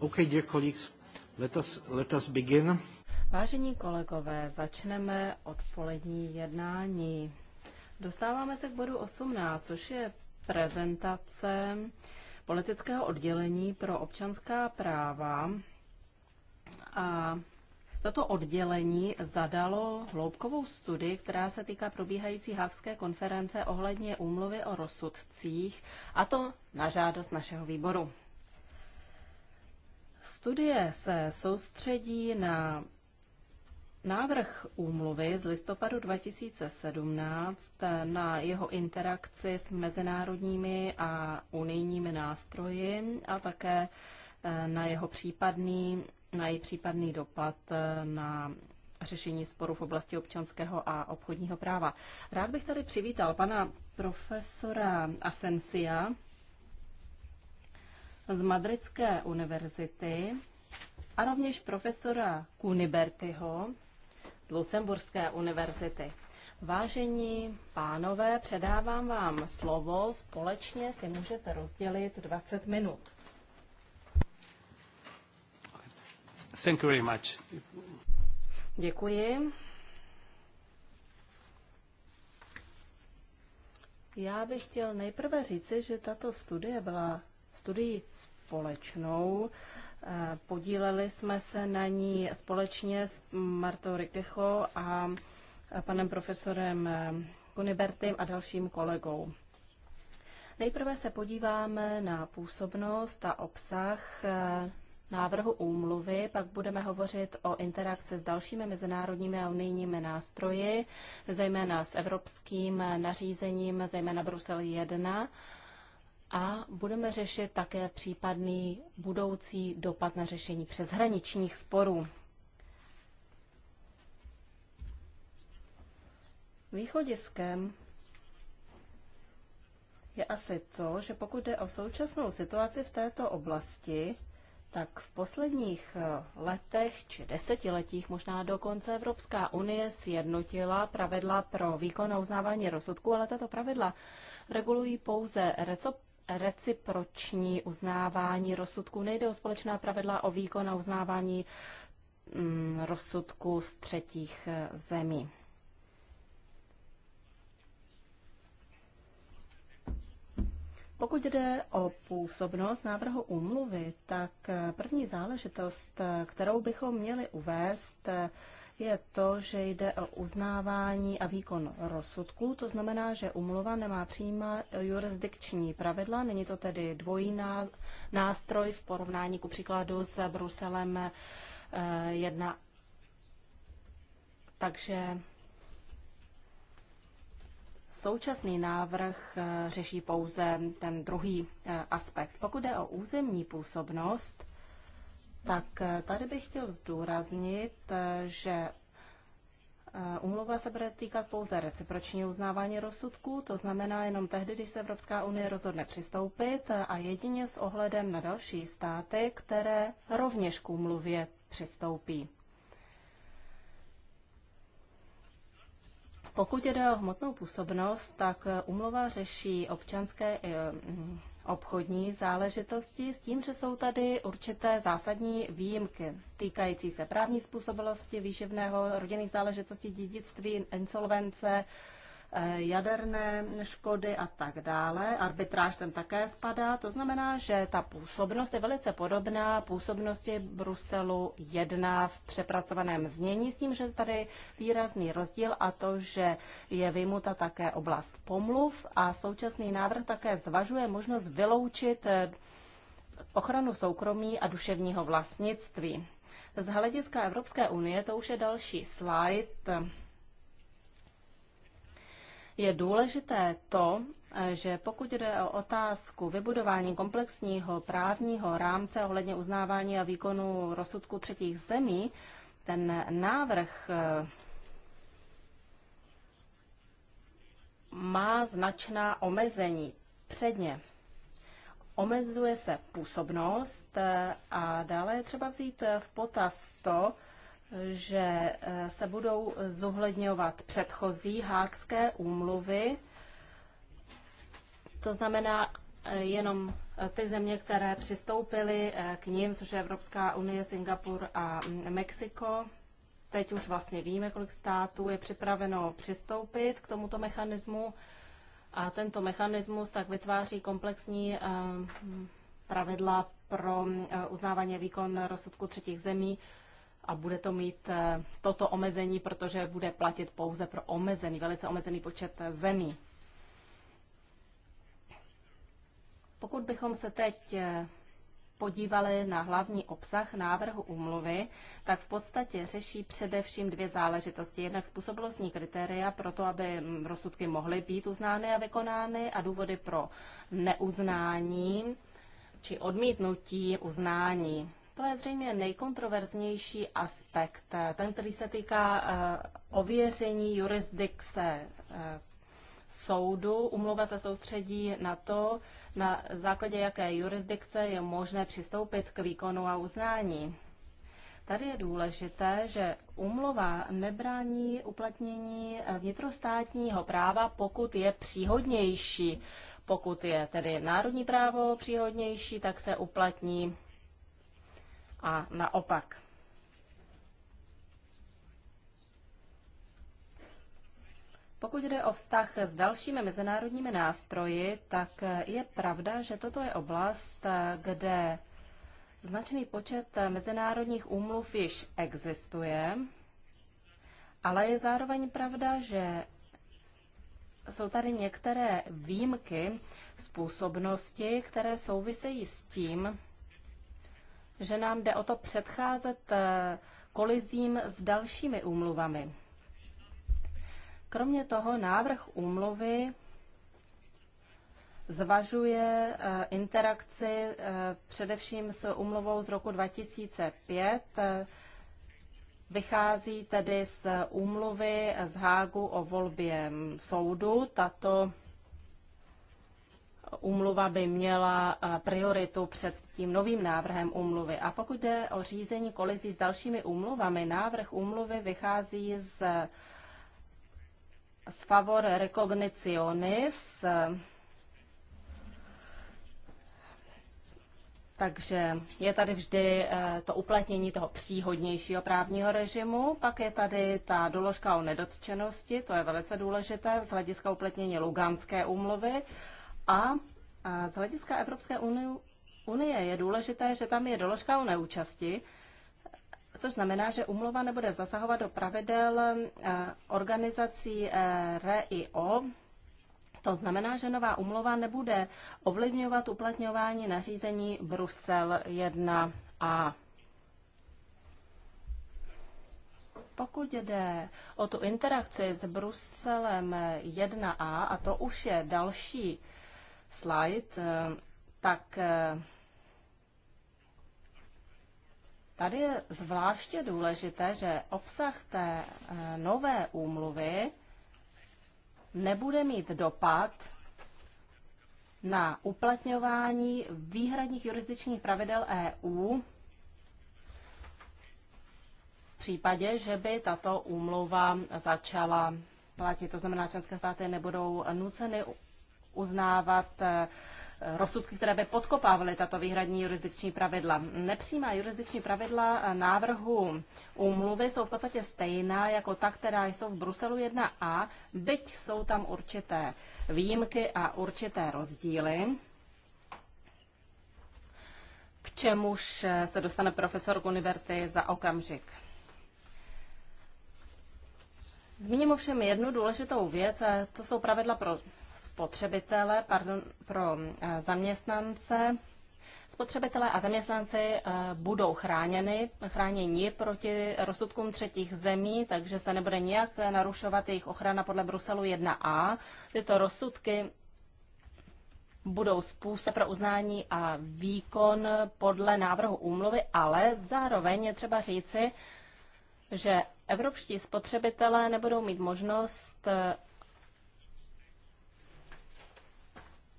dear colleagues, let us, let us begin. Vážení kolegové, začneme odpolední jednání. Dostáváme se k bodu 18, což je prezentace politického oddělení pro občanská práva. A Toto oddělení zadalo hloubkovou studii, která se týká probíhající havské konference ohledně úmluvy o rozsudcích, a to na žádost našeho výboru. Studie se soustředí na návrh úmluvy z listopadu 2017 na jeho interakci s mezinárodními a unijními nástroji a také eh, na jeho případný, na její případný dopad eh, na řešení sporů v oblasti občanského a obchodního práva. Rád bych tady přivítal pana profesora Asensia, z Madridské univerzity a rovněž profesora Kunibertyho z Lucemburské univerzity. Vážení pánové, předávám vám slovo, společně si můžete rozdělit 20 minut. Thank you very much. Děkuji. Já bych chtěl nejprve říci, že tato studie byla studii společnou. Eh, podíleli jsme se na ní společně s Martou Rikicho a panem profesorem Kunibertym a dalším kolegou. Nejprve se podíváme na působnost a obsah eh, návrhu úmluvy, pak budeme hovořit o interakci s dalšími mezinárodními a unijními nástroji, zejména s evropským nařízením, zejména Brusel 1 a budeme řešit také případný budoucí dopad na řešení přeshraničních sporů. Východiskem je asi to, že pokud jde o současnou situaci v této oblasti, tak v posledních eh, letech či desetiletích možná dokonce Evropská unie sjednotila pravidla pro výkon a uznávání rozsudku, ale tato pravidla regulují pouze reciproční uznávání rozsudků. Nejde o společná pravidla o výkon a uznávání mm, rozsudků z třetích eh, zemí. Pokud jde o působnost návrhu úmluvy, tak eh, první záležitost, eh, kterou bychom měli uvést, je to, že jde o uznávání a výkon rozsudků. To znamená, že umluva nemá přímá jurisdikční pravidla, není to tedy dvojí nástroj v porovnání ku příkladu s Bruselem 1. Eh, Takže Současný návrh eh, řeší pouze ten druhý eh, aspekt. Pokud jde o územní působnost, tak eh, tady bych chtěl zdůraznit, eh, že eh, Umluva se bude týkat pouze recipročního uznávání rozsudků, to znamená jenom tehdy, když se Evropská unie rozhodne přistoupit a jedině s ohledem na další státy, které rovněž k úmluvě přistoupí. Pokud jde o hmotnou působnost, tak umluva řeší občanské obchodní záležitosti s tím, že jsou tady určité zásadní výjimky týkající se právní způsobilosti, výživného, rodinných záležitostí, dědictví, insolvence, Eh, jaderné škody a tak dále. Arbitráž tam také spadá. To znamená, že ta působnost je velice podobná působnosti Bruselu 1 v přepracovaném znění, s tím, že tady výrazný rozdíl a to, že je vymuta také oblast pomluv a současný návrh také zvažuje možnost vyloučit eh, ochranu soukromí a duševního vlastnictví. Z hlediska Evropské unie to už je další slide je důležité to, že pokud jde o otázku vybudování komplexního právního rámce ohledně uznávání a výkonu rozsudku třetích zemí, ten návrh eh, má značná omezení. Předně omezuje se působnost eh, a dále je třeba vzít v potaz to, že eh, se budou zohledňovat předchozí hákské úmluvy, to znamená eh, jenom eh, ty země, které přistoupily k ním, což je Evropská unie, Singapur a mm, Mexiko. Teď už vlastně víme, kolik států je připraveno přistoupit k tomuto mechanismu a tento mechanismus tak vytváří komplexní pravidla pro uznávání výkon rozsudku třetích zemí, a bude to mít eh, toto omezení, protože bude platit pouze pro omezený, velice omezený počet eh, zemí. Pokud bychom se teď eh, podívali na hlavní obsah návrhu úmluvy, tak v podstatě řeší především dvě záležitosti. Jednak způsobilostní kritéria pro to, aby mm, rozsudky mohly být uznány a vykonány a důvody pro neuznání či odmítnutí uznání. To je zřejmě nejkontroverznější aspekt, eh, ten, který se týká eh, ověření jurisdikce eh, soudu. Umluva se soustředí na to, na základě jaké jurisdikce je možné přistoupit k výkonu a uznání. Tady je důležité, že umlova nebrání uplatnění vnitrostátního práva, pokud je příhodnější. Pokud je tedy národní právo příhodnější, tak se uplatní a naopak. Pokud jde o vztah s dalšími mezinárodními nástroji, tak je pravda, že toto je oblast, kde značný počet mezinárodních úmluv již existuje, ale je zároveň pravda, že jsou tady některé výjimky z působnosti, které souvisejí s tím, že nám jde o to předcházet eh, kolizím s dalšími úmluvami. Kromě toho návrh úmluvy zvažuje eh, interakci eh, především s úmluvou z roku 2005. Vychází tedy z úmluvy z Hágu o volbě soudu. Tato úmluva by měla prioritu před tím novým návrhem úmluvy. A pokud jde o řízení kolizí s dalšími úmluvami, návrh úmluvy vychází z, z favor recognitionis, e, Takže je tady vždy e, to uplatnění toho příhodnějšího právního režimu, pak je tady ta doložka o nedotčenosti, to je velice důležité z hlediska uplatnění Luganské úmluvy. A z hlediska Evropské unie je důležité, že tam je doložka o neúčasti, což znamená, že umluva nebude zasahovat do pravidel e, organizací e, RIO. To znamená, že nová umluva nebude ovlivňovat uplatňování nařízení Brusel 1a. Pokud jde o tu interakci s Bruselem 1a, a to už je další slide, eh, tak eh, tady je zvláště důležité, že obsah té eh, nové úmluvy nebude mít dopad na uplatňování výhradních jurisdičních pravidel EU v případě, že by tato úmluva začala platit. To znamená, členské státy nebudou nuceny uznávat eh, rozsudky, které by podkopávaly tato výhradní jurisdikční pravidla. Nepřímá jurisdikční pravidla eh, návrhu úmluvy jsou v podstatě stejná jako ta, která jsou v Bruselu 1a, byť jsou tam určité výjimky a určité rozdíly k čemuž eh, se dostane profesor Univerty za okamžik. Zmíním ovšem jednu důležitou věc, to jsou pravidla pro spotřebitele, pardon, pro eh, zaměstnance. Spotřebitelé a zaměstnanci eh, budou chráněni, chráněni proti rozsudkům třetích zemí, takže se nebude nijak narušovat jejich ochrana podle Bruselu 1a. Tyto rozsudky budou způsob pro uznání a výkon podle návrhu úmluvy, ale zároveň je třeba říci, že evropští spotřebitelé nebudou mít možnost eh,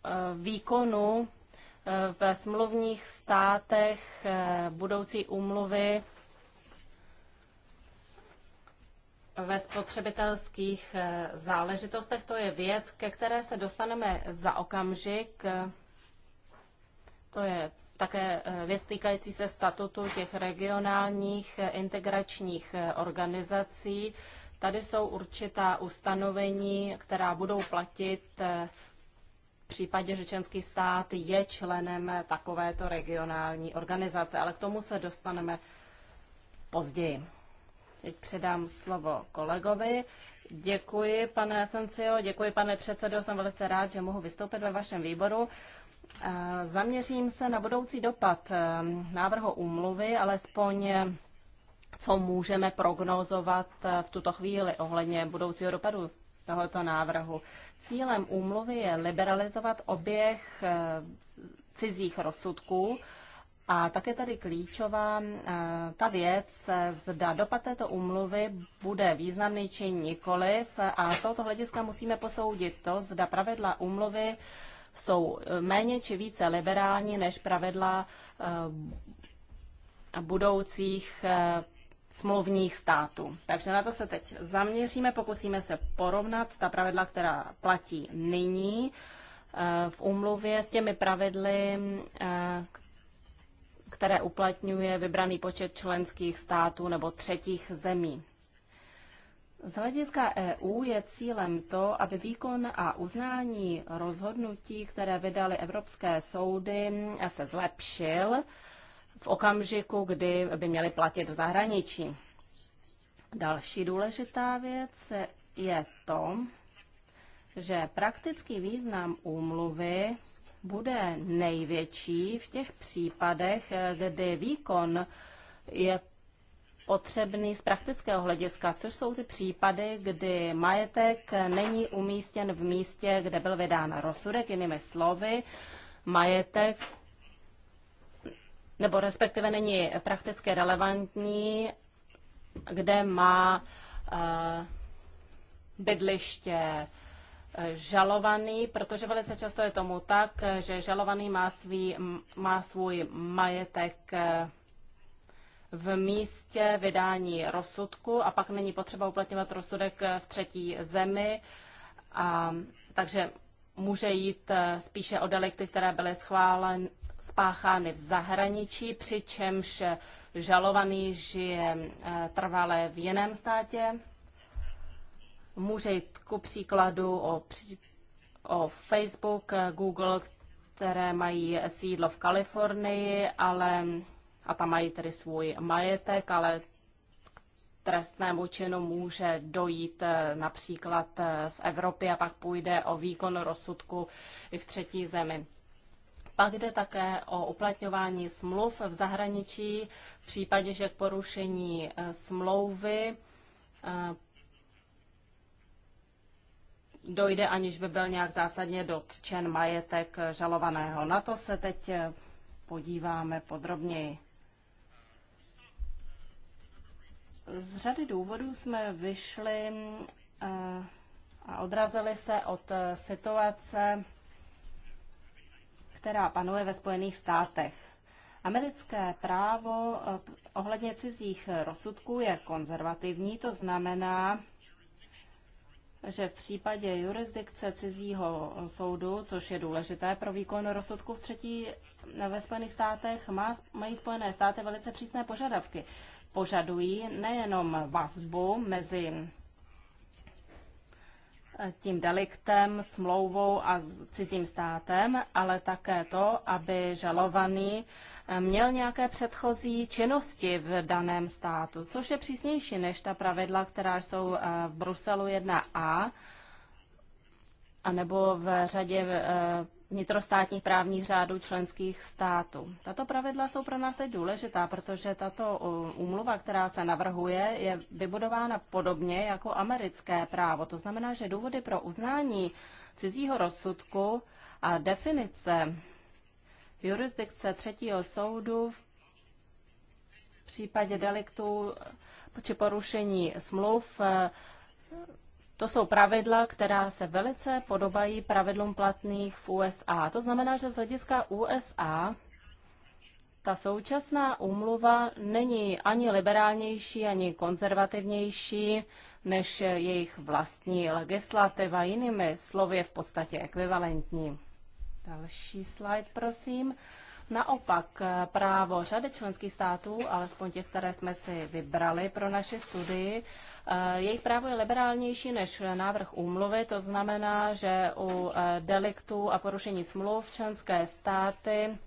Eh, výkonu eh, ve smluvních státech eh, budoucí úmluvy ve spotřebitelských záležitostech. To je věc, ke které se dostaneme za okamžik. To je také věc týkající se statutu těch regionálních integračních organizací. Tady jsou určitá ustanovení, která budou platit případě, že členský stát je členem takovéto regionální organizace, ale k tomu se dostaneme později. Teď předám slovo kolegovi. Děkuji, pane Asencio, děkuji, pane předsedo. Jsem velice rád, že mohu vystoupit ve vašem výboru. Zaměřím se na budoucí dopad e, návrhu úmluvy, alespoň e, co můžeme prognozovat e, v tuto chvíli ohledně budoucího dopadu tohoto návrhu. Cílem úmluvy je liberalizovat oběh eh, cizích rozsudků a také tady klíčová eh, ta věc, eh, zda dopad této úmluvy bude významný či nikoliv. A z tohoto hlediska musíme posoudit to, zda pravidla úmluvy jsou méně či více liberální než pravidla budoucích smluvních států. Takže na to se teď zaměříme, pokusíme se porovnat ta pravidla, která platí nyní eh, v úmluvě s těmi pravidly, eh, které uplatňuje vybraný počet členských států nebo třetích zemí. Z hlediska EU je cílem to, aby výkon a uznání rozhodnutí, které vydaly evropské soudy, se zlepšil v okamžiku, kdy by měly platit v zahraničí. Další důležitá věc je to, že praktický význam úmluvy bude největší v těch případech, kdy výkon je potřebný z praktického hlediska, což jsou ty případy, kdy majetek není umístěn v místě, kde byl vydán rozsudek, jinými slovy, majetek nebo respektive není prakticky relevantní, kde má eh, bydliště eh, žalovaný, protože velice často je tomu tak, že žalovaný má, svý, má svůj majetek eh, v místě vydání rozsudku a pak není potřeba uplatňovat rozsudek v třetí zemi. A, takže může jít spíše o delikty, které byly schválen, spáchány v zahraničí, přičemž žalovaný žije eh, trvalé v jiném státě. Může jít ku příkladu o, o Facebook, Google, které mají sídlo v Kalifornii, ale, a tam mají tedy svůj majetek, ale trestnému činu může dojít eh, například eh, v Evropě a pak půjde o výkon rozsudku i v třetí zemi. Pak jde také o uplatňování smluv v zahraničí v případě, že k porušení eh, smlouvy eh, dojde, aniž by byl nějak zásadně dotčen majetek eh, žalovaného. Na to se teď podíváme podrobněji. Z řady důvodů jsme vyšli a odrazili se od situace která panuje ve Spojených státech. Americké právo eh, ohledně cizích rozsudků je konzervativní, to znamená, že v případě jurisdikce cizího soudu, což je důležité pro výkon rozsudku v třetí eh, ve Spojených státech, má, mají Spojené státy velice přísné požadavky. Požadují nejenom vazbu mezi tím deliktem, smlouvou a cizím státem, ale také to, aby žalovaný eh, měl nějaké předchozí činnosti v daném státu, což je přísnější než ta pravidla, která jsou eh, v Bruselu 1a, anebo v řadě eh, vnitrostátních právních řádů členských států. Tato pravidla jsou pro nás teď důležitá, protože tato úmluva, která se navrhuje, je vybudována podobně jako americké právo. To znamená, že důvody pro uznání cizího rozsudku a definice jurisdikce třetího soudu v případě deliktů či porušení smluv to jsou pravidla, která se velice podobají pravidlům platných v USA. To znamená, že z hlediska USA ta současná úmluva není ani liberálnější, ani konzervativnější než jejich vlastní legislativa. Jinými slovy je v podstatě ekvivalentní. Další slide, prosím. Naopak právo řady členských států, alespoň těch, které jsme si vybrali pro naše studii, Eh, jejich právo je liberálnější než návrh úmluvy, to znamená, že u eh, deliktů a porušení smluv členské státy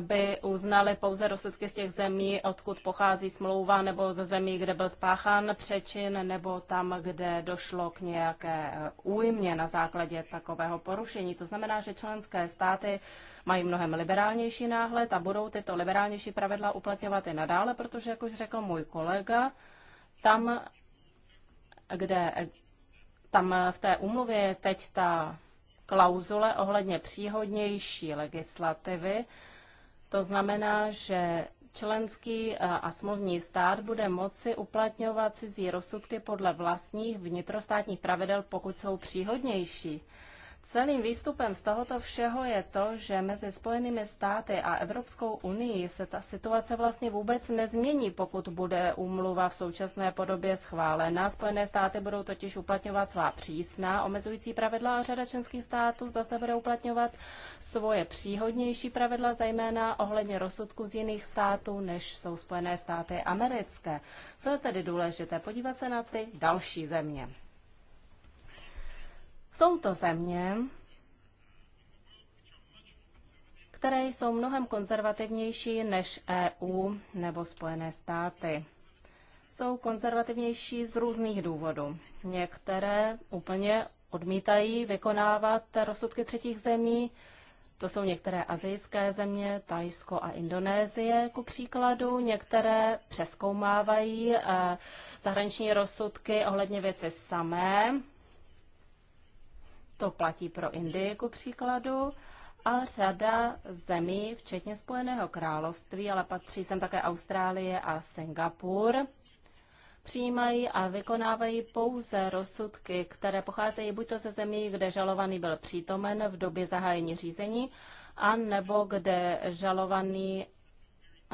by uznali pouze rozsudky z těch zemí, odkud pochází smlouva, nebo ze zemí, kde byl spáchán přečin, nebo tam, kde došlo k nějaké eh, újmě na základě takového porušení. To znamená, že členské státy mají mnohem liberálnější náhled a budou tyto liberálnější pravidla uplatňovat i nadále, protože, jak už řekl můj kolega, tam, kde tam v té umluvě je teď ta klauzule ohledně příhodnější legislativy. To znamená, že členský eh, a smluvní stát bude moci uplatňovat cizí rozsudky podle vlastních vnitrostátních pravidel, pokud jsou příhodnější. Celým výstupem z tohoto všeho je to, že mezi Spojenými státy a Evropskou unii se ta situace vlastně vůbec nezmění, pokud bude úmluva v současné podobě schválena. Spojené státy budou totiž uplatňovat svá přísná omezující pravidla a řada členských států zase bude uplatňovat svoje příhodnější pravidla, zejména ohledně rozsudku z jiných států, než jsou Spojené státy americké. Co je tedy důležité? Podívat se na ty další země. Jsou to země, které jsou mnohem konzervativnější než EU nebo Spojené státy. Jsou konzervativnější z různých důvodů. Některé úplně odmítají vykonávat rozsudky třetích zemí. To jsou některé azijské země, Tajsko a Indonésie ku příkladu. Některé přeskoumávají eh, zahraniční rozsudky ohledně věci samé, to platí pro Indii ku jako příkladu a řada zemí, včetně Spojeného království, ale patří sem také Austrálie a Singapur, přijímají a vykonávají pouze rozsudky, které pocházejí buď to ze zemí, kde žalovaný byl přítomen v době zahájení řízení, a nebo kde žalovaný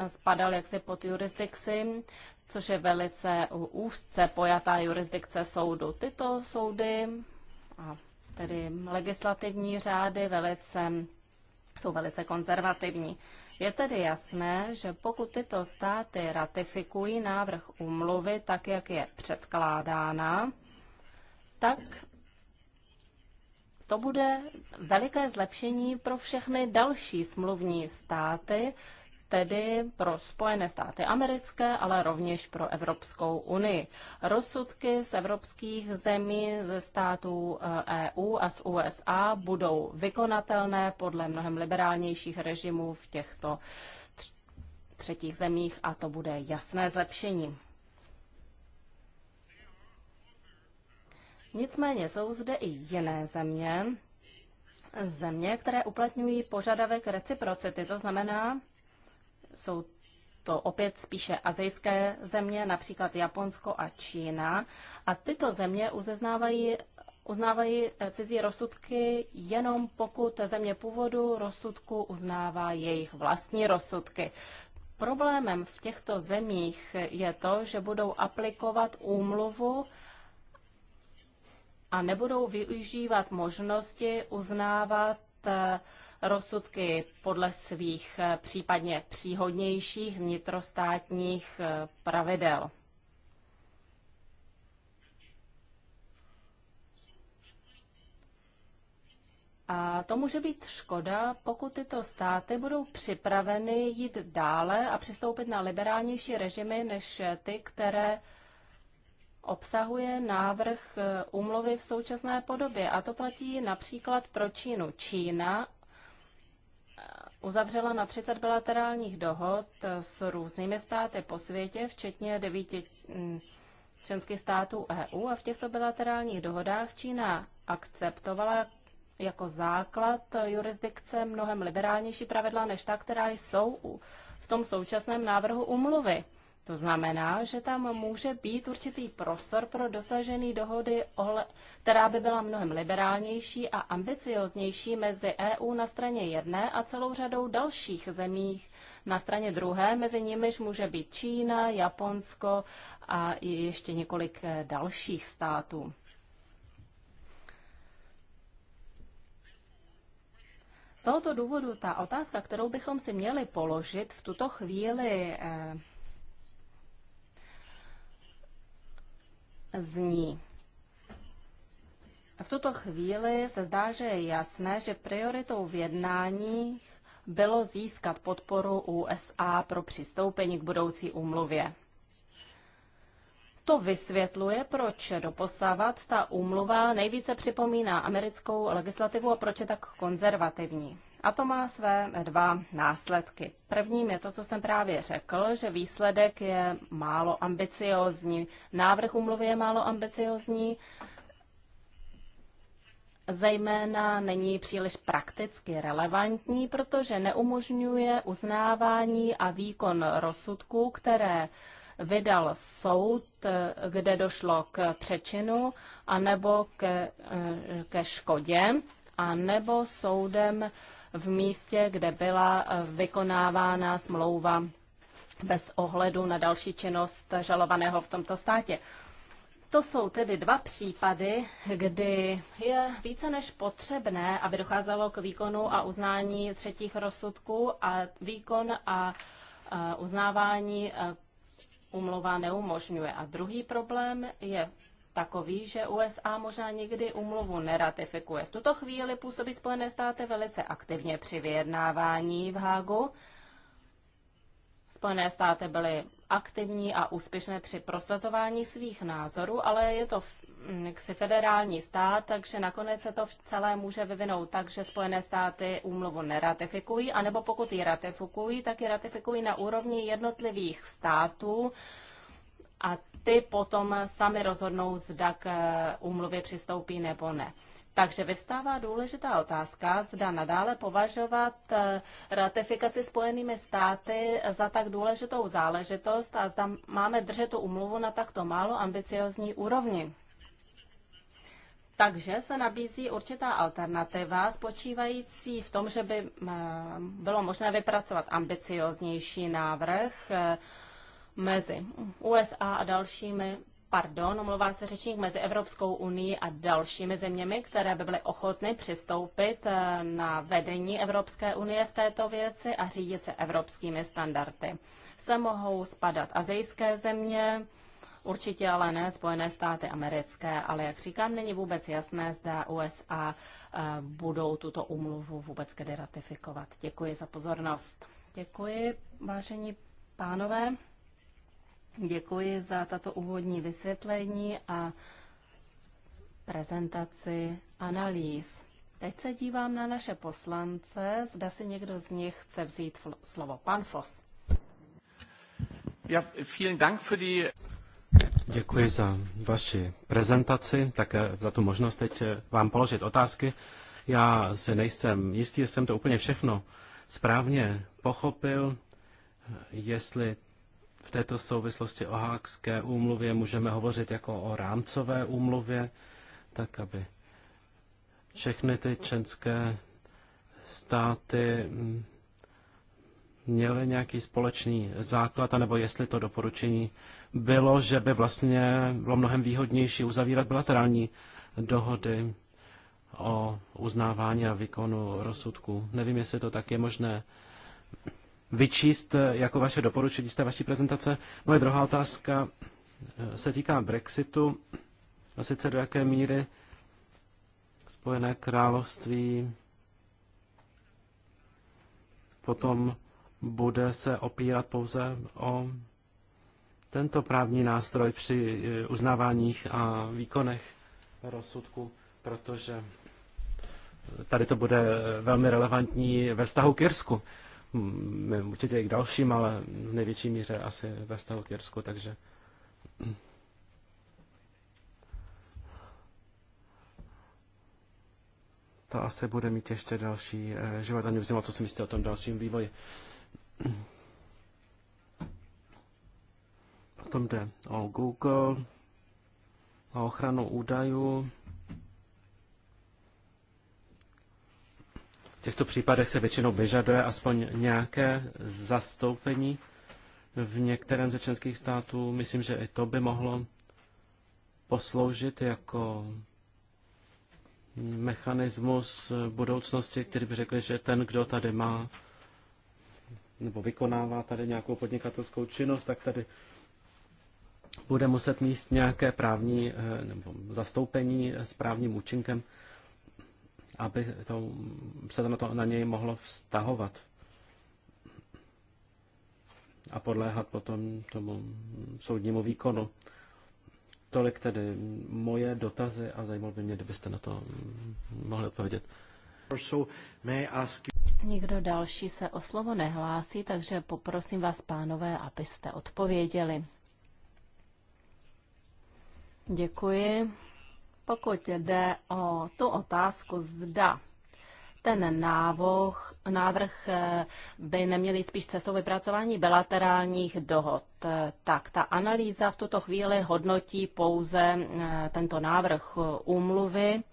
spadal jaksi pod jurisdikci, což je velice úzce pojatá jurisdikce soudu. Tyto soudy a tedy legislativní řády velice, jsou velice konzervativní. Je tedy jasné, že pokud tyto státy ratifikují návrh úmluvy tak, jak je předkládána, tak to bude veliké zlepšení pro všechny další smluvní státy, tedy pro Spojené státy americké, ale rovněž pro Evropskou unii. Rozsudky z evropských zemí, ze států EU eh, e a z USA budou vykonatelné podle mnohem liberálnějších režimů v těchto třetích zemích a to bude jasné zlepšení. Nicméně jsou zde i jiné země, země, které uplatňují požadavek reciprocity. To znamená, jsou to opět spíše azijské země, například Japonsko a Čína. A tyto země uzeznávají uznávají eh, cizí rozsudky jenom pokud země původu rozsudku uznává jejich vlastní rozsudky. Problémem v těchto zemích je to, že budou aplikovat úmluvu a nebudou využívat možnosti uznávat eh, rozsudky podle svých eh, případně příhodnějších vnitrostátních eh, pravidel. A to může být škoda, pokud tyto státy budou připraveny jít dále a přistoupit na liberálnější režimy než ty, které obsahuje návrh eh, úmluvy v současné podobě. A to platí například pro Čínu. Čína uzavřela na 30 bilaterálních dohod s různými státy po světě, včetně devíti mm, členských států EU a v těchto bilaterálních dohodách Čína akceptovala jako základ jurisdikce mnohem liberálnější pravidla než ta, která jsou v tom současném návrhu umluvy. To znamená, že tam může být určitý prostor pro dosažený dohody, která by byla mnohem liberálnější a ambicioznější mezi EU na straně jedné a celou řadou dalších zemí na straně druhé, mezi nimiž může být Čína, Japonsko a ještě několik eh, dalších států. Z tohoto důvodu ta otázka, kterou bychom si měli položit v tuto chvíli eh, zní. V tuto chvíli se zdá, že je jasné, že prioritou v jednáních bylo získat podporu USA pro přistoupení k budoucí úmluvě. To vysvětluje, proč doposavat ta úmluva nejvíce připomíná americkou legislativu a proč je tak konzervativní. A to má své dva následky. Prvním je to, co jsem právě řekl, že výsledek je málo ambiciozní. Návrh umluvy je málo ambiciozní, zejména není příliš prakticky relevantní, protože neumožňuje uznávání a výkon rozsudků, které vydal soud, kde došlo k přečinu anebo ke, ke škodě, anebo soudem v místě, kde byla eh, vykonávána smlouva bez ohledu na další činnost žalovaného v tomto státě. To jsou tedy dva případy, kdy je více než potřebné, aby docházelo k výkonu a uznání třetích rozsudků a výkon a eh, uznávání eh, umlova neumožňuje. A druhý problém je takový, že USA možná někdy umluvu neratifikuje. V tuto chvíli působí Spojené státy velice aktivně při vyjednávání v Hágu. Spojené státy byly aktivní a úspěšné při prosazování svých názorů, ale je to mm, jaksi federální stát, takže nakonec se to celé může vyvinout tak, že Spojené státy úmluvu neratifikují, anebo pokud ji ratifikují, tak ji ratifikují na úrovni jednotlivých států, a ty potom sami rozhodnou, zda k eh, úmluvě přistoupí nebo ne. Takže vyvstává důležitá otázka, zda nadále považovat eh, ratifikaci Spojenými státy za tak důležitou záležitost a zda máme držet tu umluvu na takto málo ambiciozní úrovni. Takže se nabízí určitá alternativa, spočívající v tom, že by eh, bylo možné vypracovat ambicioznější návrh, mezi USA a dalšími, pardon, omlouvá se řečník, mezi Evropskou unii a dalšími zeměmi, které by byly ochotny přistoupit eh, na vedení Evropské unie v této věci a řídit se evropskými standardy. Se mohou spadat azijské země, Určitě ale ne Spojené státy americké, ale jak říkám, není vůbec jasné, zda USA eh, budou tuto umluvu vůbec kdy ratifikovat. Děkuji za pozornost. Děkuji, vážení pánové. Děkuji za tato úvodní vysvětlení a prezentaci analýz. Teď se dívám na naše poslance, zda si někdo z nich chce vzít slovo. Pan Fos. Ja, vielen Dank für die... Děkuji za vaši prezentaci, také za tu možnost teď eh, vám položit otázky. Já se nejsem jistý, jsem to úplně všechno správně pochopil, eh, jestli v této souvislosti o Hákské úmluvě můžeme hovořit jako o rámcové úmluvě, tak aby všechny ty čenské státy mm, měly nějaký společný základ, anebo jestli to doporučení bylo, že by vlastně bylo mnohem výhodnější uzavírat bilaterální dohody o uznávání a výkonu rozsudků. Nevím, jestli to tak je možné vyčíst eh, jako vaše doporučení z té vaší prezentace. Moje druhá otázka eh, se týká Brexitu, a sice do jaké míry Spojené království potom bude se opírat pouze o tento právní nástroj při eh, uznáváních a výkonech rozsudku, protože tady to bude velmi relevantní ve vztahu k Irsku. Hmm, určitě i k dalším, ale v největší míře asi ve vztahu k Jirsku, takže to asi bude mít ještě další eh, život. ani vzima, co si myslíte o tom dalším vývoji. Potom jde o Google, o ochranu údajů. V těchto případech se většinou vyžaduje aspoň nějaké zastoupení v některém ze členských států. Myslím, že i to by mohlo posloužit jako mechanismus budoucnosti, který by řekl, že ten, kdo tady má nebo vykonává tady nějakou podnikatelskou činnost, tak tady bude muset mít nějaké právní eh, nebo zastoupení s právním účinkem aby to, se to na, to na něj mohlo vztahovat a podléhat potom tomu soudnímu výkonu. Tolik tedy moje dotazy a zajímalo by mě, kdybyste na to mohli odpovědět. Nikdo další se o slovo nehlásí, takže poprosím vás, pánové, abyste odpověděli. Děkuji. Pokud jde o tu otázku, zda ten návoh, návrh eh, by neměli spíš cestou vypracování bilaterálních dohod. Eh, tak ta analýza v tuto chvíli hodnotí pouze eh, tento návrh úmluvy.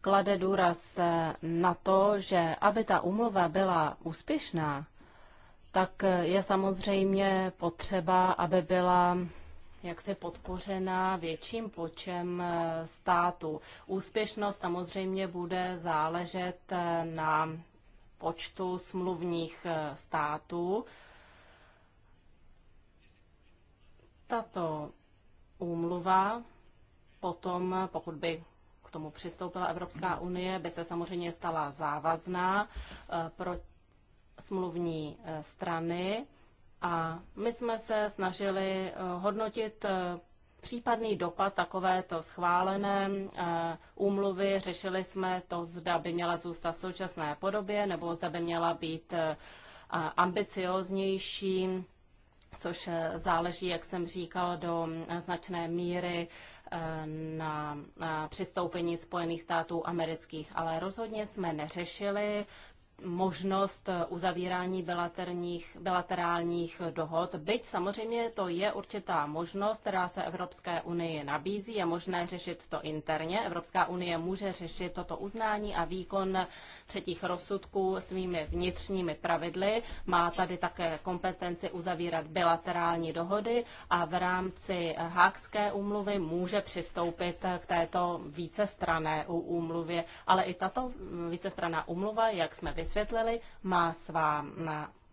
Klade důraz na to, že aby ta úmluva byla úspěšná, tak je samozřejmě potřeba, aby byla se podpořena větším počem eh, států. Úspěšnost samozřejmě bude záležet eh, na počtu smluvních eh, států. Tato úmluva potom, pokud by k tomu přistoupila Evropská unie, by se samozřejmě stala závazná pro smluvní strany a my jsme se snažili eh, hodnotit eh, případný dopad takovéto schválené eh, úmluvy. Řešili jsme to, zda by měla zůstat v současné podobě, nebo zda by měla být ambicioznější, což záleží, jak jsem říkal, do značné míry na, na přistoupení Spojených států amerických, ale rozhodně jsme neřešili možnost eh, uzavírání bilaterních, bilaterálních dohod. Byť samozřejmě to je určitá možnost, která se Evropské unii nabízí, je možné řešit to interně. Evropská unie může řešit toto uznání a výkon třetích rozsudků svými vnitřními pravidly. Má tady také kompetenci uzavírat bilaterální dohody a v rámci Hákské úmluvy může přistoupit k této vícestrané úmluvě. Ale i tato vícestraná úmluva, jak jsme vysvětlili, má svá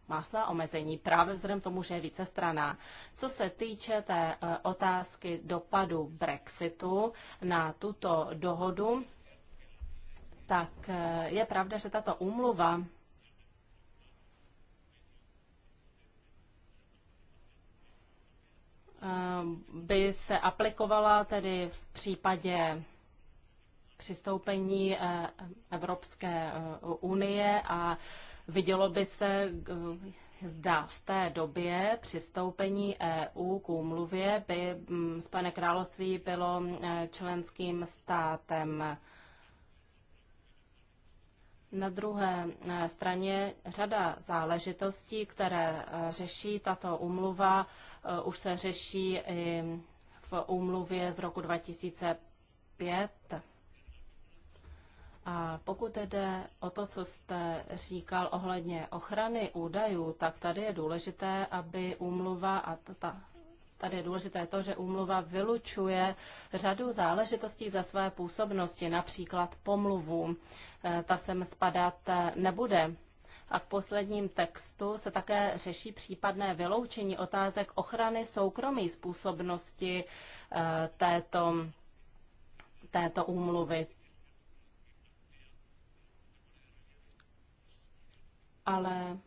má svá omezení právě vzhledem tomu, že je strana. Co se týče té eh, otázky dopadu Brexitu na tuto dohodu, tak eh, je pravda, že tato úmluva eh, by se aplikovala tedy v případě přistoupení eh, Evropské unie a vidělo by se, zda v té době přistoupení EU k úmluvě by mm, Spojené království bylo členským státem. Na druhé eh, straně řada záležitostí, které eh, řeší tato umluva, eh, už se řeší i v úmluvě z roku 2005. A pokud jde o to, co jste říkal ohledně ochrany údajů, tak tady je důležité, aby úmluva a ta tady je důležité to, že úmluva vylučuje řadu záležitostí za své působnosti, například pomluvu. E, ta sem spadat e, nebude. A v posledním textu se také řeší případné vyloučení otázek ochrany soukromí způsobnosti e, této, této úmluvy. Ale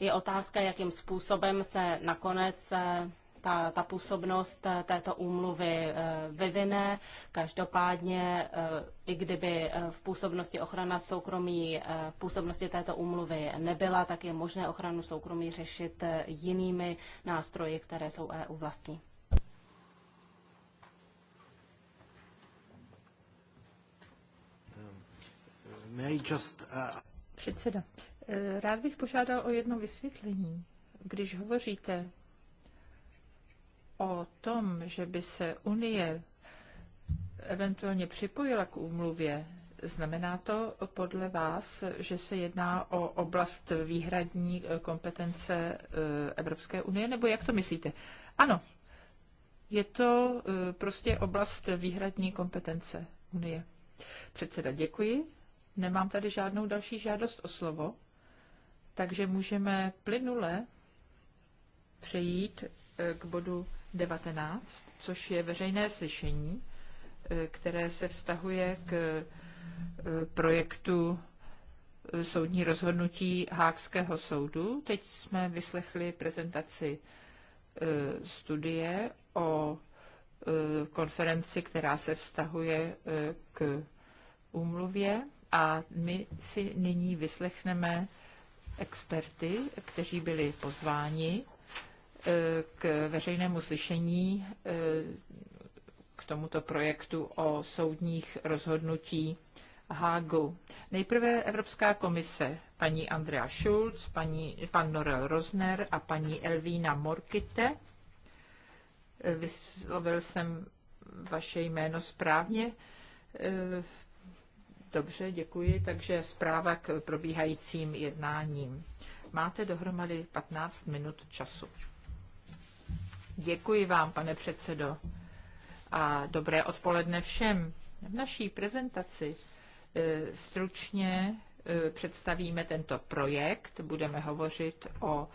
je otázka, jakým způsobem se nakonec eh, ta, ta působnost eh, této úmluvy eh, vyvine. Každopádně, i kdyby v působnosti ochrana soukromí, v působnosti této úmluvy nebyla, tak je možné ochranu soukromí řešit jinými nástroji, které jsou EU vlastní. May just, uh... Předseda, Eh, rád bych požádal o jedno vysvětlení. Když hovoříte o tom, že by se Unie eventuálně připojila k úmluvě, znamená to podle vás, že se jedná o oblast výhradní eh, kompetence eh, Evropské unie, nebo jak to myslíte? Ano, je to prostě oblast výhradní kompetence Unie. Předseda, děkuji. Nemám tady žádnou další žádost o slovo. Takže můžeme plynule přejít eh, k bodu 19, což je veřejné slyšení, eh, které se vztahuje k eh, projektu soudní rozhodnutí Hákského soudu. Teď jsme vyslechli prezentaci studie o konferenci, která se vztahuje k úmluvě a my si nyní vyslechneme experty, kteří byli pozváni eh, k veřejnému slyšení eh, k tomuto projektu o soudních rozhodnutí Hágu. Nejprve Evropská komise, paní Andrea Schulz, paní, pan Norel Rozner a paní Elvína Morkite. Eh, vyslovil jsem vaše jméno správně Dobře, děkuji. Takže zpráva k probíhajícím jednáním. Máte dohromady 15 minut času. Děkuji vám, pane předsedo, a dobré odpoledne všem. V naší prezentaci e, stručně e, představíme tento projekt. Budeme hovořit o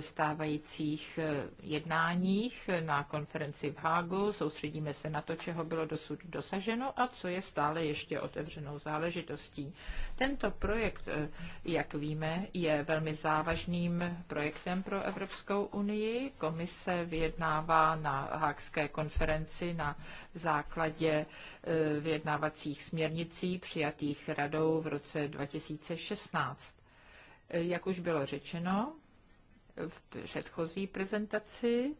stávajících eh, jednáních na konferenci v Hágu. Soustředíme se na to, čeho bylo dosud dosaženo a co je stále ještě otevřenou záležitostí. Tento projekt, eh, jak víme, je velmi závažným projektem pro Evropskou unii. Komise vyjednává na Hákské konferenci na základě eh, vyjednávacích směrnicí přijatých radou v roce 2016. Jak už bylo řečeno, v předchozí prezentaci,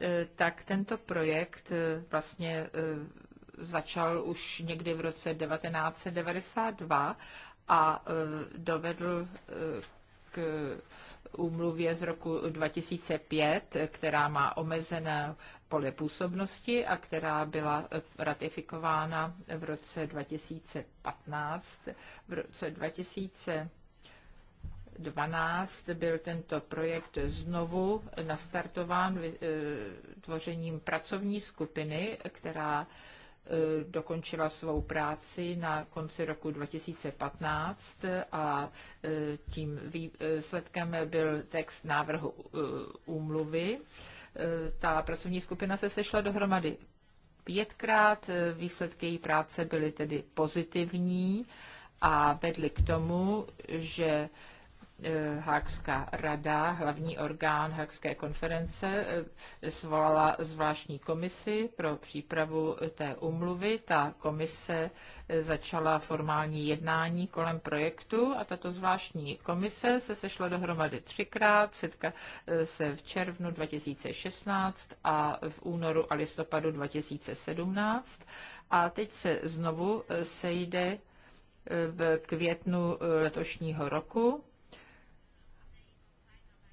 eh, tak tento projekt eh, vlastně eh, začal už někdy v roce 1992 a dovedl k úmluvě z roku 2005, která má omezené pole působnosti a která byla ratifikována v roce 2015. V roce 2000 2012 byl tento projekt znovu nastartován e, tvořením pracovní skupiny, která e, dokončila svou práci na konci roku 2015 a e, tím výsledkem byl text návrhu úmluvy. Ta pracovní skupina se sešla dohromady pětkrát, výsledky její práce byly tedy pozitivní a vedly k tomu, že Eh, Hákská rada, hlavní orgán Hákské konference, zvolala eh, zvláštní komisi pro přípravu té umluvy. Ta komise eh, začala formální jednání kolem projektu a tato zvláštní komise se sešla dohromady třikrát, setka se v červnu 2016 a v únoru a listopadu 2017 a teď se znovu sejde v květnu letošního roku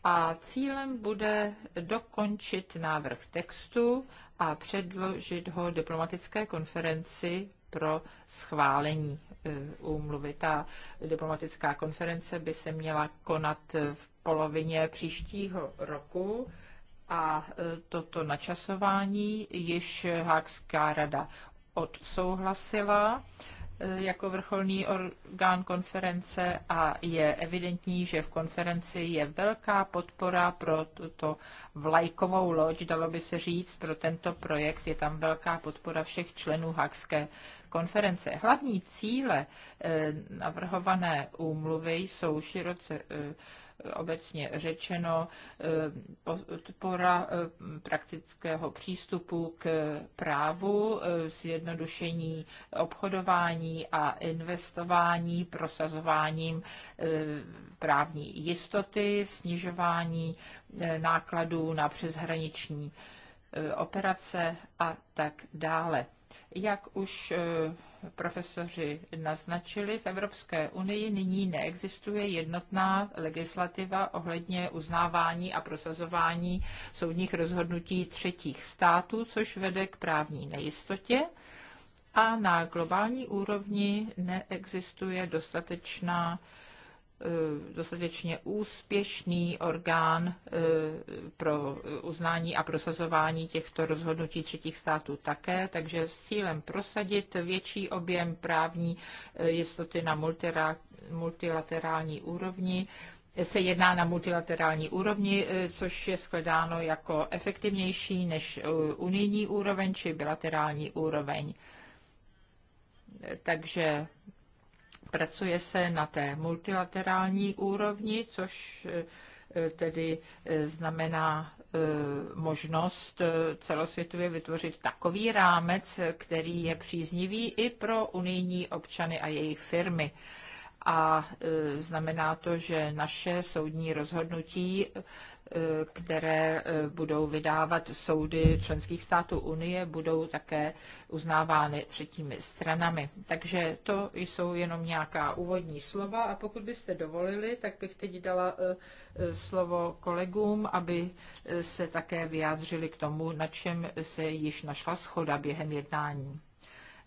a cílem bude dokončit návrh textu a předložit ho diplomatické konferenci pro schválení e, úmluvy. Ta diplomatická konference by se měla konat v polovině příštího roku a e, toto načasování již Hákská rada odsouhlasila. Eh, jako vrcholný orgán konference a je evidentní, že v konferenci je velká podpora pro tuto vlajkovou loď, dalo by se říct, pro tento projekt je tam velká podpora všech členů Hakské konference. Hlavní cíle eh, navrhované úmluvy jsou široce eh, obecně řečeno eh, podpora eh, praktického přístupu k právu, eh, zjednodušení obchodování a investování, prosazováním právní jistoty, snižování nákladů na přeshraniční operace a tak dále. Jak už eh, profesoři naznačili, v Evropské unii nyní neexistuje jednotná legislativa ohledně uznávání a prosazování soudních rozhodnutí třetích států, což vede k právní nejistotě a na globální úrovni neexistuje dostatečná Eh, dostatečně úspěšný orgán eh, pro uznání a prosazování těchto rozhodnutí třetích států také, takže s cílem prosadit větší objem právní eh, jistoty na multilaterální úrovni se jedná na multilaterální úrovni, což je shledáno jako efektivnější než unijní úroveň či bilaterální úroveň. Takže Pracuje se na té multilaterální úrovni, což eh, tedy eh, znamená eh, možnost celosvětově vytvořit takový rámec, který je příznivý i pro unijní občany a jejich firmy. A znamená to, že naše soudní rozhodnutí Eh, které eh, budou vydávat soudy členských států Unie, budou také uznávány třetími stranami. Takže to jsou jenom nějaká úvodní slova a pokud byste dovolili, tak bych teď dala eh, slovo kolegům, aby se také vyjádřili k tomu, na čem se již našla schoda během jednání.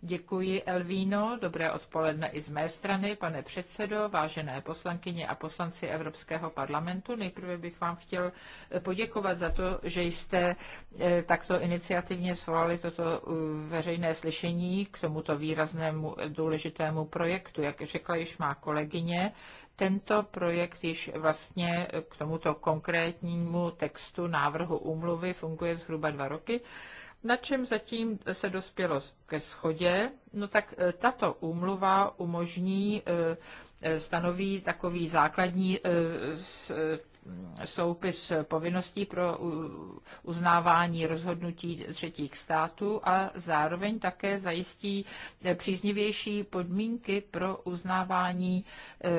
Děkuji, Elvíno. Dobré odpoledne i z mé strany, pane předsedo, vážené poslankyně a poslanci Evropského parlamentu. Nejprve bych vám chtěl eh, poděkovat za to, že jste eh, takto iniciativně svolali toto eh, veřejné slyšení k tomuto výraznému důležitému projektu. Jak řekla již má kolegyně, tento projekt již vlastně k tomuto konkrétnímu textu návrhu úmluvy funguje zhruba dva roky. Na čem zatím se dospělo ke schodě? No tak e, tato úmluva umožní, e, e, stanoví takový základní soupis povinností pro uznávání rozhodnutí třetích států a zároveň také zajistí příznivější podmínky pro uznávání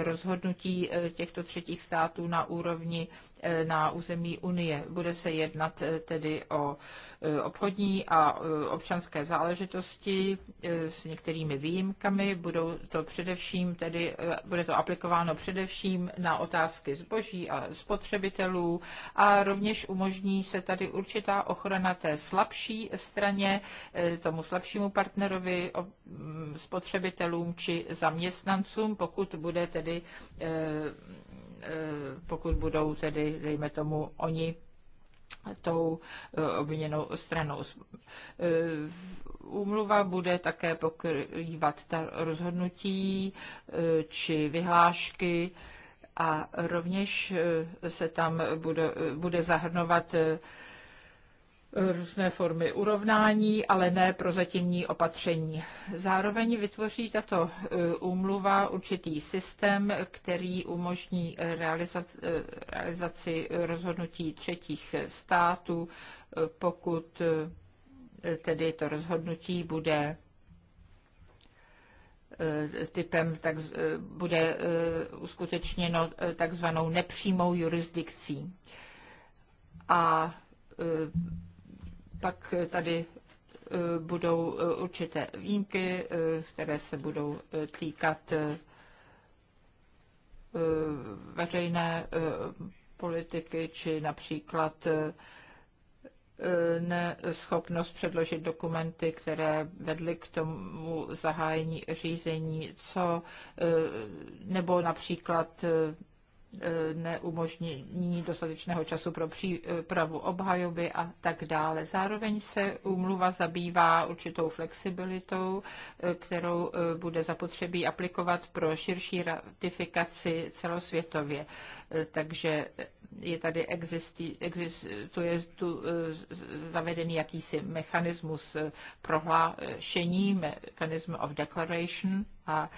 rozhodnutí těchto třetích států na úrovni Eh, na území Unie. Bude se jednat eh, tedy o eh, obchodní a občanské záležitosti s některými výjimkami. Budou to především tedy, bude to aplikováno především na otázky zboží a spotřebitelů a rovněž umožní se tady určitá ochrana té slabší straně, tomu slabšímu partnerovi, mm, spotřebitelům či zaměstnancům, pokud bude tedy Eh, pokud budou tedy, dejme tomu, oni tou eh, obviněnou stranou. Eh, úmluva bude také pokrývat ta rozhodnutí či vyhlášky a rovněž se tam bude, bude zahrnovat různé formy urovnání, ale ne pro zatímní opatření. Zároveň vytvoří tato e, úmluva určitý systém, který umožní e, realizaci rozhodnutí třetích států, e, pokud tedy to rozhodnutí bude typem tak, bude uskutečněno takzvanou nepřímou jurisdikcí. A pak tady eh, budou eh, určité výjimky, eh, které se budou týkat veřejné politiky či například neschopnost předložit dokumenty, které vedly k tomu zahájení řízení, co nebo například neumožnění dostatečného času pro přípravu obhajoby a tak dále. Zároveň se úmluva zabývá určitou flexibilitou, eh, kterou eh, bude zapotřebí aplikovat pro širší ratifikaci celosvětově. Eh, takže je tady existí, existuje tu zavedený jakýsi mechanismus prohlášení, mechanism of declaration a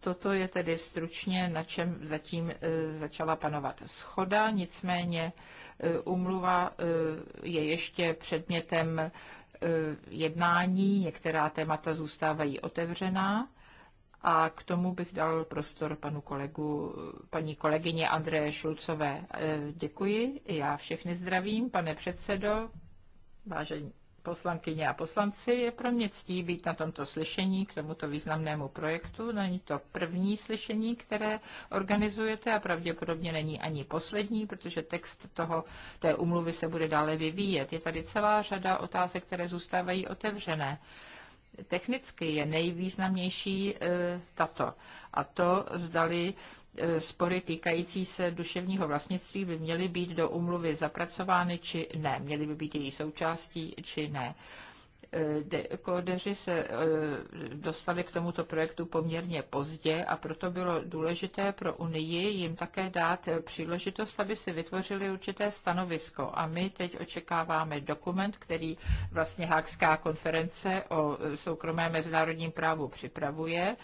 Toto je tedy stručně, na čem zatím e, začala panovat schoda, nicméně e, umluva e, je ještě předmětem jednání, některá témata zůstávají otevřená a k tomu bych dal prostor panu kolegu, paní kolegyně Andreje Šulcové. Děkuji, já všechny zdravím, pane předsedo, vážení poslankyně a poslanci, je pro mě ctí být na tomto slyšení k tomuto významnému projektu. Není to první slyšení, které organizujete a pravděpodobně není ani poslední, protože text toho, té umluvy se bude dále vyvíjet. Je tady celá řada otázek, které zůstávají otevřené. Technicky je nejvýznamnější e, tato. A to zdali Eh, spory týkající se duševního vlastnictví by měly být do umluvy zapracovány či ne, měly by být její součástí či ne. Eh, Kodeři se eh, dostali k tomuto projektu poměrně pozdě a proto bylo důležité pro Unii jim také dát příležitost, aby si vytvořili určité stanovisko. A my teď očekáváme dokument, který vlastně Hákská konference o soukromé mezinárodním právu připravuje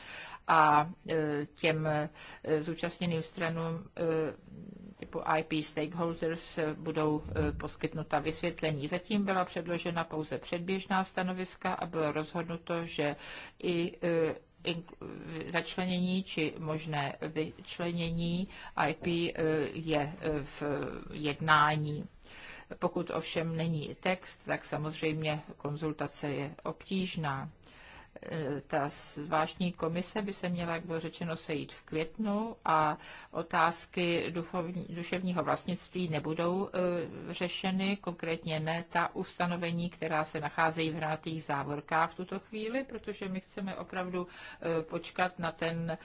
a e, těm e, zúčastněným stranům e, typu IP stakeholders budou poskytnuta vysvětlení. Zatím byla předložena pouze předběžná stanoviska a bylo rozhodnuto, že i začlenění či možné vyčlenění IP je v jednání. Pokud ovšem není text, tak samozřejmě konzultace je obtížná ta zvláštní komise by se měla, jak bylo řečeno, sejít v květnu a otázky duchovní, duševního vlastnictví nebudou e, řešeny, konkrétně ne ta ustanovení, která se nacházejí v hrátých závorkách v tuto chvíli, protože my chceme opravdu e, počkat na ten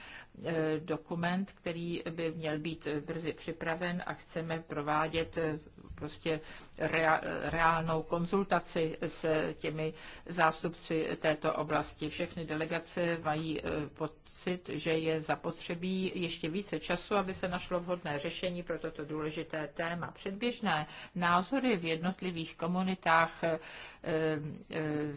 e, dokument, který by měl být brzy připraven a chceme provádět e, prostě rea, reálnou konzultaci s těmi zástupci této oblasti všechny delegace mají eh, pod pocit, že je zapotřebí ještě více času, aby se našlo vhodné řešení pro toto důležité téma. Předběžné názory v jednotlivých komunitách eh, eh,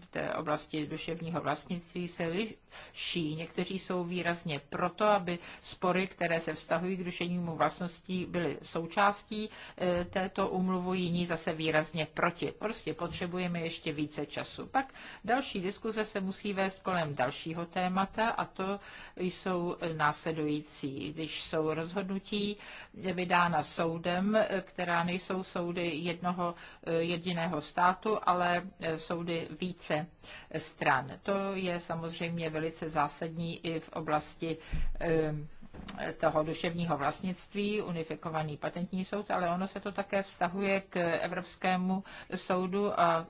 v té oblasti duševního vlastnictví se liší. Někteří jsou výrazně proto, aby spory, které se vztahují k duševnímu vlastnictví, byly součástí eh, této umluvu, jiní zase výrazně proti. Prostě potřebujeme ještě více času. Pak další diskuze se musí vést kolem dalšího témata a to jsou následující. Když jsou rozhodnutí vydána soudem, která nejsou soudy jednoho eh, jediného státu, ale eh, soudy více stran. To je samozřejmě velice zásadní i v oblasti eh, toho duševního vlastnictví, unifikovaný patentní soud, ale ono se to také vztahuje k Evropskému soudu a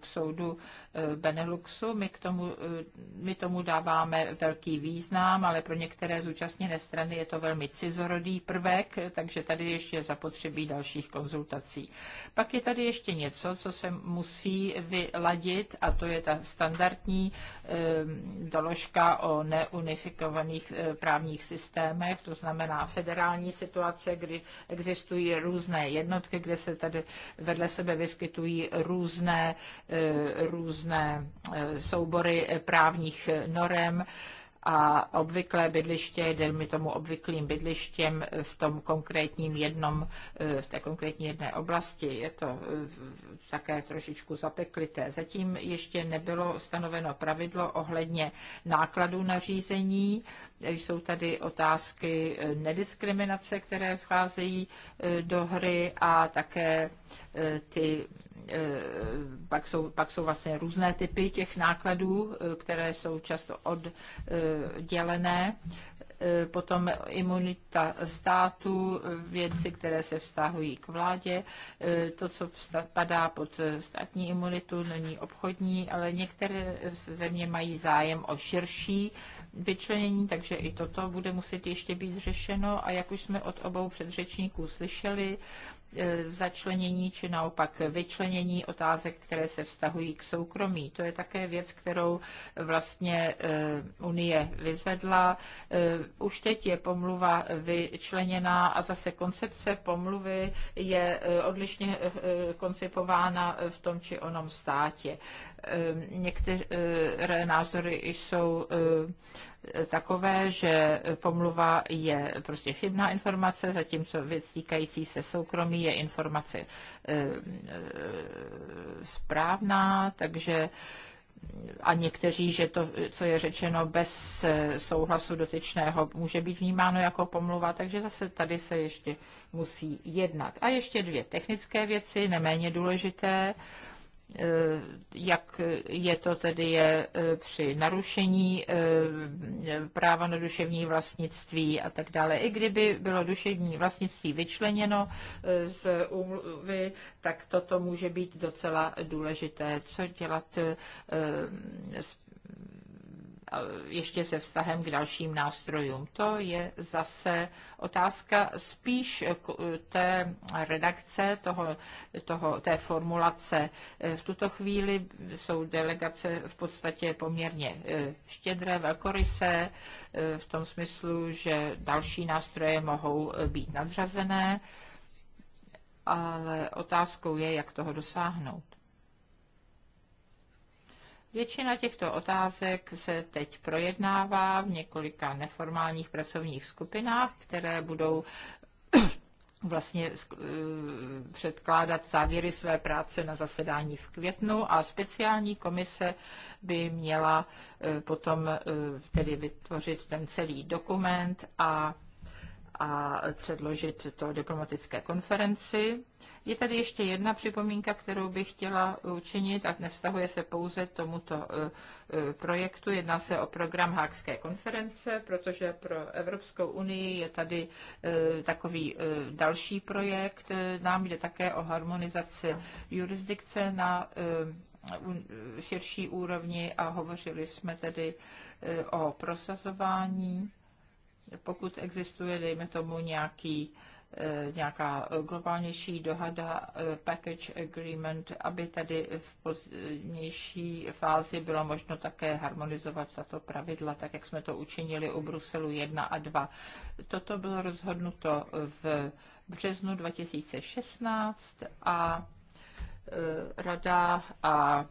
k soudu Eh, Beneluxu. My, k tomu, eh, my tomu dáváme velký význam, ale pro některé zúčastněné strany je to velmi cizorodý prvek, takže tady ještě zapotřebí dalších konzultací. Pak je tady ještě něco, co se musí vyladit, a to je ta standardní eh, doložka o neunifikovaných právních systémech, to znamená federální situace, kdy existují různé jednotky, kde se tady vedle sebe vyskytují různé, různé různé eh, soubory právních norem a obvyklé bydliště, jdeme tomu obvyklým bydlištěm v tom konkrétním jednom, eh, v té konkrétní jedné oblasti. Je to eh, také trošičku zapeklité. Zatím ještě nebylo stanoveno pravidlo ohledně nákladů na řízení. Jsou tady otázky nediskriminace, které vcházejí do hry a také ty pak jsou, pak jsou vlastně různé typy těch nákladů, eh, které jsou často oddělené. Eh, potom imunita státu, věci, které se vztahují k vládě. Eh, to, co padá pod státní imunitu, není obchodní, ale některé země mají zájem o širší vyčlenění, takže i toto bude muset ještě být řešeno. A jak už jsme od obou předřečníků slyšeli, E, začlenění či naopak vyčlenění otázek, které se vztahují k soukromí. To je také věc, kterou vlastně e, Unie vyzvedla. E, už teď je pomluva vyčleněná a zase koncepce pomluvy je odlišně koncipována v tom či onom státě. Některé názory jsou takové, že pomluva je prostě chybná informace, zatímco věc týkající se soukromí je informace eh, eh, správná, takže eh, a někteří, že to, co je řečeno bez souhlasu dotyčného, může být vnímáno jako pomluva, takže zase tady se ještě musí jednat. A ještě dvě technické věci, neméně důležité jak je to tedy je eh, při narušení eh, práva na duševní vlastnictví a tak dále. I kdyby bylo duševní vlastnictví vyčleněno eh, z úmluvy, tak toto může být docela důležité. Co dělat Eh, ještě se vztahem k dalším nástrojům. To je zase otázka spíš eh, té redakce, toho, toho, té formulace. Eh, v tuto chvíli jsou delegace v podstatě poměrně štědré, velkorysé, v tom smyslu, že další nástroje mohou být nadřazené, ale otázkou je, jak toho dosáhnout. Většina těchto otázek se teď projednává v několika neformálních pracovních skupinách, které budou vlastně eh, předkládat závěry své práce na zasedání v květnu a speciální komise by měla eh, potom eh, tedy vytvořit ten celý dokument a a předložit to diplomatické konferenci. Je tady ještě jedna připomínka, kterou bych chtěla učinit a nevztahuje se pouze tomuto e, e, projektu. Jedná se o program Hákské konference, protože pro Evropskou unii je tady e, takový další projekt. Nám jde také o harmonizaci jurisdikce na širší úrovni a hovořili jsme tedy o prosazování pokud existuje, dejme tomu, nějaký, eh, nějaká globálnější dohada, eh, package agreement, aby tady v pozdější fázi bylo možno také harmonizovat tato pravidla, tak jak jsme to učinili u Bruselu 1 a 2. Toto bylo rozhodnuto v březnu 2016 a eh, Rada a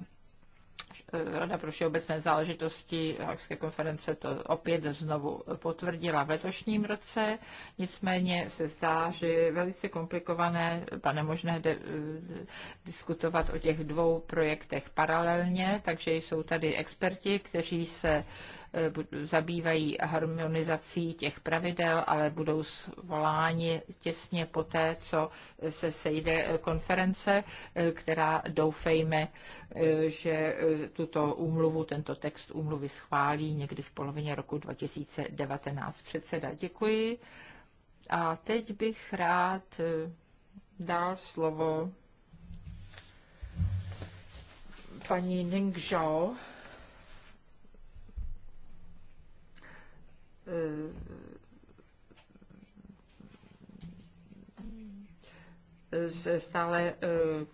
Eh, Rada pro všeobecné záležitosti Hákské konference to opět znovu potvrdila v letošním roce. Nicméně se zdá, že je velice komplikované a nemožné de- eh, diskutovat o těch dvou projektech paralelně, takže jsou tady experti, kteří se Eh, zabývají harmonizací těch pravidel, ale budou zvoláni těsně poté, co se sejde eh, konference, eh, která doufejme, že tuto úmluvu, tento text úmluvy schválí někdy v polovině roku 2019. Předseda, děkuji. A teď bych rád dal slovo paní Ning Zhao, stále eh,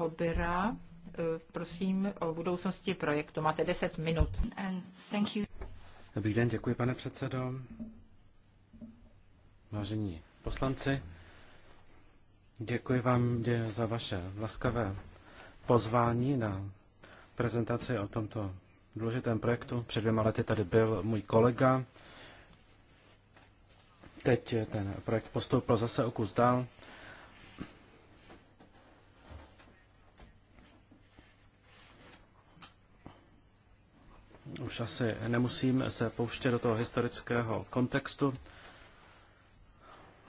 Hobira. Eh, prosím o budoucnosti projektu. Máte 10 minut. Dobrý den, děkuji, pane předsedo. Vážení poslanci, děkuji vám za vaše laskavé pozvání na prezentaci o tomto důležitém projektu. Před dvěma lety tady byl můj kolega. Teď ten projekt postoupil zase o kus dál. už asi nemusím se pouštět do toho historického kontextu.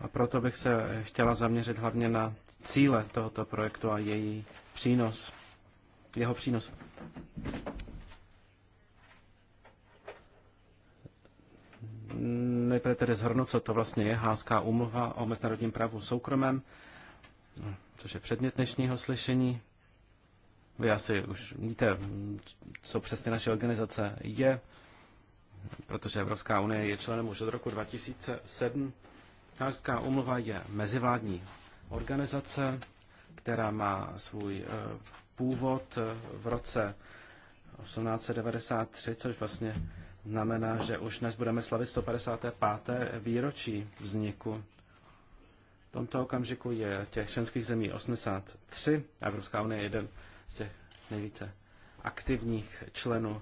A proto bych se chtěla zaměřit hlavně na cíle tohoto projektu a její přínos, jeho přínos. Nejprve tedy zhrnu, co to vlastně je Háská úmluva o mezinárodním právu soukromém, což je předmět dnešního slyšení. Vy asi už víte, co přesně naše organizace je, protože Evropská unie je členem už od roku 2007. Evropská umluva je mezivládní organizace, která má svůj eh, původ eh, v roce 1893, což vlastně znamená, že už dnes budeme slavit 155. výročí vzniku. V tomto okamžiku je těch členských zemí 83, Evropská unie je jeden z těch nejvíce aktivních členů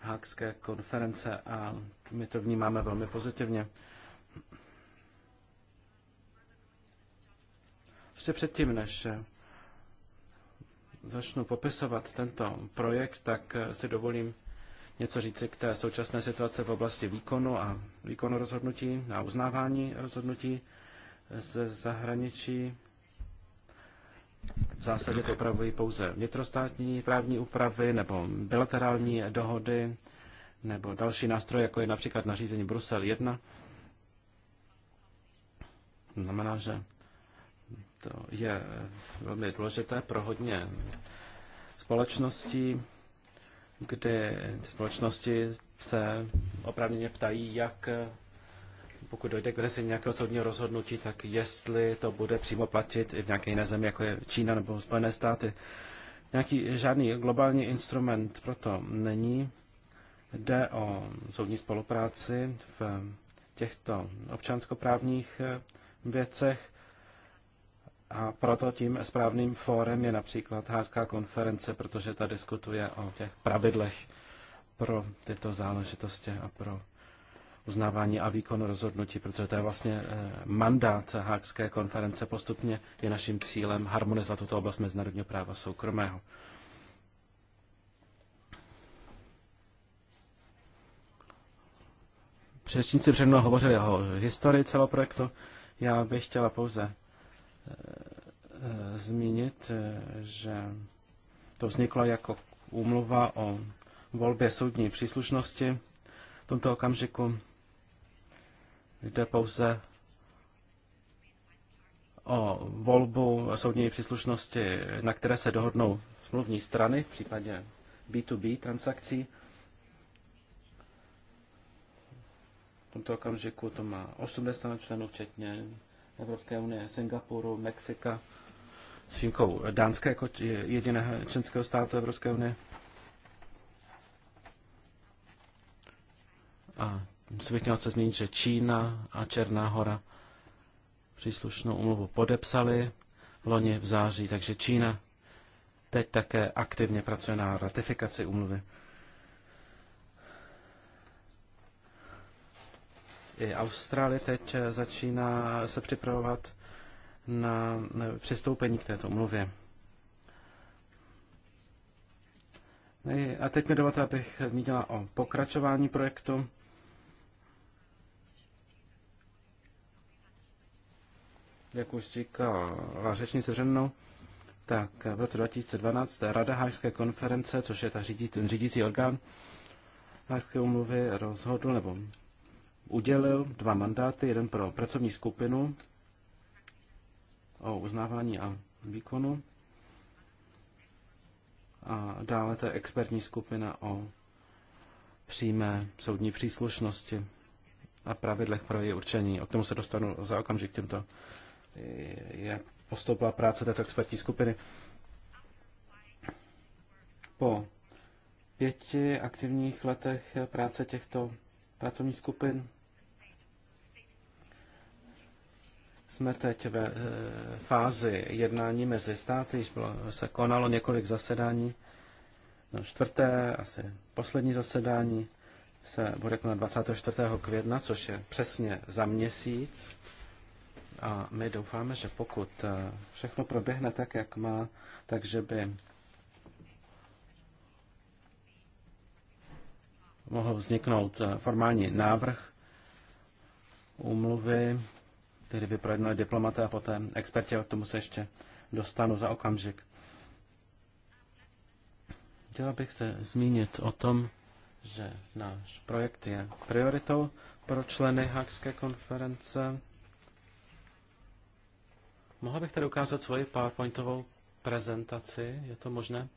Hákské konference a my to vnímáme velmi pozitivně. Ještě předtím, než začnu popisovat tento projekt, tak si dovolím něco říci k té současné situaci v oblasti výkonu a výkonu rozhodnutí a uznávání rozhodnutí ze zahraničí v zásadě to upravují pouze vnitrostátní právní úpravy nebo bilaterální dohody nebo další nástroje, jako je například nařízení Brusel 1. To znamená, že to je velmi důležité pro hodně společností, kdy společnosti se opravdu ptají, jak pokud dojde k vynesení nějakého soudního rozhodnutí, tak jestli to bude přímo platit i v nějaké jiné zemi, jako je Čína nebo Spojené státy. Nějaký, žádný globální instrument proto není. Jde o soudní spolupráci v těchto občanskoprávních eh, věcech a proto tím správným fórem je například Házká konference, protože ta diskutuje o těch pravidlech pro tyto záležitosti a pro uznávání a výkon rozhodnutí, protože to je vlastně eh, mandát Hákské konference. Postupně je naším cílem harmonizovat tuto oblast mezinárodního práva soukromého. Předečníci před mnou hovořili o historii celého projektu. Já bych chtěla pouze eh, eh, zmínit, že to vzniklo jako úmluva o volbě soudní příslušnosti. V tomto okamžiku Jde pouze o volbu soudní příslušnosti, na které se dohodnou smluvní strany v případě B2B transakcí. V tomto okamžiku to má 80 členů, včetně Evropské unie, Singapuru, Mexika, s výjimkou Dánské jako jediného členského státu Evropské unie. A Musím bych měl se zmínit, že Čína a Černá hora příslušnou umluvu podepsali loni v září, takže Čína teď také aktivně pracuje na ratifikaci umluvy. I Austrálie teď začíná se připravovat na přistoupení k této umluvě. A teď mi dovolte, abych zmínila o pokračování projektu. jak už říkal se Vřemnou, tak v roce 2012 Rada Hájské konference, což je ta řídí, ten řídící orgán Hájské umluvy, rozhodl nebo udělil dva mandáty, jeden pro pracovní skupinu o uznávání a výkonu a dále to je expertní skupina o přímé soudní příslušnosti a pravidlech pro její určení. O tom tomu se dostanu za okamžik těmto jak postoupila práce této expertní skupiny. Po pěti aktivních letech práce těchto pracovních skupin jsme teď ve eh, fázi jednání mezi státy, již bylo, se konalo několik zasedání. No, čtvrté, asi poslední zasedání se bude konat 24. května, což je přesně za měsíc. A my doufáme, že pokud eh, všechno proběhne tak, jak má, takže by mohl vzniknout eh, formální návrh úmluvy, který by projednali diplomaté a poté experti, k tomu se ještě dostanu za okamžik. Chtěla bych se zmínit o tom, že náš projekt je prioritou pro členy Hákské konference. Mohla bych tady ukázat svoji PowerPointovou prezentaci, je to možné?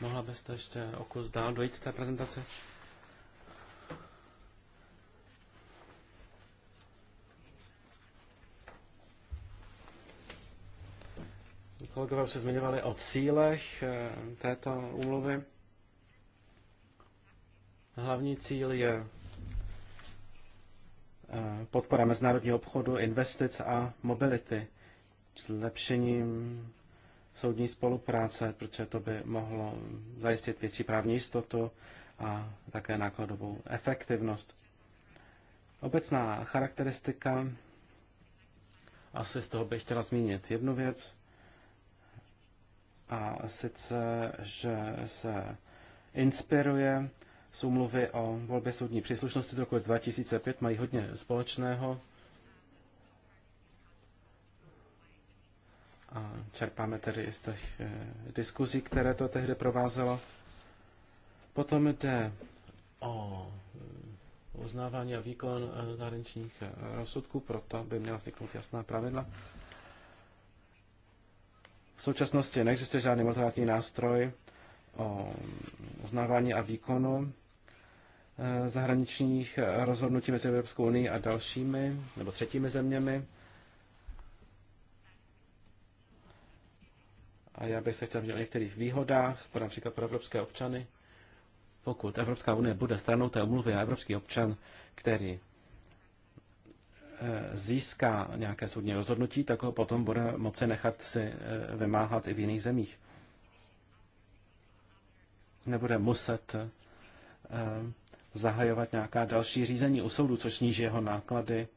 Mohla byste ještě o kus dál dojít k té prezentaci? Kolegové už se zmiňovali o cílech eh, této úmluvy. Hlavní cíl je eh, podpora mezinárodního obchodu, investic a mobility, zlepšením soudní spolupráce, protože to by mohlo zajistit větší právní jistotu a také nákladovou efektivnost. Obecná charakteristika, asi z toho bych chtěla zmínit jednu věc a sice, že se inspiruje z úmluvy o volbě soudní příslušnosti z roku 2005, mají hodně společného. A čerpáme tedy z těch eh, diskuzí, které to tehdy provázelo. Potom jde o eh, uznávání a výkon eh, zahraničních rozsudků, proto by měla vzniknout jasná pravidla. V současnosti neexistuje žádný multilaterální nástroj o uznávání a výkonu eh, zahraničních rozhodnutí mezi Evropskou unii a dalšími nebo třetími zeměmi. A já bych se chtěl vědět o některých výhodách, pro například pro evropské občany. Pokud Evropská unie bude stranou té umluvy a evropský občan, který Eh, získá nějaké soudní rozhodnutí, tak ho potom bude moci nechat si eh, vymáhat i v jiných zemích. Nebude muset eh, zahajovat nějaká další řízení u soudu, což sníží jeho náklady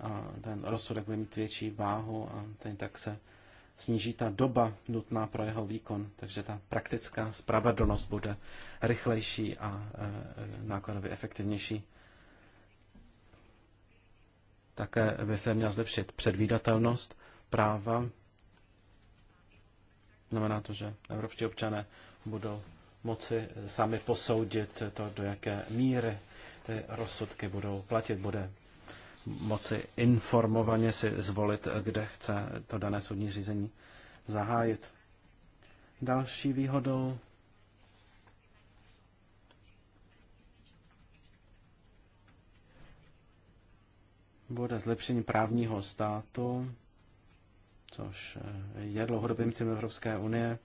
a ten rozsudek bude mít větší váhu a ten tak se sníží ta doba nutná pro jeho výkon, takže ta praktická spravedlnost bude rychlejší a nákladově efektivnější. Také by se měla zlepšit předvídatelnost práva. Znamená to, že evropští občané budou moci sami posoudit to, do jaké míry ty rozsudky budou platit. Bude moci informovaně si zvolit, kde chce to dané soudní řízení zahájit. Další výhodou bude zlepšení právního státu, což eh, je dlouhodobým cílem Evropské unie,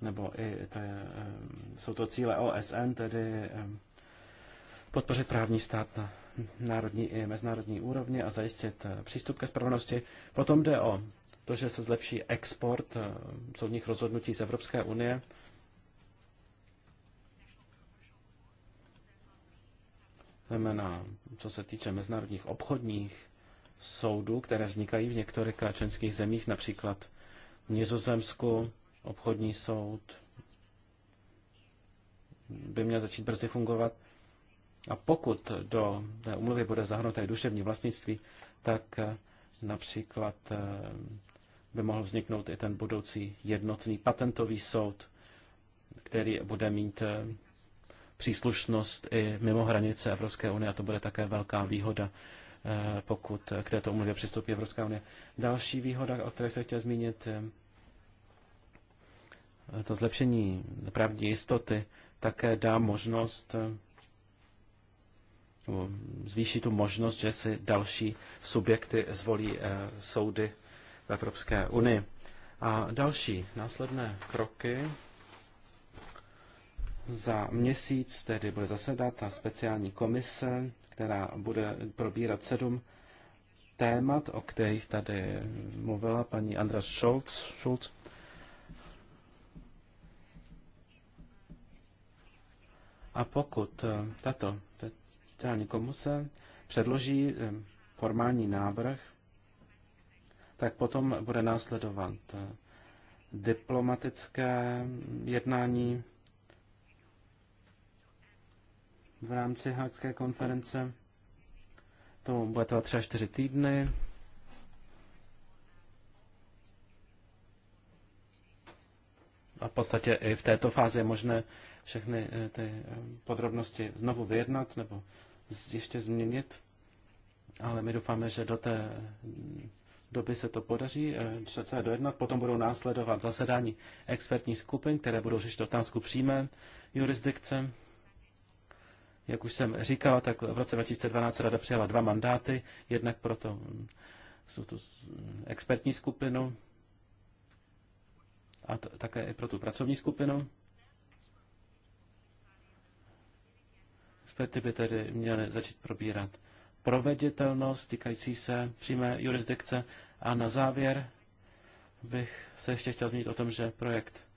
nebo i to je, eh, jsou to cíle OSN, tedy eh, podpořit právní stát na národní i mezinárodní úrovni a zajistit přístup ke spravedlnosti. Potom jde o to, že se zlepší export soudních rozhodnutí z Evropské unie Znamená, co se týče mezinárodních obchodních soudů, které vznikají v některých členských zemích, například v Nizozemsku obchodní soud by měl začít brzy fungovat. A pokud do té umluvy bude zahrnuté duševní vlastnictví, tak eh, například eh, by mohl vzniknout i ten budoucí jednotný patentový soud, který bude mít eh, příslušnost i mimo hranice Evropské unie a to bude také velká výhoda, eh, pokud k této umluvě přistoupí Evropská unie. Další výhoda, o které se chtěl zmínit, eh, to zlepšení právní jistoty také dá možnost eh, zvýší tu možnost, že si další subjekty zvolí soudy v Evropské unii. A další následné kroky za měsíc tedy bude zasedat ta speciální komise, která bude probírat sedm témat, o kterých tady mluvila paní Andra Schulz. Schulz. A pokud eh, tato speciální komise předloží eh, formální návrh, tak potom bude následovat eh, diplomatické jednání v rámci Hákské konference. To bude trvat třeba čtyři týdny. A v podstatě i v této fázi je možné všechny eh, ty eh, podrobnosti znovu vyjednat nebo ještě změnit. Ale my doufáme, že do té doby se to podaří eh, se dojednat. Potom budou následovat zasedání expertních skupin, které budou řešit otázku přímé jurisdikce. Jak už jsem říkal, tak v roce 2012 rada přijala dva mandáty, jednak proto jsou tu expertní skupinu a také i pro tu pracovní skupinu. Experty by tedy měly začít probírat proveditelnost týkající se přímé jurisdikce a na závěr bych se ještě chtěl zmínit o tom, že projekt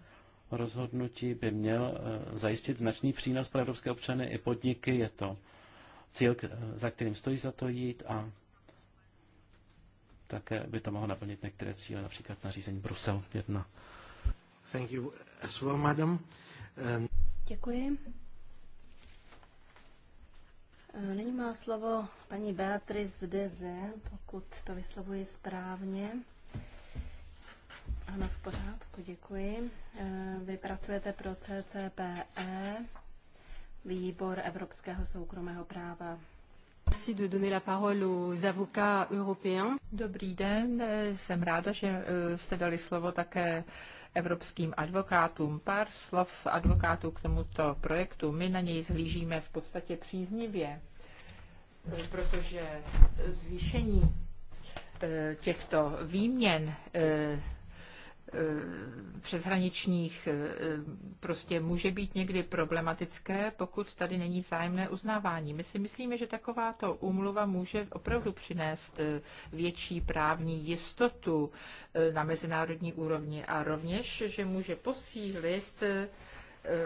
rozhodnutí by měl eh, zajistit značný přínos pro evropské občany i podniky. Je to cíl, za kterým stojí za to jít a také by to mohlo naplnit některé cíle, například nařízení Brusel 1. Thank you as well, madam. And... Děkuji. Eh, nyní má slovo paní Beatrice Deze, pokud to vyslovuji správně. Ano, v pořádku, děkuji. Eh, vy pracujete pro CCPE, výbor Evropského soukromého práva. Merci de donner la parole aux avocats européens. Dobrý den, eh, jsem ráda, že eh, jste dali slovo také evropským advokátům. Pár slov advokátů k tomuto projektu. My na něj zhlížíme v podstatě příznivě, protože zvýšení těchto výměn Eh, přeshraničních eh, prostě může být někdy problematické, pokud tady není vzájemné uznávání. My si myslíme, že takováto úmluva může opravdu přinést eh, větší právní jistotu na mezinárodní úrovni a rovněž, že může posílit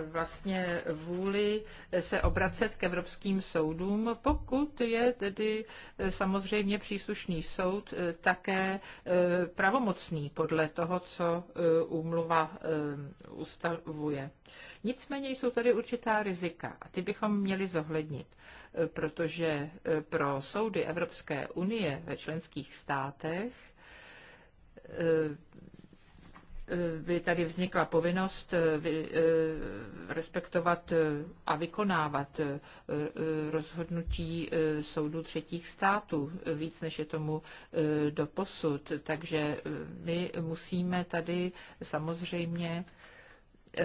vlastně vůli se obracet k evropským soudům, pokud je tedy eh, samozřejmě příslušný soud eh, také eh, pravomocný podle toho, co úmluva ustavuje. Nicméně jsou tady určitá rizika a ty bychom měli zohlednit, protože pro soudy Evropské unie ve členských státech by tady vznikla povinnost eh, eh, respektovat eh, a vykonávat rozhodnutí soudů třetích států, víc než je tomu do posud. Takže my musíme tady samozřejmě Eh,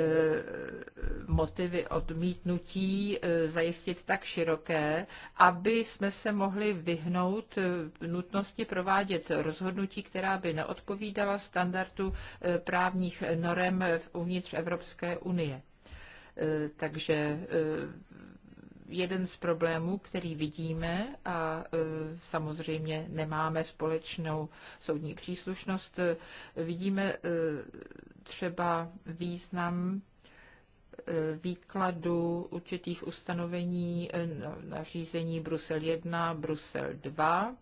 motivy odmítnutí eh, zajistit tak široké, aby jsme se mohli vyhnout eh, nutnosti provádět rozhodnutí, která by neodpovídala standardu právních norem uvnitř Evropské unie. Takže jeden z problémů, který vidíme a e, samozřejmě nemáme společnou soudní příslušnost, e, vidíme e, třeba význam výkladu určitých ustanovení nařízení Brusel 1, Brusel 2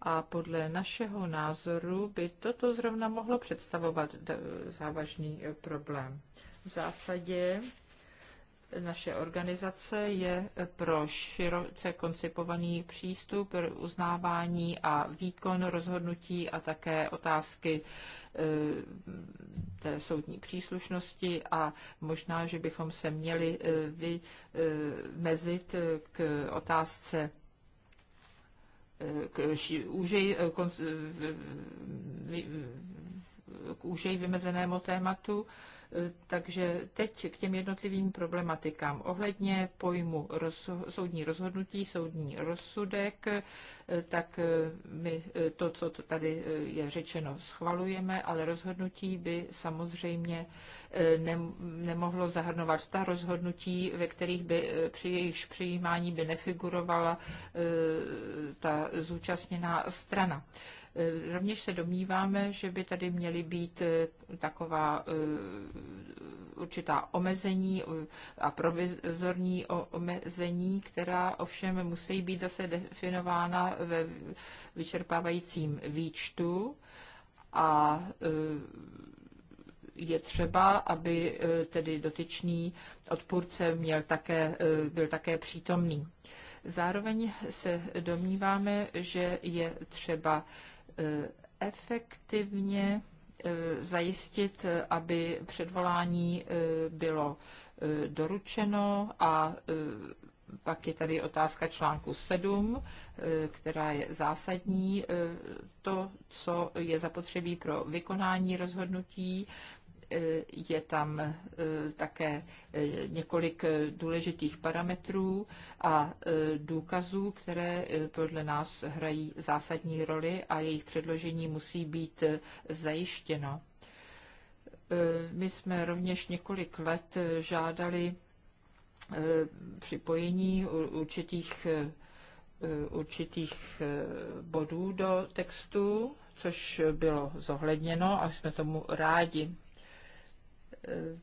a podle našeho názoru by toto zrovna mohlo představovat závažný problém. V zásadě naše organizace je pro široce koncipovaný přístup, uznávání a výkon rozhodnutí a také otázky e, té soudní příslušnosti a možná, že bychom se měli e, vymezit e, k otázce k úžej, k úžej vymezenému tématu takže teď k těm jednotlivým problematikám. Ohledně pojmu roz, soudní rozhodnutí, soudní rozsudek, tak my to, co tady je řečeno, schvalujeme, ale rozhodnutí by samozřejmě eh, nemohlo zahrnovat ta rozhodnutí, ve kterých by eh, při jejich přijímání by nefigurovala eh, ta zúčastněná strana. Eh, rovněž se domníváme, že by tady měly být eh, taková eh, určitá omezení a provizorní omezení, která ovšem musí být zase definována ve vyčerpávajícím výčtu a je třeba, aby tedy dotyčný odpůrce měl také, byl také přítomný. Zároveň se domníváme, že je třeba Eh, efektivně eh, zajistit, eh, aby předvolání bylo doručeno a pak je tady otázka článku 7, která je zásadní. To, co je zapotřebí pro vykonání rozhodnutí, je tam e, také e, několik důležitých parametrů a e, důkazů, které podle nás hrají zásadní roli a jejich předložení musí být zajištěno. My jsme rovněž několik let žádali připojení určitých, určitých bodů do textu, což bylo zohledněno a jsme tomu rádi. Eh,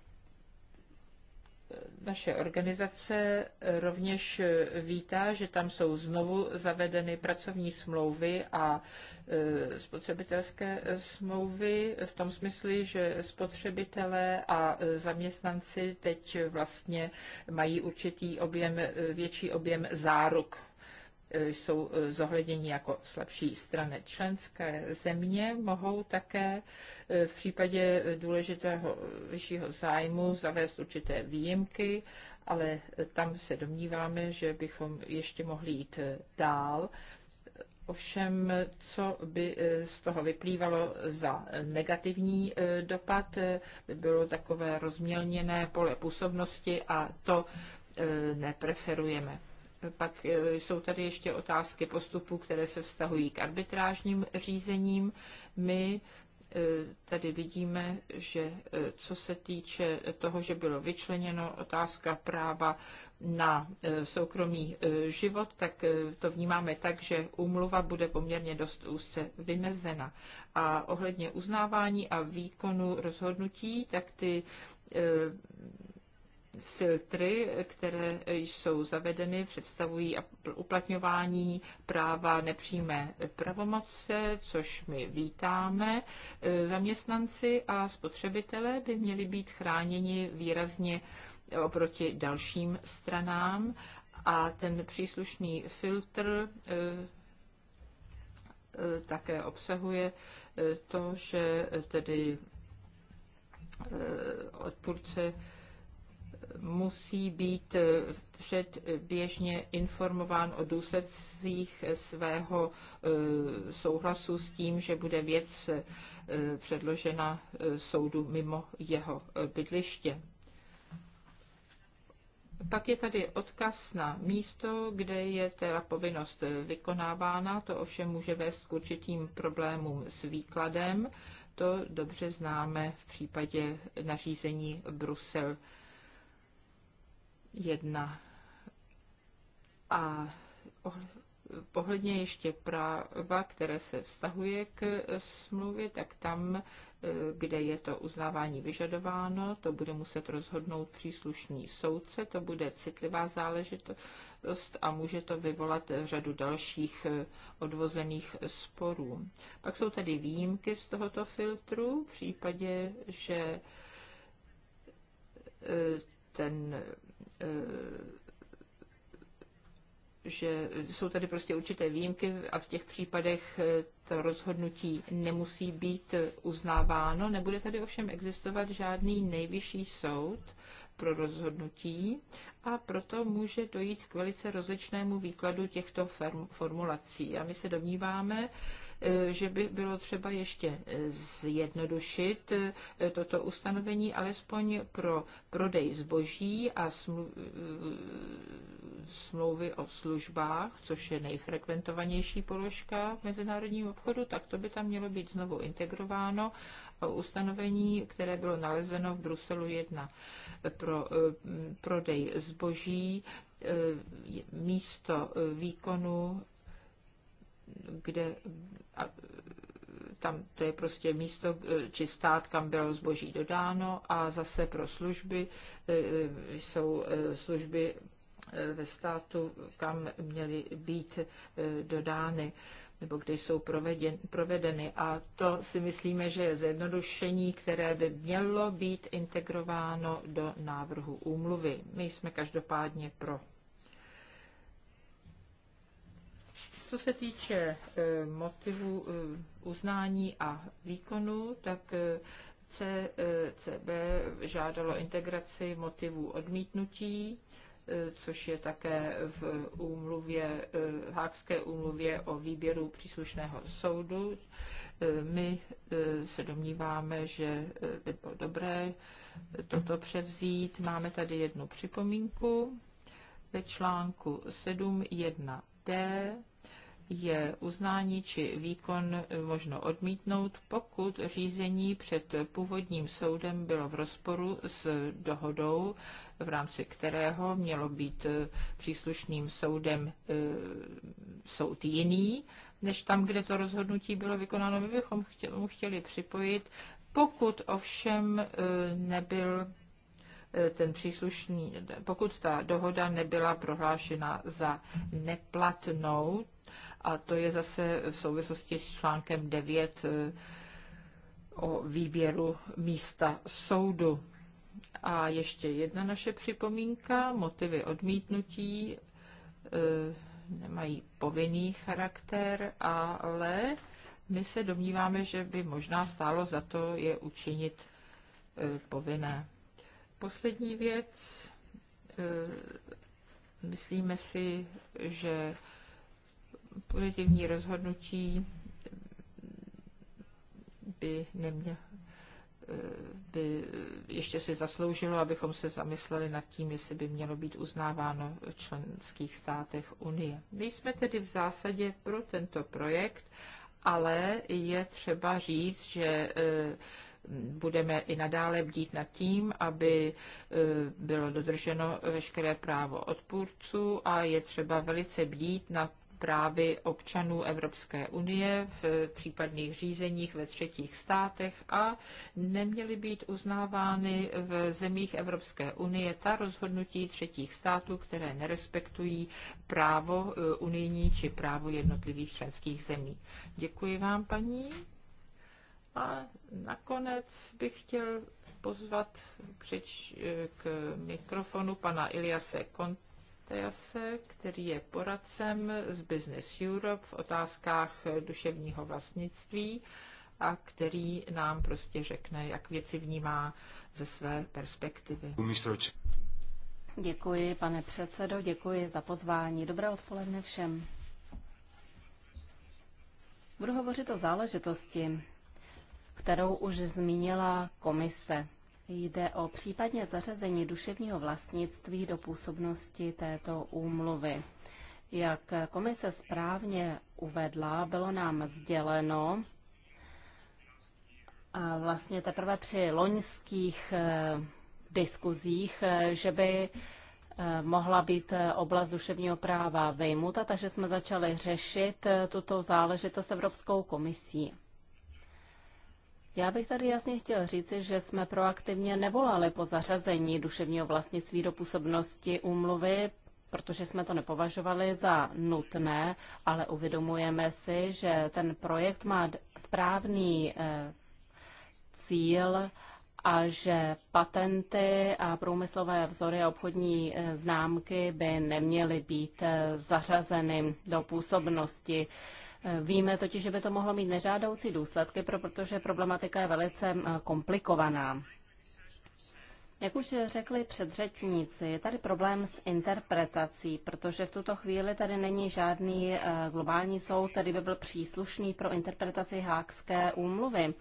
naše organizace rovněž vítá, že tam jsou znovu zavedeny pracovní smlouvy a eh, spotřebitelské smlouvy v tom smyslu, že spotřebitelé a eh, zaměstnanci teď vlastně mají určitý objem, větší objem záruk E, jsou e, zohledněni jako slabší strany. Členské země mohou také e, v případě důležitého vyššího zájmu zavést určité výjimky, ale tam se domníváme, že bychom ještě mohli jít dál. Ovšem, co by z toho vyplývalo za negativní dopad, by bylo takové rozmělněné pole působnosti a to nepreferujeme. Pak e, jsou tady ještě otázky postupů, které se vztahují k arbitrážním řízením. My e, tady vidíme, že e, co se týče toho, že bylo vyčleněno otázka práva na soukromý život, tak to vnímáme tak, že úmluva bude poměrně dost úzce vymezena. A ohledně uznávání a výkonu rozhodnutí, tak ty filtry, které jsou zavedeny, představují uplatňování práva nepřímé pravomoce, což my vítáme. Zaměstnanci a spotřebitelé by měli být chráněni výrazně oproti dalším stranám a ten příslušný filtr eh, také obsahuje eh, to, že tedy eh, odpůrce musí být eh, předběžně eh, informován o důsledcích eh, svého souhlasu s tím, že bude věc předložena soudu mimo jeho bydliště. Pak je tady odkaz na místo, kde je ta povinnost vykonávána. To ovšem může vést k určitým problémům s výkladem. To dobře známe v případě nařízení Brusel jedna A pohledně ještě práva, které se vztahuje k eh, smluvě, tak tam, eh, kde je to uznávání vyžadováno, to bude muset rozhodnout příslušný soudce, to bude citlivá záležitost a může to vyvolat řadu dalších eh, odvozených sporů. Pak jsou tady výjimky z tohoto filtru v případě, že ten že jsou tady prostě určité výjimky a v těch případech eh, to rozhodnutí nemusí být uznáváno. Nebude tady ovšem existovat žádný nejvyšší soud pro rozhodnutí a proto může dojít k velice rozličnému výkladu těchto formulací. A my se domníváme, Eh, že by bylo třeba ještě eh, zjednodušit eh, toto ustanovení alespoň pro prodej zboží a smlouvy o službách, což je nejfrekventovanější položka v mezinárodním obchodu, tak to by tam mělo být znovu integrováno ustanovení, které bylo nalezeno v Bruselu 1 pro prodej zboží místo výkonu kde a, tam to je prostě místo e, či stát, kam bylo zboží dodáno a zase pro služby e, e, jsou služby ve státu, kam měly být dodány nebo kde jsou proveden, provedeny. A to si myslíme, že je zjednodušení, které by mělo být integrováno do návrhu úmluvy. My jsme každopádně pro. Co se týče eh, motivu eh, uznání a výkonu, tak eh, CCB žádalo integraci motivu odmítnutí, což je také v úmluvě, Hákské úmluvě o výběru příslušného soudu. My se domníváme, že by bylo dobré toto převzít. Máme tady jednu připomínku ve článku 7.1d je uznání či výkon možno odmítnout, pokud řízení před původním soudem bylo v rozporu s dohodou, v rámci kterého mělo být eh, příslušným soudem eh, soud jiný, než tam, kde to rozhodnutí bylo vykonáno. My bychom mu chtěli připojit, pokud ovšem eh, nebyl ten příslušný, pokud ta dohoda nebyla prohlášena za neplatnou, a to je zase v souvislosti s článkem 9 eh, o výběru místa soudu. A ještě jedna naše připomínka, motivy odmítnutí eh, nemají povinný charakter, ale my se domníváme, že by možná stálo za to je učinit eh, povinné. Poslední věc, myslíme si, že pozitivní rozhodnutí by neměl eh, by ještě si zasloužilo, abychom se zamysleli nad tím, jestli by mělo být uznáváno v členských státech Unie. My jsme tedy v zásadě pro tento projekt, ale je třeba říct, že eh, budeme i nadále bdít nad tím, aby eh, bylo dodrženo veškeré právo odpůrců a je třeba velice bdít nad právy občanů Evropské unie v případných řízeních ve třetích státech a neměly být uznávány v zemích Evropské unie ta rozhodnutí třetích států, které nerespektují právo eh, unijní či právo jednotlivých členských zemí. Děkuji vám, paní. A nakonec bych chtěl pozvat k eh, mikrofonu pana Iliase Kont Matejase, který je poradcem z Business Europe v otázkách duševního vlastnictví a který nám prostě řekne, jak věci vnímá ze své perspektivy. Děkuji, pane předsedo, děkuji za pozvání. Dobré odpoledne všem. Budu hovořit o záležitosti, kterou už zmínila komise. Jde o případně zařazení duševního vlastnictví do působnosti této úmluvy. Jak komise správně uvedla, bylo nám sděleno a vlastně teprve při loňských eh, diskuzích, eh, že by eh, mohla být oblast duševního práva vyjmuta, takže jsme začali řešit tuto záležitost s Evropskou komisí. Já bych tady jasně chtěl říci, že jsme proaktivně nevolali po zařazení duševního vlastnictví do působnosti úmluvy, protože jsme to nepovažovali za nutné, ale uvědomujeme si, že ten projekt má správný eh, cíl a že patenty a průmyslové vzory a obchodní eh, známky by neměly být eh, zařazeny do působnosti Víme totiž, že by to mohlo mít nežádoucí důsledky, protože problematika je velice komplikovaná. Jak už řekli předřečníci, je tady problém s interpretací, protože v tuto chvíli tady není žádný e, globální soud, který by byl příslušný pro interpretaci hákské úmluvy.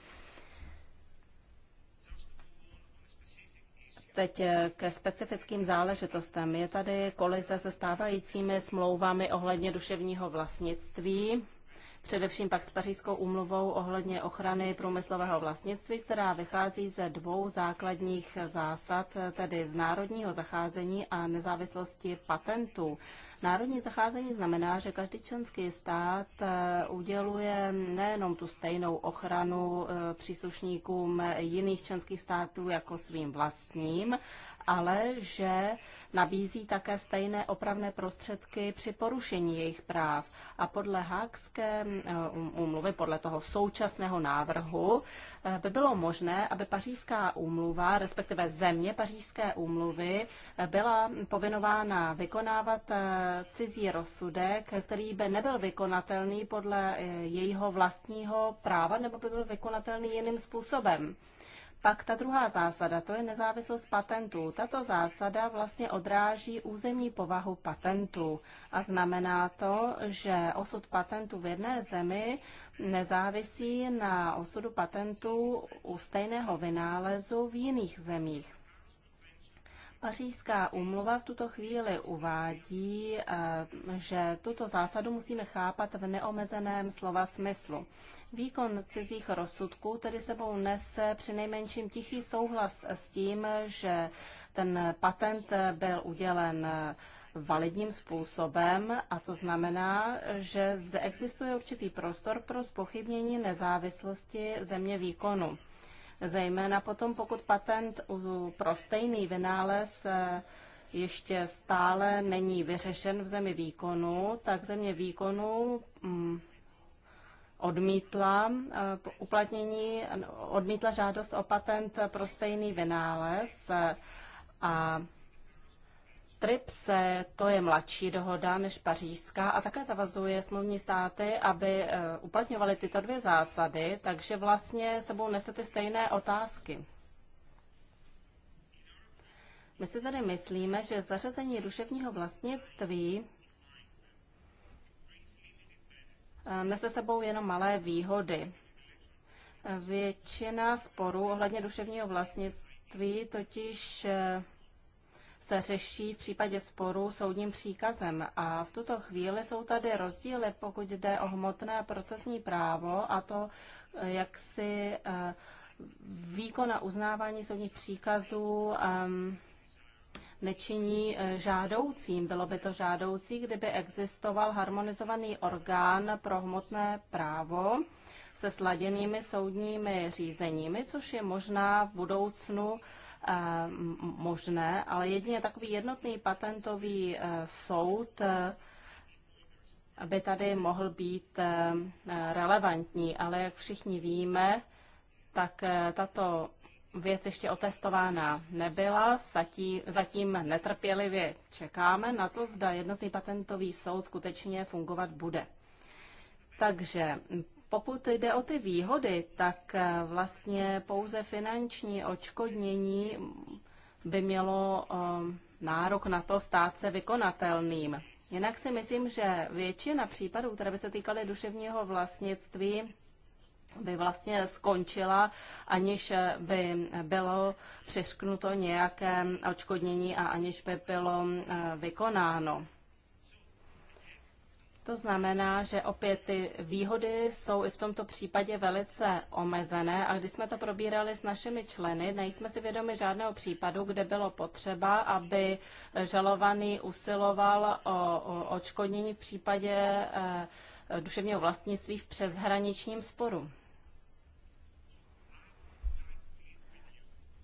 Teď e, ke specifickým záležitostem. Je tady kolize se stávajícími smlouvami ohledně duševního vlastnictví především pak s pařížskou úmluvou ohledně ochrany průmyslového vlastnictví, která vychází ze dvou základních zásad, tedy z národního zacházení a nezávislosti patentů. Národní zacházení znamená, že každý členský stát eh, uděluje nejenom tu stejnou ochranu eh, příslušníkům jiných členských států jako svým vlastním, ale že nabízí také stejné opravné prostředky při porušení jejich práv. A podle Hákské eh, um, úmluvy, podle toho současného návrhu, eh, by bylo možné, aby pařížská úmluva, respektive země pařížské úmluvy, eh, byla povinována vykonávat cizí rozsudek, který by nebyl vykonatelný podle jejího vlastního práva nebo by byl vykonatelný jiným způsobem. Pak ta druhá zásada, to je nezávislost patentů. Tato zásada vlastně odráží územní povahu patentů a znamená to, že osud patentů v jedné zemi nezávisí na osudu patentů u stejného vynálezu v jiných zemích. Pařížská úmluva v tuto chvíli uvádí, eh, že tuto zásadu musíme chápat v neomezeném slova smyslu. Výkon cizích rozsudků tedy sebou nese přinejmenším tichý souhlas s tím, že ten patent byl udělen validním způsobem a to znamená, že zde existuje určitý prostor pro spochybnění nezávislosti země výkonu. Zejména potom, pokud patent pro stejný vynález eh, ještě stále není vyřešen v zemi výkonu, tak země výkonu mm, odmítla eh, uplatnění, odmítla žádost o patent pro stejný vynález a TRIPS to je mladší dohoda než pařížská a také zavazuje smluvní státy, aby eh, uplatňovaly tyto dvě zásady, takže vlastně sebou nese ty stejné otázky. My si tady myslíme, že zařazení duševního vlastnictví Eh, nese sebou jenom malé výhody. Eh, většina sporů ohledně duševního vlastnictví totiž eh, se řeší v případě sporu soudním příkazem. A v tuto chvíli jsou tady rozdíly, pokud jde o hmotné procesní právo a to, jak si výkon a uznávání soudních příkazů um, nečiní eh, žádoucím. Bylo by to žádoucí, kdyby existoval harmonizovaný orgán pro hmotné právo se sladěnými soudními řízeními, což je možná v budoucnu eh, možné, ale jedině takový jednotný patentový eh, soud aby tady mohl být relevantní. Ale jak všichni víme, tak tato věc ještě otestována nebyla, zatím, zatím netrpělivě čekáme na to, zda jednotný patentový soud skutečně fungovat bude. Takže pokud jde o ty výhody, tak eh, vlastně pouze finanční očkodnění by mělo eh, nárok na to stát se vykonatelným. Jinak si myslím, že většina případů, které by se týkaly duševního vlastnictví, by vlastně skončila, aniž by bylo přišknuto nějaké odškodnění a aniž by bylo eh, vykonáno. To znamená, že opět ty výhody jsou i v tomto případě velice omezené a když jsme to probírali s našimi členy, nejsme si vědomi žádného případu, kde bylo potřeba, aby žalovaný usiloval o, o odškodnění v případě eh, duševního vlastnictví v přeshraničním sporu.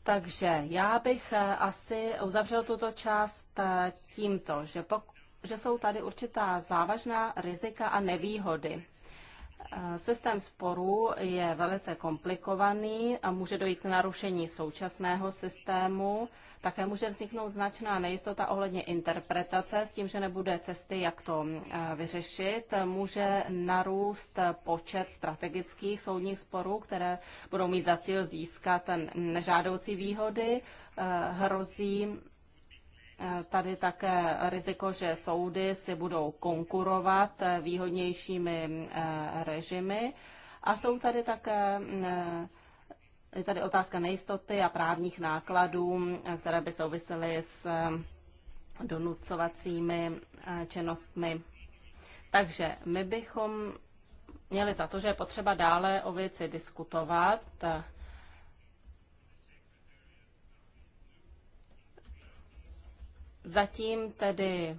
Takže já bych eh, asi uzavřel tuto část eh, tímto, že, pok- že jsou tady určitá závažná rizika a nevýhody. Systém sporů je velice komplikovaný a může dojít k narušení současného systému. Také může vzniknout značná nejistota ohledně interpretace s tím, že nebude cesty, jak to eh, vyřešit. Může narůst počet strategických soudních sporů, které budou mít za cíl získat nežádoucí výhody. Eh, hrozí tady také riziko, že soudy si budou konkurovat výhodnějšími eh, režimy. A jsou tady také eh, je tady otázka nejistoty a právních nákladů, eh, které by souvisely s donucovacími činnostmi. Takže my bychom měli za to, že je potřeba dále o věci diskutovat, Zatím tedy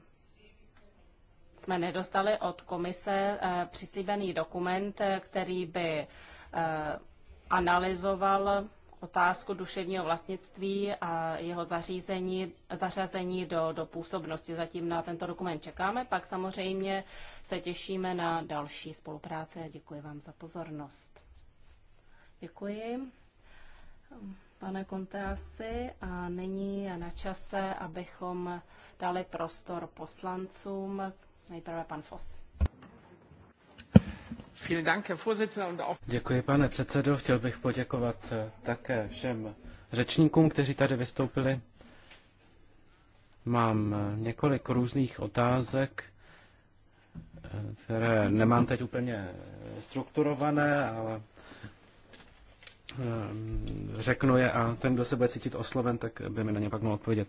jsme nedostali od komise eh, přislíbený dokument, eh, který by eh, analyzoval otázku duševního vlastnictví a jeho zařízení, zařazení do, do působnosti. Zatím na tento dokument čekáme, pak samozřejmě se těšíme na další spolupráci a děkuji vám za pozornost. Děkuji pane Konteasi, a nyní je na čase, abychom dali prostor poslancům. Nejprve pan Fos. Děkuji, pane předsedo. Chtěl bych poděkovat eh, také všem řečníkům, kteří tady vystoupili. Mám eh, několik různých otázek, eh, které nemám teď úplně strukturované, ale Eh, řeknu je a ten, kdo se bude cítit osloven, tak by mi na ně pak mohl odpovědět.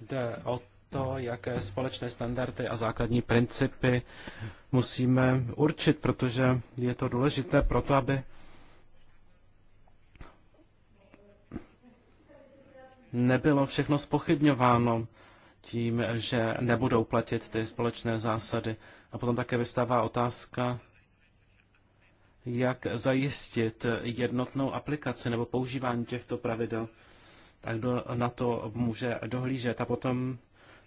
Jde o to, jaké společné standardy a základní principy musíme určit, protože je to důležité pro to, aby nebylo všechno spochybňováno tím, že nebudou platit ty společné zásady. A potom také vystává otázka, jak zajistit jednotnou aplikaci nebo používání těchto pravidel, tak kdo na to může dohlížet. A potom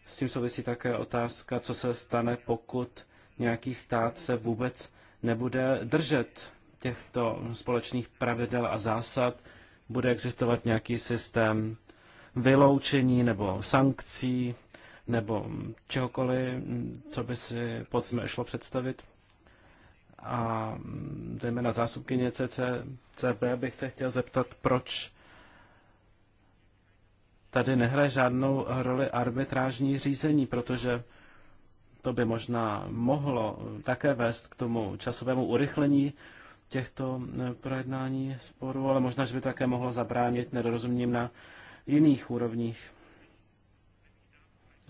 s tím souvisí také otázka, co se stane, pokud nějaký stát se vůbec nebude držet těchto společných pravidel a zásad, bude existovat nějaký systém vyloučení nebo sankcí nebo čehokoliv, co by si pod šlo představit a zejména zásupkyně CCCB bych se chtěl zeptat, proč tady nehraje žádnou roli arbitrážní řízení, protože to by možná mohlo také vést k tomu časovému urychlení těchto eh, projednání sporů, ale možná, že by také mohlo zabránit nedorozumím na jiných úrovních.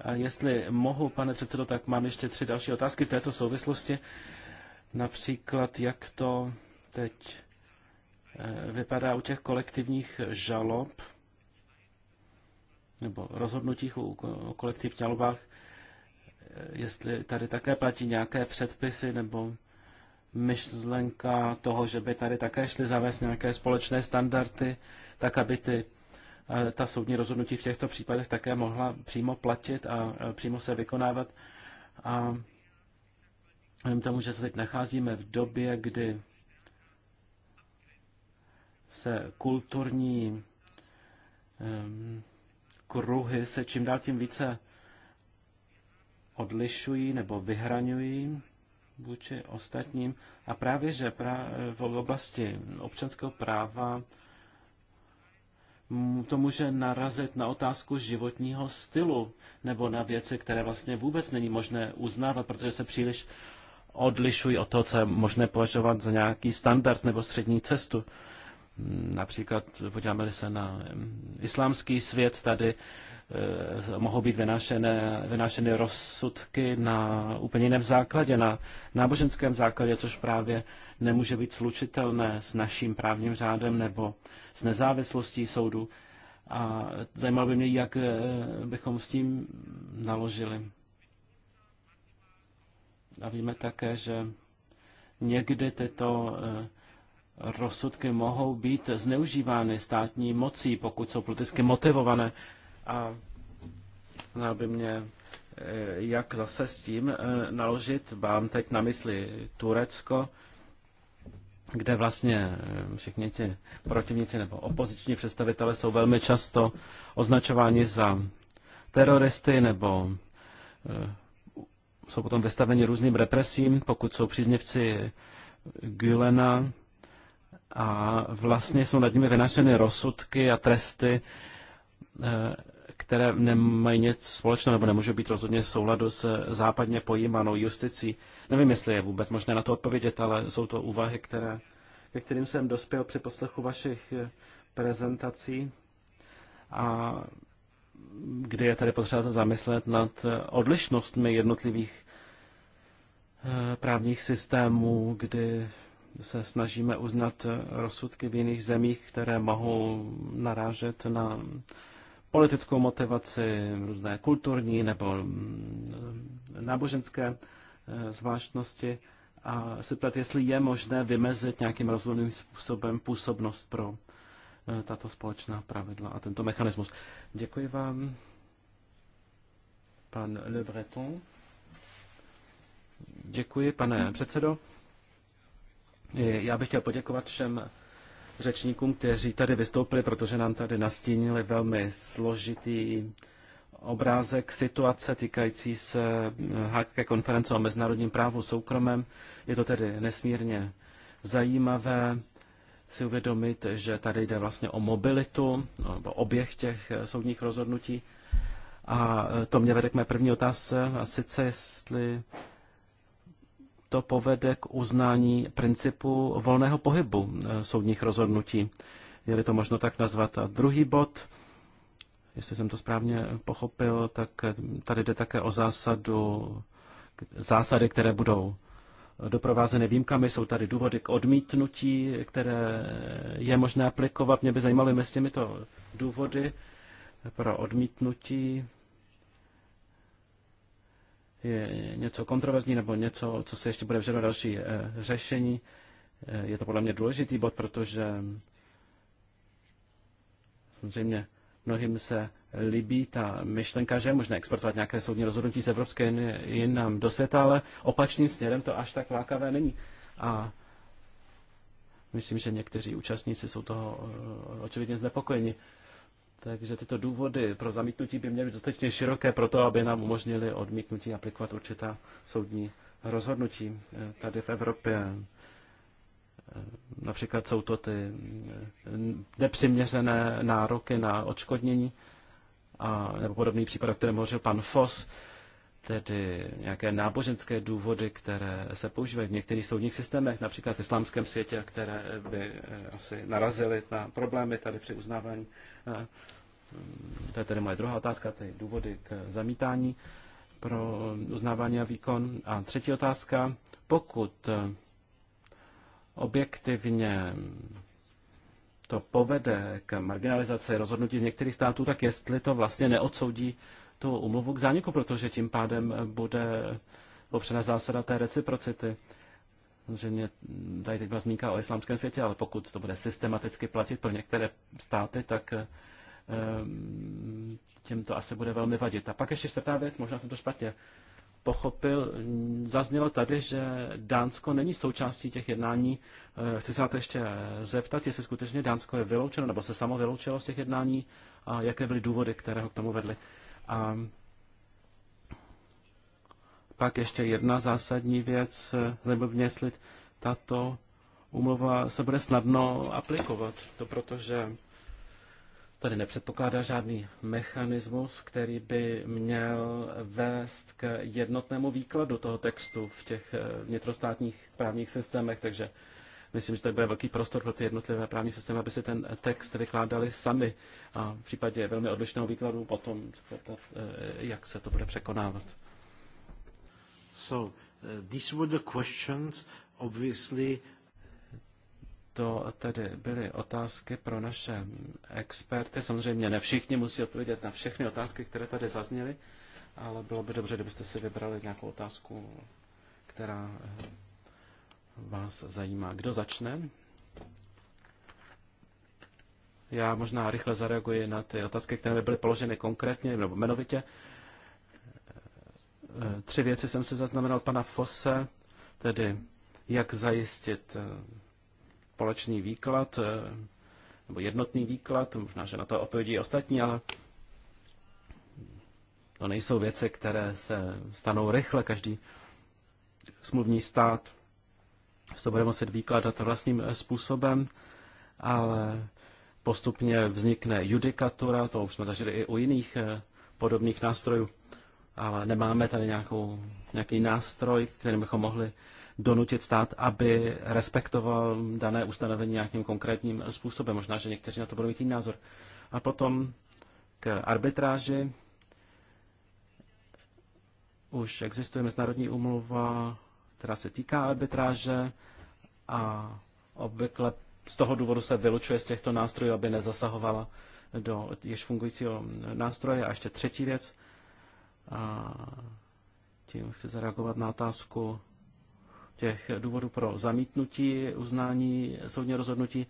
A jestli mohu, pane předsedo, tak mám ještě tři další otázky v této souvislosti. Například, jak to teď eh, vypadá u těch kolektivních žalob nebo rozhodnutích o kolektivních žalobách, eh, jestli tady také platí nějaké předpisy nebo myšlenka toho, že by tady také šly zavést nějaké společné standardy, tak aby ty, eh, ta soudní rozhodnutí v těchto případech také mohla přímo platit a přímo se vykonávat. A Vzhledem tomu, že se teď nacházíme v době, kdy se kulturní um, kruhy se čím dál tím více odlišují nebo vyhraňují vůči ostatním. A právě, že pra, v oblasti občanského práva to může narazit na otázku životního stylu nebo na věci, které vlastně vůbec není možné uznávat, protože se příliš odlišují od toho, co je možné považovat za nějaký standard nebo střední cestu. Například podíváme se na islámský svět, tady eh, mohou být vynášené, vynášeny rozsudky na úplně jiném základě, na náboženském základě, což právě nemůže být slučitelné s naším právním řádem nebo s nezávislostí soudu. A zajímalo by mě, jak eh, bychom s tím naložili. A víme také, že někdy tyto eh, rozsudky mohou být zneužívány státní mocí, pokud jsou politicky motivované. A zajímá by mě, eh, jak zase s tím eh, naložit. vám teď na mysli Turecko, kde vlastně všichni ti protivníci nebo opoziční představitelé jsou velmi často označováni za teroristy nebo jsou potom vystaveni různým represím, pokud jsou příznivci Gülena a vlastně jsou nad nimi vynašeny rozsudky a tresty, eh, které nemají nic společného nebo nemůžou být rozhodně v souladu s západně pojímanou justicí. Nevím, jestli je vůbec možné na to odpovědět, ale jsou to úvahy, které, ke kterým jsem dospěl při poslechu vašich eh, prezentací. A kdy je tady potřeba se zamyslet nad odlišnostmi jednotlivých eh, právních systémů, kdy se snažíme uznat rozsudky v jiných zemích, které mohou narážet na politickou motivaci, různé kulturní nebo mm, náboženské eh, zvláštnosti a se ptát, jestli je možné vymezit nějakým rozumným způsobem působnost pro Eh, tato společná pravidla a tento mechanismus. Děkuji vám, pan Le Breton. Děkuji, pane předsedo. Já bych chtěl poděkovat všem řečníkům, kteří tady vystoupili, protože nám tady nastínili velmi složitý obrázek situace týkající se eh, Hákké konference o mezinárodním právu soukromém. Je to tedy nesmírně zajímavé si uvědomit, že tady jde vlastně o mobilitu nebo oběh těch eh, soudních rozhodnutí. A eh, to mě vede k mé první otázce, a sice jestli to povede k uznání principu volného pohybu eh, soudních rozhodnutí. Je-li to možno tak nazvat. A druhý bod, jestli jsem to správně pochopil, tak tady jde také o zásadu, zásady, které budou doprovázené výjimkami. Jsou tady důvody k odmítnutí, které je možné aplikovat. Mě by zajímalo, jestli těmito důvody pro odmítnutí je něco kontroverzní nebo něco, co se ještě bude vžadovat další eh, řešení. Eh, je to podle mě důležitý bod, protože samozřejmě Mnohým se líbí ta myšlenka, že je možné exportovat nějaké soudní rozhodnutí z Evropské unie jinam do světa, ale opačným směrem to až tak lákavé není. A myslím, že někteří účastníci jsou toho eh, očividně znepokojeni. Takže tyto důvody pro zamítnutí by měly být dostatečně široké pro to, aby nám umožnili odmítnutí aplikovat určitá soudní rozhodnutí eh, tady v Evropě. Například jsou to ty eh, nepřiměřené nároky na odškodnění, a, nebo podobný případ, o kterém hovořil pan Fos, tedy nějaké náboženské důvody, které se používají v některých soudních systémech, například v islámském světě, které by eh, asi narazily na problémy tady při uznávání. Eh, to je tedy moje druhá otázka, ty důvody k zamítání pro uznávání a výkon. A třetí otázka, pokud objektivně to povede k marginalizaci rozhodnutí z některých států, tak jestli to vlastně neodsoudí tu umluvu k zániku, protože tím pádem bude popřena zásada té reciprocity. Samozřejmě tady teď byla zmínka o islámském světě, ale pokud to bude systematicky platit pro některé státy, tak ehm, těm to asi bude velmi vadit. A pak ještě čtvrtá věc, možná jsem to špatně pochopil, zaznělo tady, že Dánsko není součástí těch jednání. Eh, chci se na to ještě zeptat, jestli skutečně Dánsko je vyloučeno, nebo se samo vyloučilo z těch jednání a jaké byly důvody, které ho k tomu vedly. A pak ještě jedna zásadní věc, nebo mě, jestli tato umluva se bude snadno aplikovat. To protože tady nepředpokládá žádný mechanismus, který by měl vést k jednotnému výkladu toho textu v těch eh, vnitrostátních právních systémech, takže myslím, že tady bude velký prostor pro ty jednotlivé právní systémy, aby si ten text vykládali sami a v případě velmi odlišného výkladu potom eh, jak se to bude překonávat. So, uh, these were the questions, obviously, to tedy byly otázky pro naše experty. Samozřejmě ne všichni musí odpovědět na všechny otázky, které tady zazněly, ale bylo by dobře, kdybyste si vybrali nějakou otázku, která vás zajímá. Kdo začne? Já možná rychle zareaguji na ty otázky, které byly položeny konkrétně nebo jmenovitě. Tři věci jsem si zaznamenal od pana Fosse, tedy jak zajistit eh, společný výklad, eh, nebo jednotný výklad, možná, že na to odpovědí ostatní, ale to nejsou věci, které se stanou rychle. Každý smluvní stát to bude muset výkladat vlastním eh, způsobem, ale postupně vznikne judikatura, to už jsme zažili i u jiných eh, podobných nástrojů, ale nemáme tady nějakou, nějaký nástroj, který bychom mohli donutit stát, aby respektoval dané ustanovení nějakým konkrétním způsobem. Možná, že někteří na to budou mít jiný názor. A potom k arbitráži. Už existuje mezinárodní umluva, která se týká arbitráže a obvykle z toho důvodu se vylučuje z těchto nástrojů, aby nezasahovala do již fungujícího nástroje. A ještě třetí věc, a tím chci zareagovat na otázku těch důvodů pro zamítnutí uznání soudního rozhodnutí.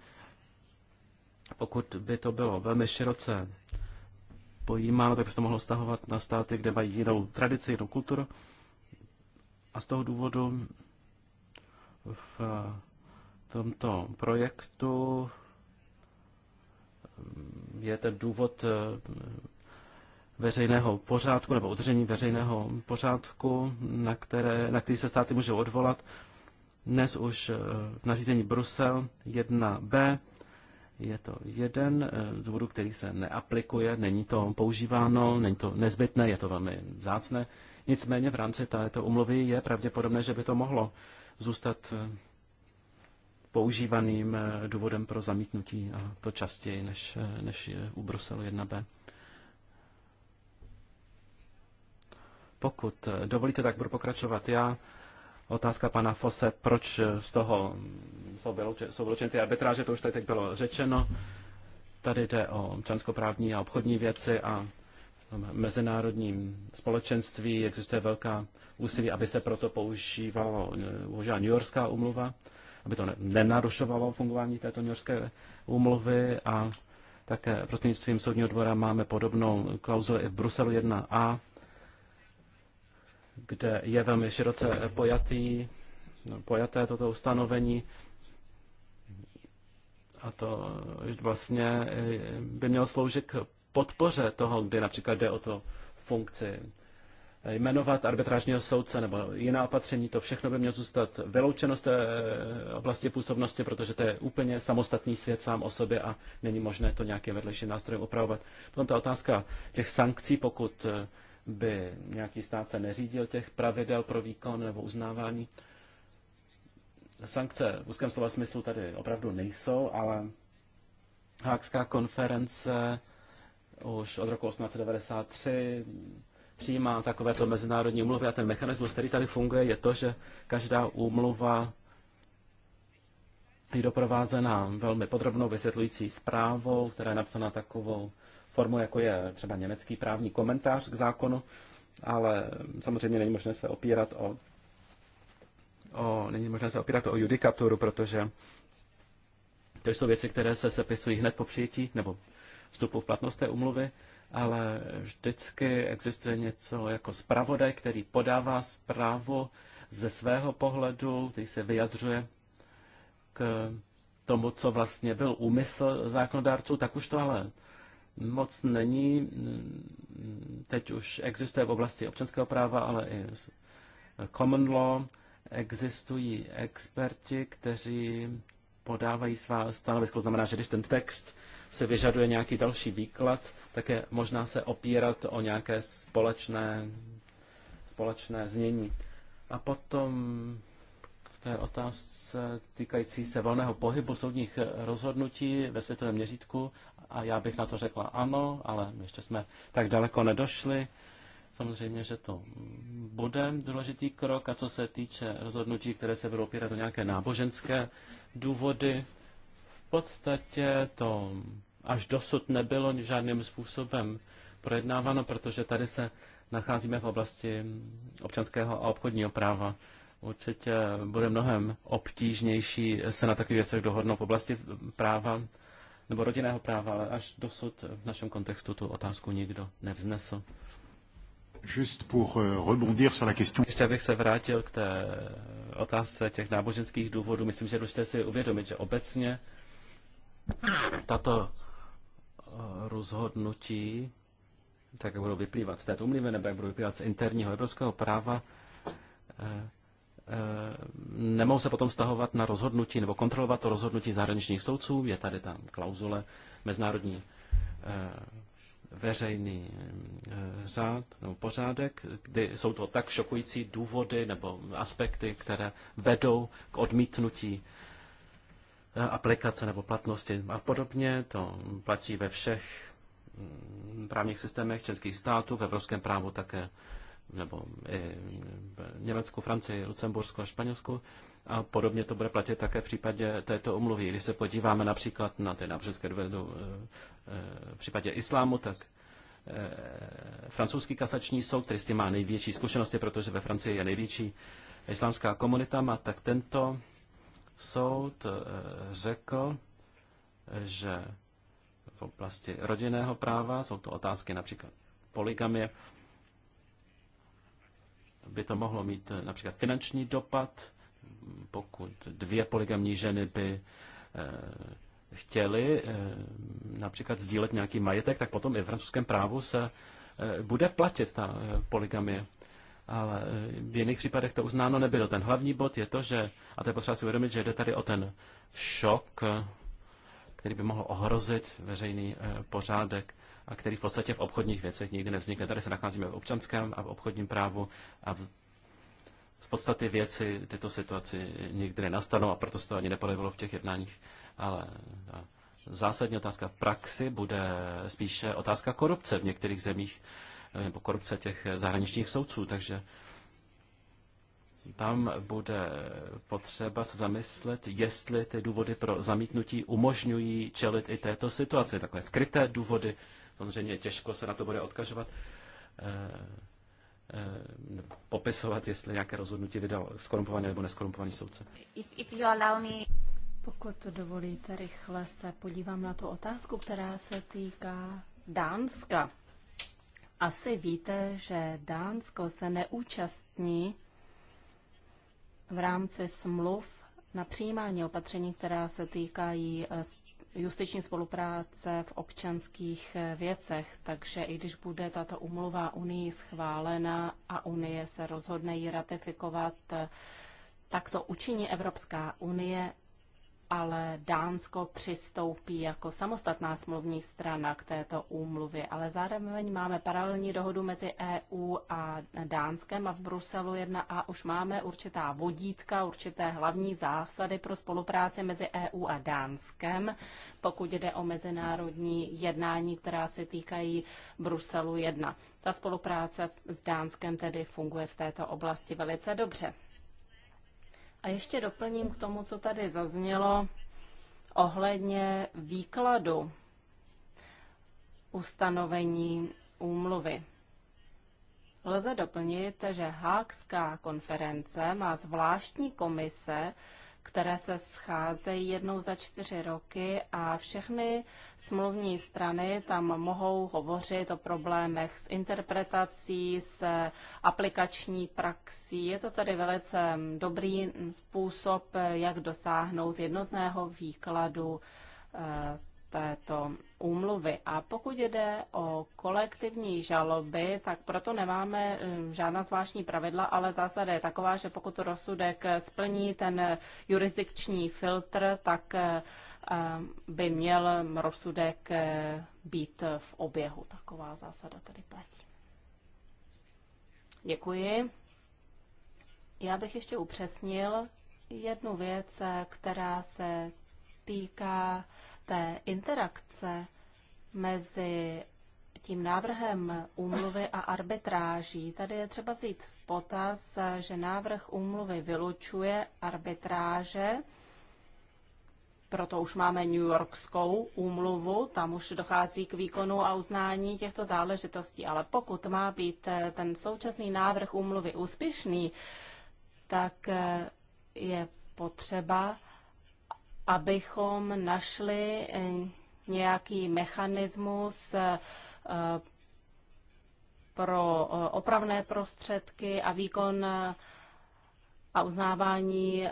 Pokud by to bylo velmi široce pojímáno, tak by se to mohlo stahovat na státy, kde mají jinou tradici, jinou kulturu. A z toho důvodu v tomto projektu je ten důvod veřejného pořádku nebo udržení veřejného pořádku, na, které, na který se státy můžou odvolat. Dnes už eh, v nařízení Brusel 1b je to jeden eh, z důvodů, který se neaplikuje, není to používáno, není to nezbytné, je to velmi zácné. Nicméně v rámci této umluvy je pravděpodobné, že by to mohlo zůstat eh, používaným důvodem pro zamítnutí a to častěji než, než u Bruselu 1b. Pokud eh, dovolíte, tak budu pokračovat já. Otázka pana Fose, proč eh, z toho mm, jsou vyloučeny ty arbitráže, to už tady teď bylo řečeno. Tady jde o občanskoprávní a obchodní věci a v mezinárodním společenství existuje velká úsilí, aby se proto používala eh, používala New Yorkská umluva, aby to nenarušovalo fungování této New Yorkské umluvy a také prostřednictvím soudního dvora máme podobnou klauzuli i v Bruselu 1a, kde je velmi široce pojatý, no, pojaté toto ustanovení. A to vlastně eh, by mělo sloužit k podpoře toho, kdy například jde o to funkci jmenovat arbitrážního soudce nebo jiná opatření, to všechno by mělo zůstat vyloučeno z té eh, oblasti působnosti, protože to je úplně samostatný svět sám o sobě a není možné to nějakým vedlejším nástrojem upravovat. Potom ta otázka těch sankcí, pokud eh, by nějaký stát se neřídil těch pravidel pro výkon nebo uznávání. Sankce v úzkém slova smyslu tady opravdu nejsou, ale Hákská konference už od roku 1893 přijímá takovéto mezinárodní umluvy a ten mechanismus, který tady funguje, je to, že každá úmluva je doprovázená velmi podrobnou vysvětlující zprávou, která je napsána takovou formou, jako je třeba německý právní komentář k zákonu, ale samozřejmě není možné se opírat o, o není možné se opírat o judikaturu, protože to jsou věci, které se sepisují hned po přijetí nebo vstupu v platnost té umluvy, ale vždycky existuje něco jako zpravodaj, který podává zprávu ze svého pohledu, který se vyjadřuje k tomu, co vlastně byl úmysl zákonodárců, tak už to ale moc není. Teď už existuje v oblasti občanského práva, ale i common law. Existují experti, kteří podávají svá stanovisko. Znamená, že když ten text se vyžaduje nějaký další výklad, tak je možná se opírat o nějaké společné, společné znění. A potom té otázce týkající se volného pohybu soudních rozhodnutí ve světovém měřítku a já bych na to řekla ano, ale ještě jsme tak daleko nedošli. Samozřejmě, že to bude důležitý krok. A co se týče rozhodnutí, které se budou opírat o nějaké náboženské důvody, v podstatě to až dosud nebylo žádným způsobem projednáváno, protože tady se nacházíme v oblasti občanského a obchodního práva určitě bude mnohem obtížnější se na takových věcech dohodnout v oblasti práva nebo rodinného práva, ale až dosud v našem kontextu tu otázku nikdo nevznesl. Just pour euh, rebondir sur la question. Ještě abych se vrátil k té otázce těch náboženských důvodů. Myslím, že je důležité si uvědomit, že obecně tato eh, rozhodnutí, tak jak budou vyplývat z této umlivy, nebo jak budou vyplývat z interního evropského práva, eh, Eh, nemohou se potom stahovat na rozhodnutí nebo kontrolovat to rozhodnutí zahraničních soudců. Je tady tam klauzule mezinárodní eh, veřejný eh, řád nebo pořádek, kdy jsou to tak šokující důvody nebo aspekty, které vedou k odmítnutí aplikace nebo platnosti a podobně. To platí ve všech mm, právních systémech českých států, v evropském právu také nebo i v Německu, Francii, Lucembursku a Španělsku. A podobně to bude platit také v případě této umluvy. Když se podíváme například na ty náboženské dovedu eh, eh, v případě islámu, tak eh, francouzský kasační soud, který s tím má největší zkušenosti, protože ve Francii je největší islámská komunita, má, tak tento soud řekl, že v oblasti rodinného práva jsou to otázky například poligamie, by to mohlo mít eh, například finanční dopad, pokud dvě poligamní ženy by eh, chtěly eh, například sdílet nějaký majetek, tak potom i v francouzském právu se bude platit ta poligamie. Ale v jiných případech to uznáno nebylo. Ten hlavní bod je to, že, a to je potřeba si uvědomit, že jde tady o ten šok, který by mohl ohrozit veřejný pořádek a který v podstatě v obchodních věcech nikdy nevznikne. Tady se nacházíme v občanském a v obchodním právu a v, z podstaty věci tyto situaci nikdy nenastanou a proto se to ani nepodevilo v těch jednáních. Ale ta zásadní otázka v praxi bude spíše otázka korupce v některých zemích eh, nebo korupce těch eh, zahraničních soudců, takže tam bude potřeba se zamyslet, jestli ty důvody pro zamítnutí umožňují čelit i této situaci, takové skryté důvody, Samozřejmě těžko se na to bude odkažovat, eh, eh, popisovat, jestli nějaké rozhodnutí vydal skorumpovaný nebo neskorumpovaný soudce. Pokud to dovolíte, rychle se podívám na tu otázku, která se týká Dánska. Asi víte, že Dánsko se neúčastní v rámci smluv na přijímání opatření, která se týkají eh, justiční spolupráce v občanských eh, věcech, takže i když bude tato umluva Unii schválena a Unie se rozhodne ji ratifikovat, eh, tak to učiní Evropská unie ale Dánsko přistoupí jako samostatná smluvní strana k této úmluvě, ale zároveň máme paralelní dohodu mezi EU a Dánskem a v Bruselu jedna a už máme určitá vodítka, určité hlavní zásady pro spolupráci mezi EU a Dánskem, pokud jde o mezinárodní jednání, která se týkají Bruselu 1. Ta spolupráce s Dánskem tedy funguje v této oblasti velice dobře. A ještě doplním k tomu, co tady zaznělo ohledně výkladu ustanovení úmluvy. Lze doplnit, že Hákská konference má zvláštní komise, které se scházejí jednou za čtyři roky a všechny smluvní strany tam mohou hovořit o problémech s interpretací, s aplikační praxí. Je to tedy velice dobrý způsob, jak dosáhnout jednotného výkladu eh, této úmluvy. A pokud jde o kolektivní žaloby, tak proto nemáme eh, žádná zvláštní pravidla, ale zásada je taková, že pokud rozsudek eh, splní ten eh, jurisdikční filtr, tak by měl rozsudek být v oběhu. Taková zásada tedy platí. Děkuji. Já bych ještě upřesnil jednu věc, která se týká uh, té interakce mezi tím návrhem úmluvy a arbitráží. Tady je třeba vzít v potaz, že návrh úmluvy vylučuje arbitráže, proto už máme New Yorkskou úmluvu, tam už dochází k výkonu a uznání těchto záležitostí. Ale pokud má být ten současný návrh úmluvy úspěšný, tak je potřeba abychom našli eh, nějaký mechanismus eh, pro eh, opravné prostředky a výkon a uznávání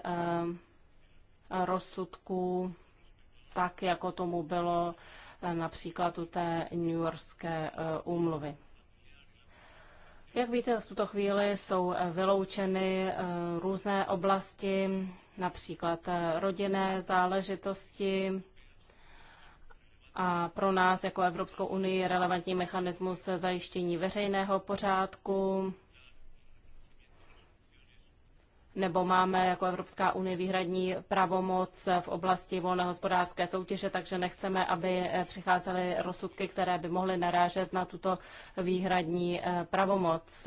rozsudků, tak jako tomu bylo například u té New Yorkské úmluvy. Jak víte, v tuto chvíli jsou vyloučeny různé oblasti například eh, rodinné záležitosti a pro nás jako Evropskou unii je relevantní mechanismus zajištění veřejného pořádku, nebo máme jako Evropská unie výhradní pravomoc v oblasti volné hospodářské soutěže, takže nechceme, aby eh, přicházely rozsudky, které by mohly narážet na tuto výhradní eh, pravomoc.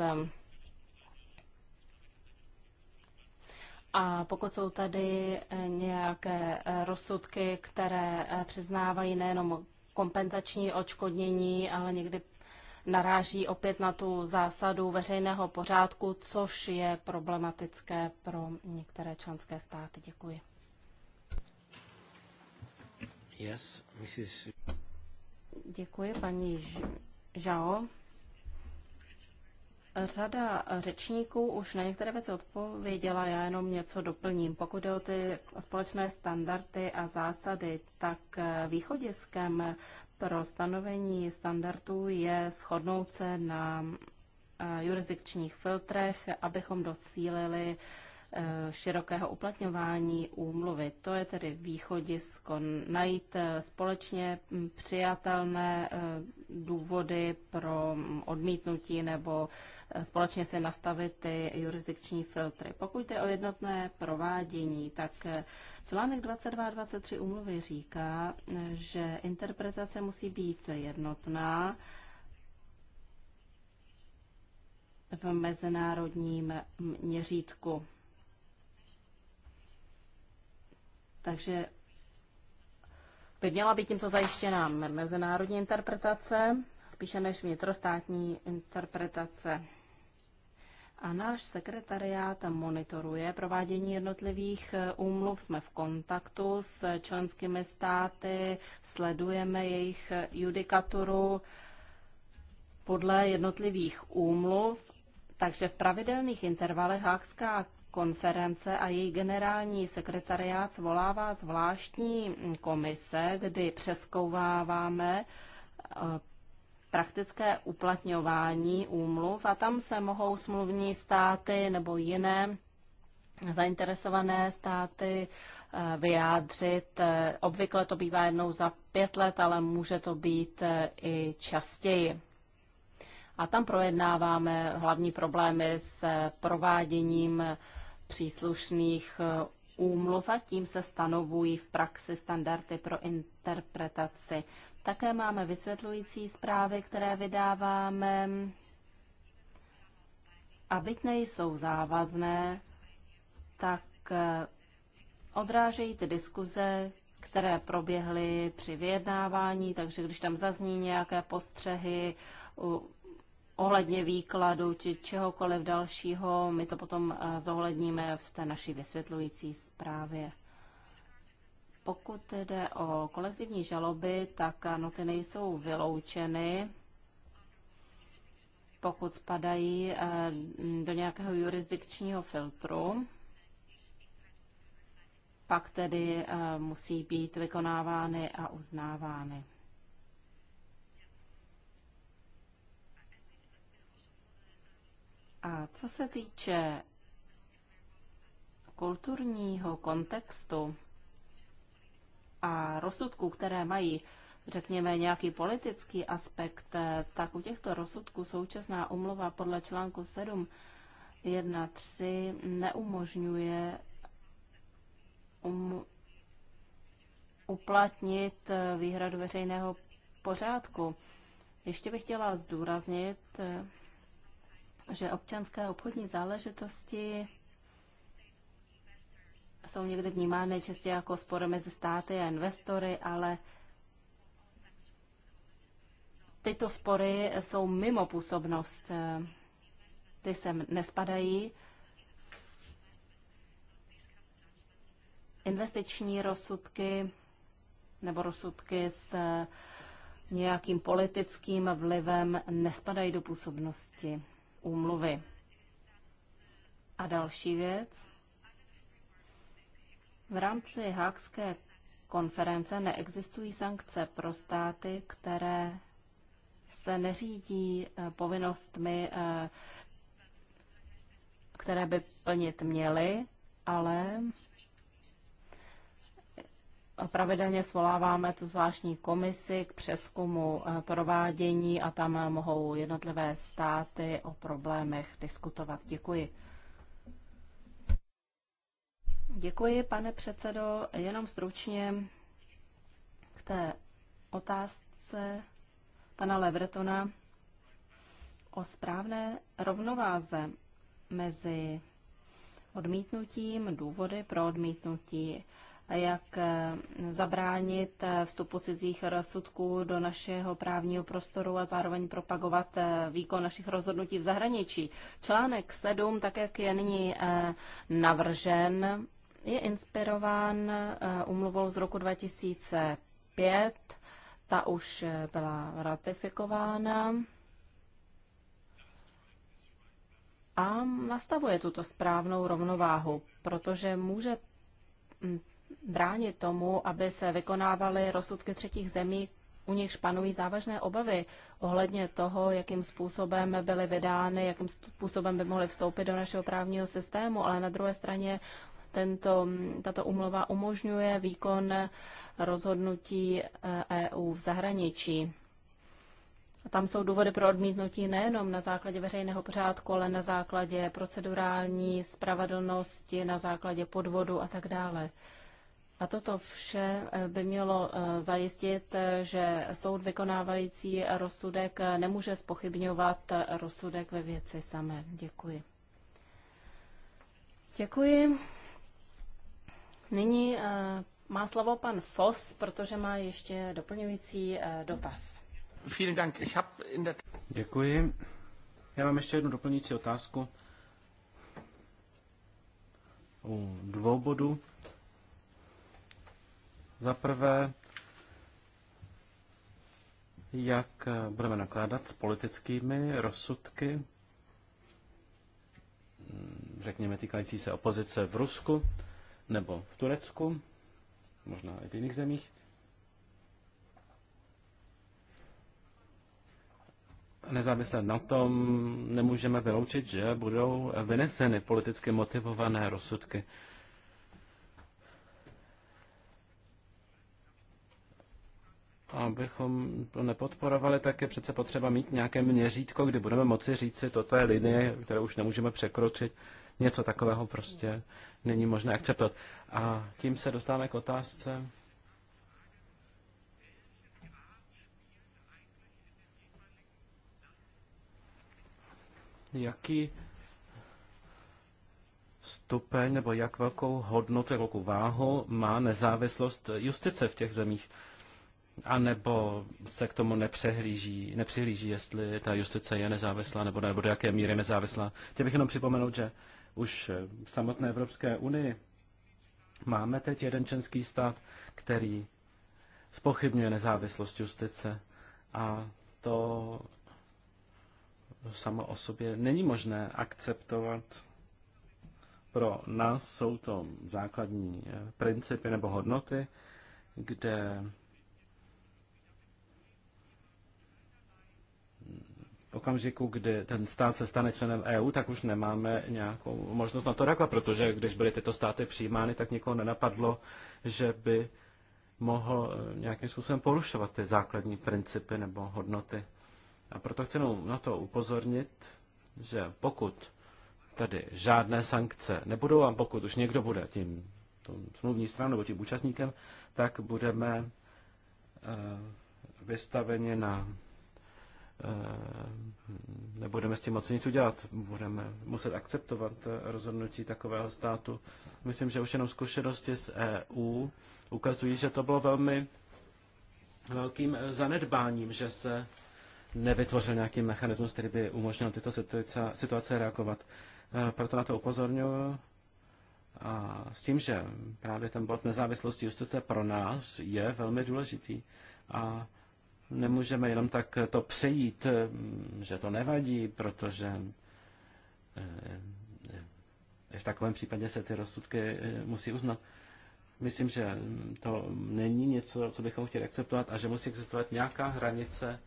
A pokud jsou tady eh, nějaké eh, rozsudky, které eh, přiznávají nejenom kompenzační odškodnění, ale někdy naráží opět na tu zásadu veřejného pořádku, což je problematické pro některé členské státy. Děkuji. Yes, Mrs. Děkuji, paní Žao. Řada řečníků už na některé věci odpověděla, já jenom něco doplním. Pokud jde o ty společné standardy a zásady, tak eh, východiskem pro stanovení standardů je shodnout se na eh, jurisdikčních filtrech, abychom docílili eh, širokého uplatňování úmluvy. To je tedy východisko najít společně hm, přijatelné důvody pro hm, odmítnutí nebo společně si nastavit ty jurisdikční filtry. Pokud je o jednotné provádění, tak eh, článek 22 a 23 umluvy říká, že interpretace musí být jednotná v mezinárodním měřítku. Takže by měla být tímto zajištěná mezinárodní interpretace, spíše než vnitrostátní interpretace a náš sekretariát monitoruje provádění jednotlivých e, úmluv. Jsme v kontaktu s členskými státy, sledujeme jejich e, judikaturu podle jednotlivých úmluv, takže v pravidelných intervalech Hákská konference a její generální sekretariát zvolává zvláštní komise, kdy přeskouváváme e, praktické uplatňování úmluv a tam se mohou smluvní státy nebo jiné zainteresované státy eh, vyjádřit. Eh, obvykle to bývá jednou za pět let, ale může to být eh, i častěji. A tam projednáváme hlavní problémy s prováděním příslušných úmluv a tím se stanovují v praxi standardy pro interpretaci také máme vysvětlující zprávy, které vydáváme a byť nejsou závazné, tak eh, odrážejí ty diskuze, které proběhly při vyjednávání, takže když tam zazní nějaké postřehy ohledně výkladu či čehokoliv dalšího, my to potom eh, zohledníme v té naší vysvětlující zprávě. Pokud jde o kolektivní žaloby, tak ano, ty nejsou vyloučeny, pokud spadají eh, do nějakého jurisdikčního filtru. Pak tedy eh, musí být vykonávány a uznávány. A co se týče kulturního kontextu, a rozsudků, které mají řekněme, nějaký politický aspekt, eh, tak u těchto rozsudků současná umluva podle článku 7.1.3 neumožňuje um, uplatnit eh, výhradu veřejného pořádku. Ještě bych chtěla zdůraznit, eh, že občanské obchodní záležitosti jsou někdy vnímány čistě jako spory mezi státy a investory, ale tyto spory jsou mimo působnost. Ty sem nespadají. Investiční rozsudky nebo rozsudky s nějakým politickým vlivem nespadají do působnosti úmluvy. A další věc. V rámci Hákské konference neexistují sankce pro státy, které se neřídí eh, povinnostmi, eh, které by plnit měly, ale pravidelně svoláváme tu zvláštní komisi k přeskumu eh, provádění a tam mohou jednotlivé státy o problémech diskutovat. Děkuji. Děkuji, pane předsedo. Jenom stručně k té otázce pana Levertona o správné rovnováze mezi odmítnutím, důvody pro odmítnutí, jak eh, zabránit eh, vstupu cizích rozsudků do našeho právního prostoru a zároveň propagovat eh, výkon našich rozhodnutí v zahraničí. Článek 7, tak jak je nyní navržen, je inspirován eh, umluvou z roku 2005. Ta už eh, byla ratifikována a nastavuje tuto správnou rovnováhu, protože může hm, bránit tomu, aby se vykonávaly rozsudky třetích zemí, u nich panují závažné obavy ohledně toho, jakým způsobem byly vydány, jakým způsobem by mohly vstoupit do našeho právního systému, ale na druhé straně tento, tato umlova umožňuje výkon rozhodnutí EU eh, e v zahraničí. Tam jsou důvody pro odmítnutí nejenom na základě veřejného pořádku, ale na základě procedurální spravedlnosti, na základě podvodu a tak dále. A toto vše eh, by mělo eh, zajistit, že soud vykonávající rozsudek nemůže spochybňovat rozsudek ve věci samé. Děkuji. Děkuji. Nyní eh, má slovo pan Foss, protože má ještě doplňující eh, dotaz. Děkuji. Já mám ještě jednu doplňující otázku u dvou bodů. Za prvé, jak eh, budeme nakládat s politickými rozsudky, hm, řekněme týkající se opozice v Rusku nebo v Turecku, možná i v jiných zemích. Nezávisle na tom nemůžeme vyloučit, že budou vyneseny politicky motivované rozsudky. abychom to nepodporovali, tak je přece potřeba mít nějaké měřítko, kdy budeme moci říct si, toto je linie, které už nemůžeme překročit. Něco takového prostě není možné akceptovat. A tím se dostáváme k otázce, jaký stupeň nebo jak velkou hodnotu, jakou váhu má nezávislost justice v těch zemích. A nebo se k tomu nepřehlíží, nepřihlíží, jestli ta justice je nezávislá nebo nebo do jaké míry nezávislá. Chtěl bych jenom připomenout, že už v samotné Evropské unii. Máme teď jeden členský stát, který spochybňuje nezávislost justice a to samo o sobě není možné akceptovat. Pro nás jsou to základní principy nebo hodnoty, kde okamžiku, kdy ten stát se stane členem EU, tak už nemáme nějakou možnost na to reagovat, protože když byly tyto státy přijímány, tak nikoho nenapadlo, že by mohl eh, nějakým způsobem porušovat ty základní principy nebo hodnoty. A proto chci na to upozornit, že pokud tady žádné sankce nebudou a pokud už někdo bude tím smluvní stranou nebo tím účastníkem, tak budeme eh, vystaveni na Eh, nebudeme s tím moci nic udělat. Budeme muset akceptovat eh, rozhodnutí takového státu. Myslím, že už jenom zkušenosti z EU ukazují, že to bylo velmi velkým eh, zanedbáním, že se nevytvořil nějaký mechanismus, který by umožnil tyto situace, situace reagovat. Proto na to upozorňuji. A s tím, že právě ten bod nezávislosti justice pro nás je velmi důležitý. A Nemůžeme jenom tak to přejít, eh, že to nevadí, protože eh, eh, v takovém případě se ty rozsudky musí uznat. Myslím, že to není něco, co bychom chtěli akceptovat a že musí existovat nějaká hranice,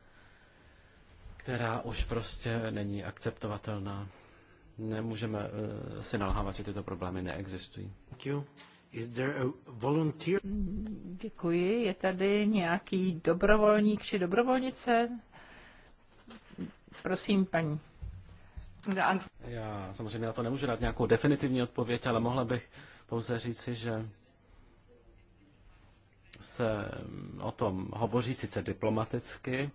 která už prostě není akceptovatelná. Nemůžeme si nalhávat, že tyto problémy neexistují. Děkuji. Is there a volunteer? Děkuji. Je tady nějaký dobrovolník či dobrovolnice? Prosím, paní. Já samozřejmě na to nemůžu dát nějakou definitivní odpověď, ale mohla bych pouze říci, že se o tom hovoří sice diplomaticky,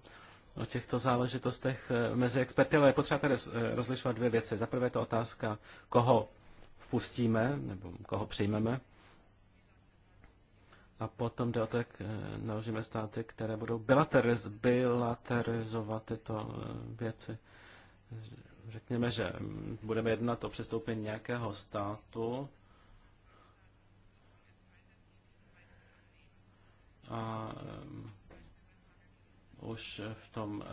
o těchto záležitostech eh, mezi experty, ale je potřeba tady eh, rozlišovat dvě věci. Za prvé je to otázka, koho vpustíme nebo koho přijmeme a potom jde o to, jak eh, naložíme státy, které budou bilaterizovat tyto eh, věci. Řekněme, že mm, budeme jednat o přistoupení nějakého státu a eh, už v tom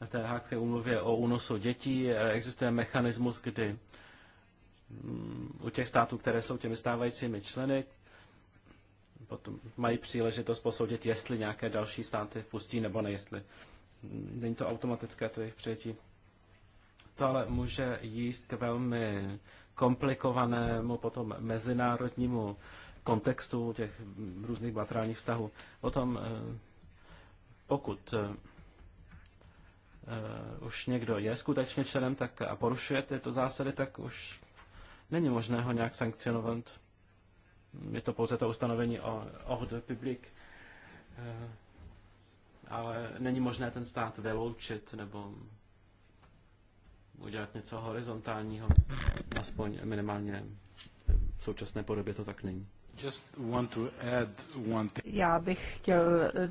v té hákské úmluvě o únosu dětí existuje mechanismus, kdy mm, u těch států, které jsou těmi stávajícími členy, potom mají příležitost posoudit, jestli nějaké další státy pustí nebo ne, jestli není to automatické, to jejich přijetí. To ale může jíst k velmi komplikovanému potom mezinárodnímu kontextu těch různých bilaterálních vztahů. Potom, eh, pokud eh, eh, už někdo je skutečně členem tak a porušuje tyto zásady, tak už není možné ho nějak sankcionovat je to pouze to ustanovení o ordre public, eh, ale není možné ten stát vyloučit nebo udělat něco horizontálního, aspoň minimálně v současné podobě to tak není. Já bych chtěl eh,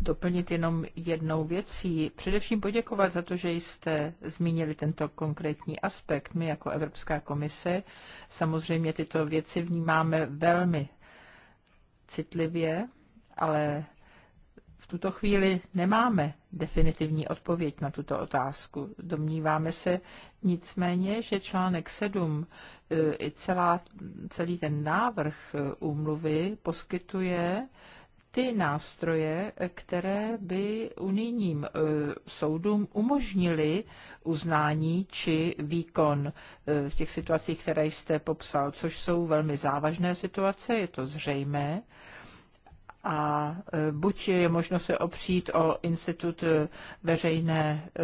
doplnit jenom jednou věcí. Především poděkovat za to, že jste zmínili tento konkrétní aspekt. My jako Evropská komise samozřejmě tyto věci vnímáme velmi citlivě, ale tuto chvíli nemáme definitivní odpověď na tuto otázku. Domníváme se nicméně, že článek 7 e, i celá, celý ten návrh e, úmluvy poskytuje ty nástroje, které by unijním e, soudům umožnili uznání či výkon v těch situacích, které jste popsal, což jsou velmi závažné situace, je to zřejmé a e, buď je možno se opřít o institut e, veřejné e,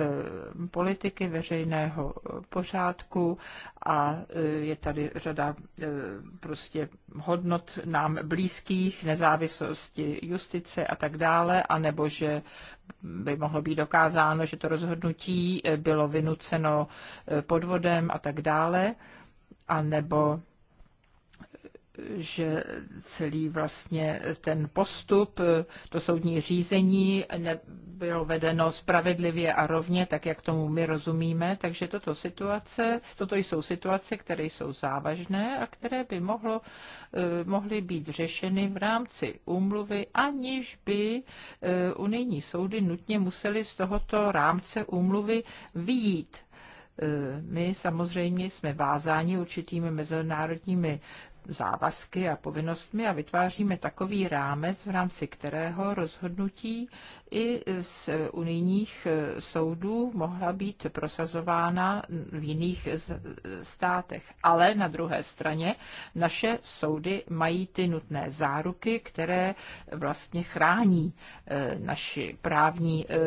politiky, veřejného pořádku a je tady řada prostě hodnot nám blízkých, nezávislosti justice a tak dále, anebo že by mohlo být dokázáno, že to rozhodnutí bylo vynuceno podvodem a tak dále, anebo že celý vlastně ten postup, to soudní řízení nebylo vedeno spravedlivě a rovně, tak jak tomu my rozumíme. Takže toto situace, toto jsou situace, které jsou závažné a které by mohlo, eh, mohly být řešeny v rámci úmluvy, aniž by eh, unijní soudy nutně museli z tohoto rámce úmluvy výjít. Eh, my samozřejmě jsme vázáni určitými mezinárodními závazky a povinnostmi a vytváříme takový rámec, v rámci kterého rozhodnutí i z unijních eh, soudů mohla být prosazována v jiných státech. Ale na druhé straně naše soudy mají ty nutné záruky, které vlastně chrání eh, naši právní eh,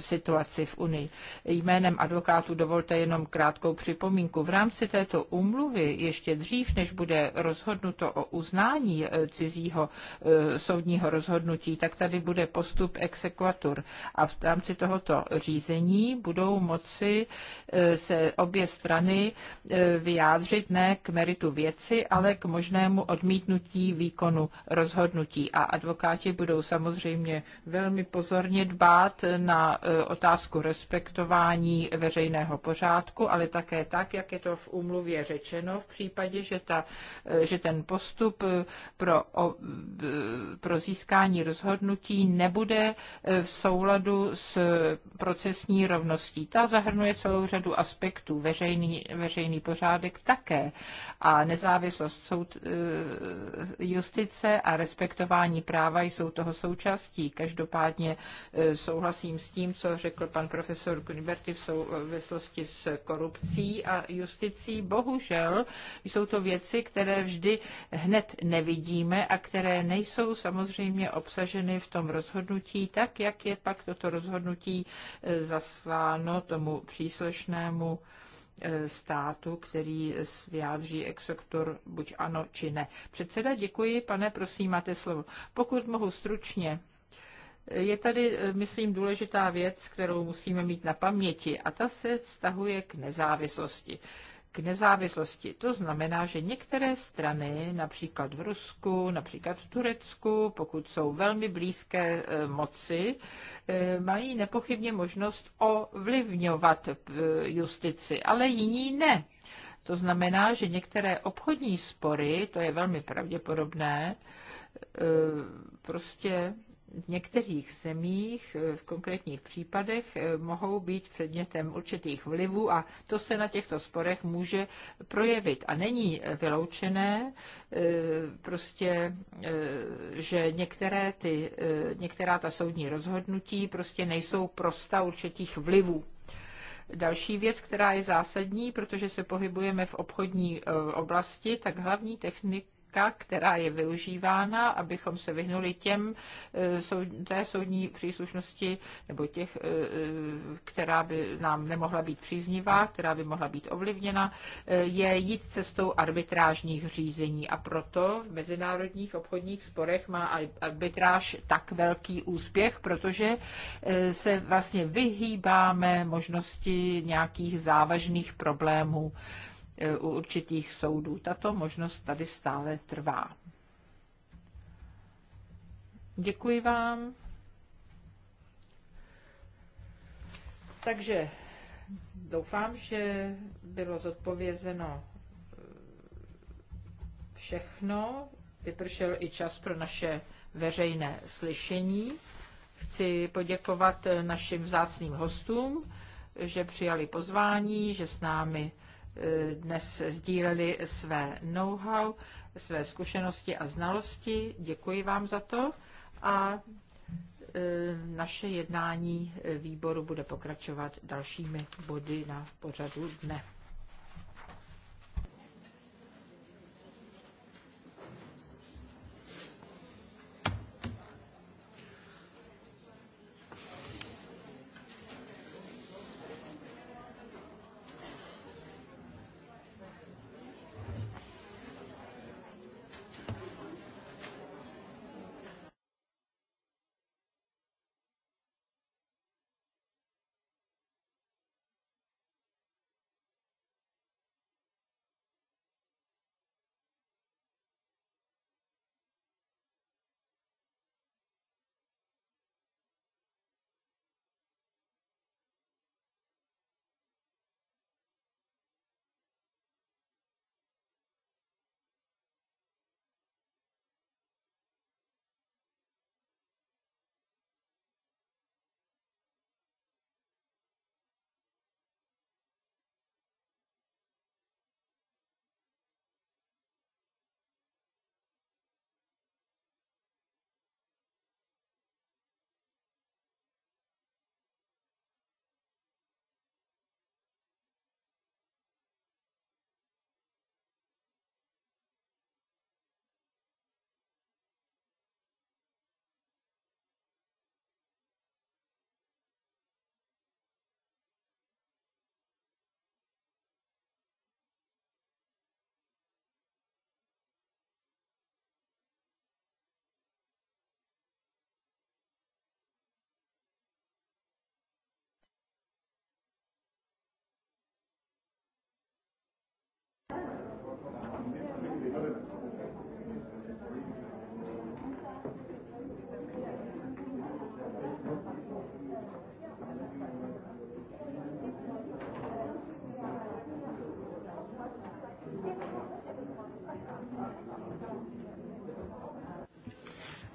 situaci v Unii. Jménem advokátů dovolte jenom krátkou připomínku. V rámci této úmluvy ještě dřív, než bude rozhodnuto o uznání cizího soudního rozhodnutí, tak tady bude postup exekutivní prokuratur. A v rámci tohoto řízení budou moci e, se obě strany e, vyjádřit ne k meritu věci, ale k možnému odmítnutí výkonu rozhodnutí. A advokáti budou samozřejmě velmi pozorně dbát na e, otázku respektování veřejného pořádku, ale také tak, jak je to v úmluvě řečeno, v případě, že, ta, že ten postup pro, pro získání rozhodnutí nebude v souladu s procesní rovností. Ta zahrnuje celou řadu aspektů, veřejný, veřejný pořádek také a nezávislost soud, eh, justice a respektování práva jsou toho součástí. Každopádně eh, souhlasím s tím, co řekl pan profesor Kuniberti v souvislosti s korupcí a justicí. Bohužel jsou to věci, které vždy hned nevidíme a které nejsou samozřejmě obsaženy v tom rozhodnutí tak, jak je pak toto rozhodnutí eh, zasláno tomu příslušnému eh, státu, který vyjádří exektor buď ano či ne. Předseda, děkuji, pane, prosím, máte slovo. Pokud mohu stručně, eh, je tady, myslím, důležitá věc, kterou musíme mít na paměti a ta se vztahuje k nezávislosti k nezávislosti. To znamená, že některé strany, například v Rusku, například v Turecku, pokud jsou velmi blízké eh, moci, eh, mají nepochybně možnost ovlivňovat eh, justici, ale jiní ne. To znamená, že některé obchodní spory, to je velmi pravděpodobné, prostě v některých zemích, eh, v konkrétních případech, eh, mohou být předmětem určitých vlivů a to se na těchto sporech může projevit. A není eh, vyloučené prostě, že některé ty, některá ta soudní rozhodnutí prostě nejsou prosta určitých vlivů. Další věc, která je zásadní, protože se pohybujeme v obchodní oblasti, tak hlavní technik, technika, která je využívána, abychom se vyhnuli těm eh, té soudní příslušnosti nebo těch, eh, eh, která by nám nemohla být příznivá, která by mohla být ovlivněna, je jít cestou arbitrážních řízení. A proto v mezinárodních obchodních sporech má arbitráž tak velký úspěch, protože se vlastně vyhýbáme možnosti nějakých závažných problémů, Eh, u určitých soudů. Tato možnost tady stále trvá. Děkuji vám. Takže doufám, že bylo zodpovězeno eh, všechno. Vypršel i čas pro naše veřejné slyšení. Chci poděkovat našim vzácným hostům, že přijali pozvání, že s námi Eh, dnes sdíleli své know-how, své zkušenosti a znalosti. Děkuji vám za to a eh, naše jednání eh, výboru bude pokračovat dalšími body na pořadu dne.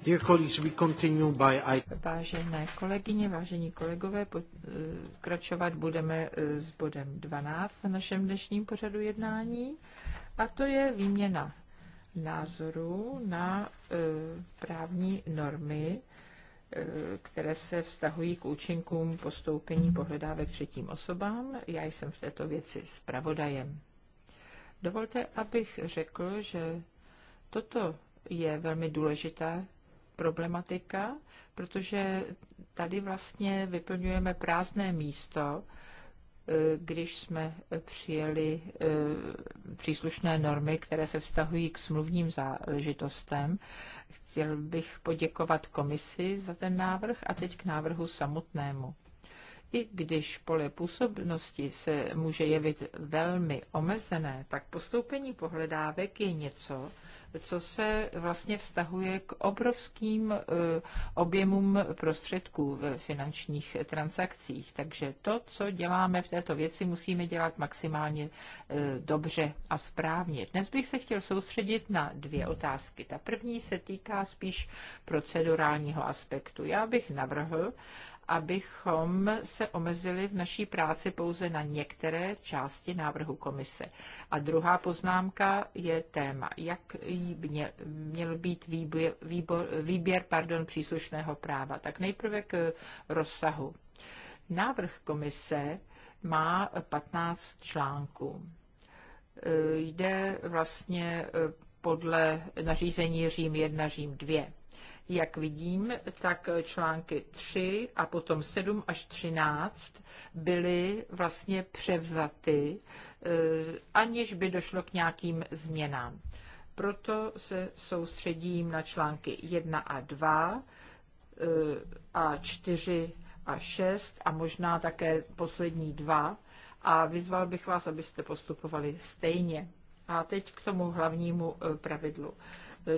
Dear colleagues, we continue by... Vážené kolegyně, vážení kolegové, pokračovat eh, budeme eh, s bodem 12 na našem dnešním pořadu jednání a to je výměna názorů na eh, právní normy, které se vztahují k účinkům postoupení pohledávek třetím osobám. Já jsem v této věci zpravodajem. Dovolte, abych řekl, že toto je velmi důležitá problematika, protože tady vlastně vyplňujeme prázdné místo, eh, když jsme přijeli eh, příslušné normy, které se vztahují k smluvním záležitostem. Chtěl bych poděkovat komisi za ten návrh a teď k návrhu samotnému. I když pole působnosti se může jevit velmi omezené, tak postoupení pohledávek je něco, co se vlastně vztahuje k obrovským e, objemům prostředků v finančních transakcích. Takže to, co děláme v této věci, musíme dělat maximálně e, dobře a správně. Dnes bych se chtěl soustředit na dvě otázky. Ta první se týká spíš procedurálního aspektu. Já bych navrhl, abychom se omezili v naší práci pouze na některé části návrhu komise. A druhá poznámka je téma, jak měl být výběr, výbor, výběr pardon, příslušného práva. Tak nejprve k rozsahu. Návrh komise má 15 článků. E, jde vlastně e, podle nařízení Řím 1, Řím 2. Jak vidím, tak články 3 a potom 7 až 13 byly vlastně převzaty, e, aniž by došlo k nějakým změnám. Proto se soustředím na články 1 a 2 e, a 4 a 6 a možná také poslední dva a vyzval bych vás, abyste postupovali stejně. A teď k tomu hlavnímu e, pravidlu.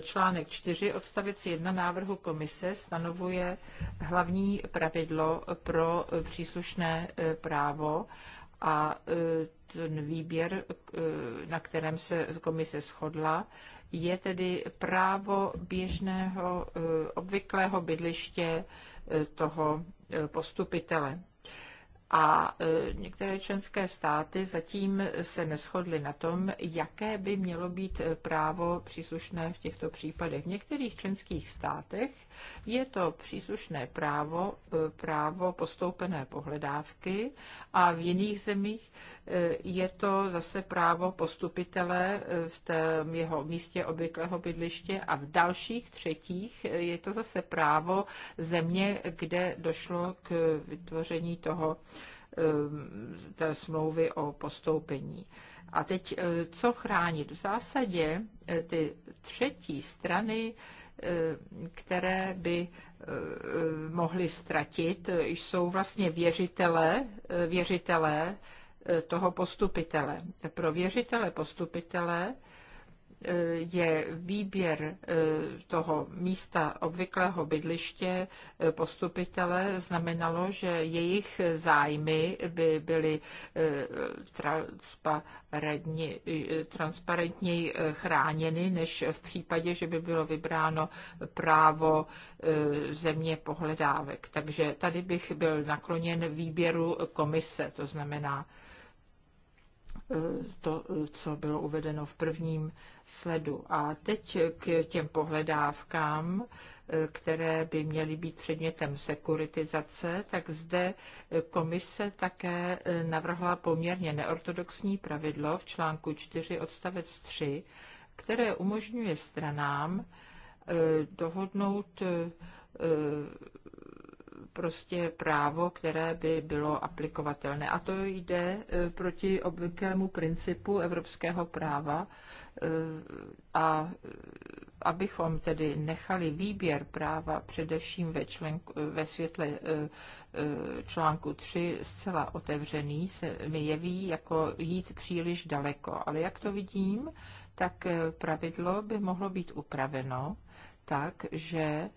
Článek 4 odstavec 1 návrhu komise stanovuje hlavní pravidlo pro příslušné e, právo a e, ten výběr, e, na kterém se komise shodla, je tedy právo běžného obvyklého bydliště toho postupitele a e, některé členské státy zatím se neschodly na tom, jaké by mělo být e, právo příslušné v těchto případech. V některých členských státech je to příslušné právo, e, právo postoupené pohledávky a v jiných zemích je to zase právo postupitele eh, v tom jeho místě obvyklého bydliště a v dalších třetích eh, je to zase právo země, kde došlo k vytvoření toho eh, té smlouvy o postoupení. A teď co chránit? V zásadě ty třetí strany, které by mohly ztratit, jsou vlastně věřitelé, věřitelé Eh, toho postupitele. Pro věřitele postupitele eh, je výběr eh, toho místa obvyklého bydliště postupitele znamenalo, že jejich zájmy by byly transparentněji chráněny, než v případě, že by bylo vybráno právo země pohledávek. Takže tady bych byl nakloněn výběru komise, to znamená Eh, to, eh, co bylo uvedeno v prvním sledu. A teď k těm pohledávkám, eh, které by měly být předmětem sekuritizace, tak zde komise také navrhla poměrně neortodoxní pravidlo v článku 4 odstavec 3, které umožňuje stranám dohodnout prostě právo, které by bylo aplikovatelné. A to jde e, proti obvyklému principu evropského práva. E, a e, abychom tedy nechali výběr práva především ve, členku, ve světle článku 3 zcela otevřený, se mi jeví jako jít příliš daleko. Ale jak to vidím, tak pravidlo by mohlo být upraveno tak, že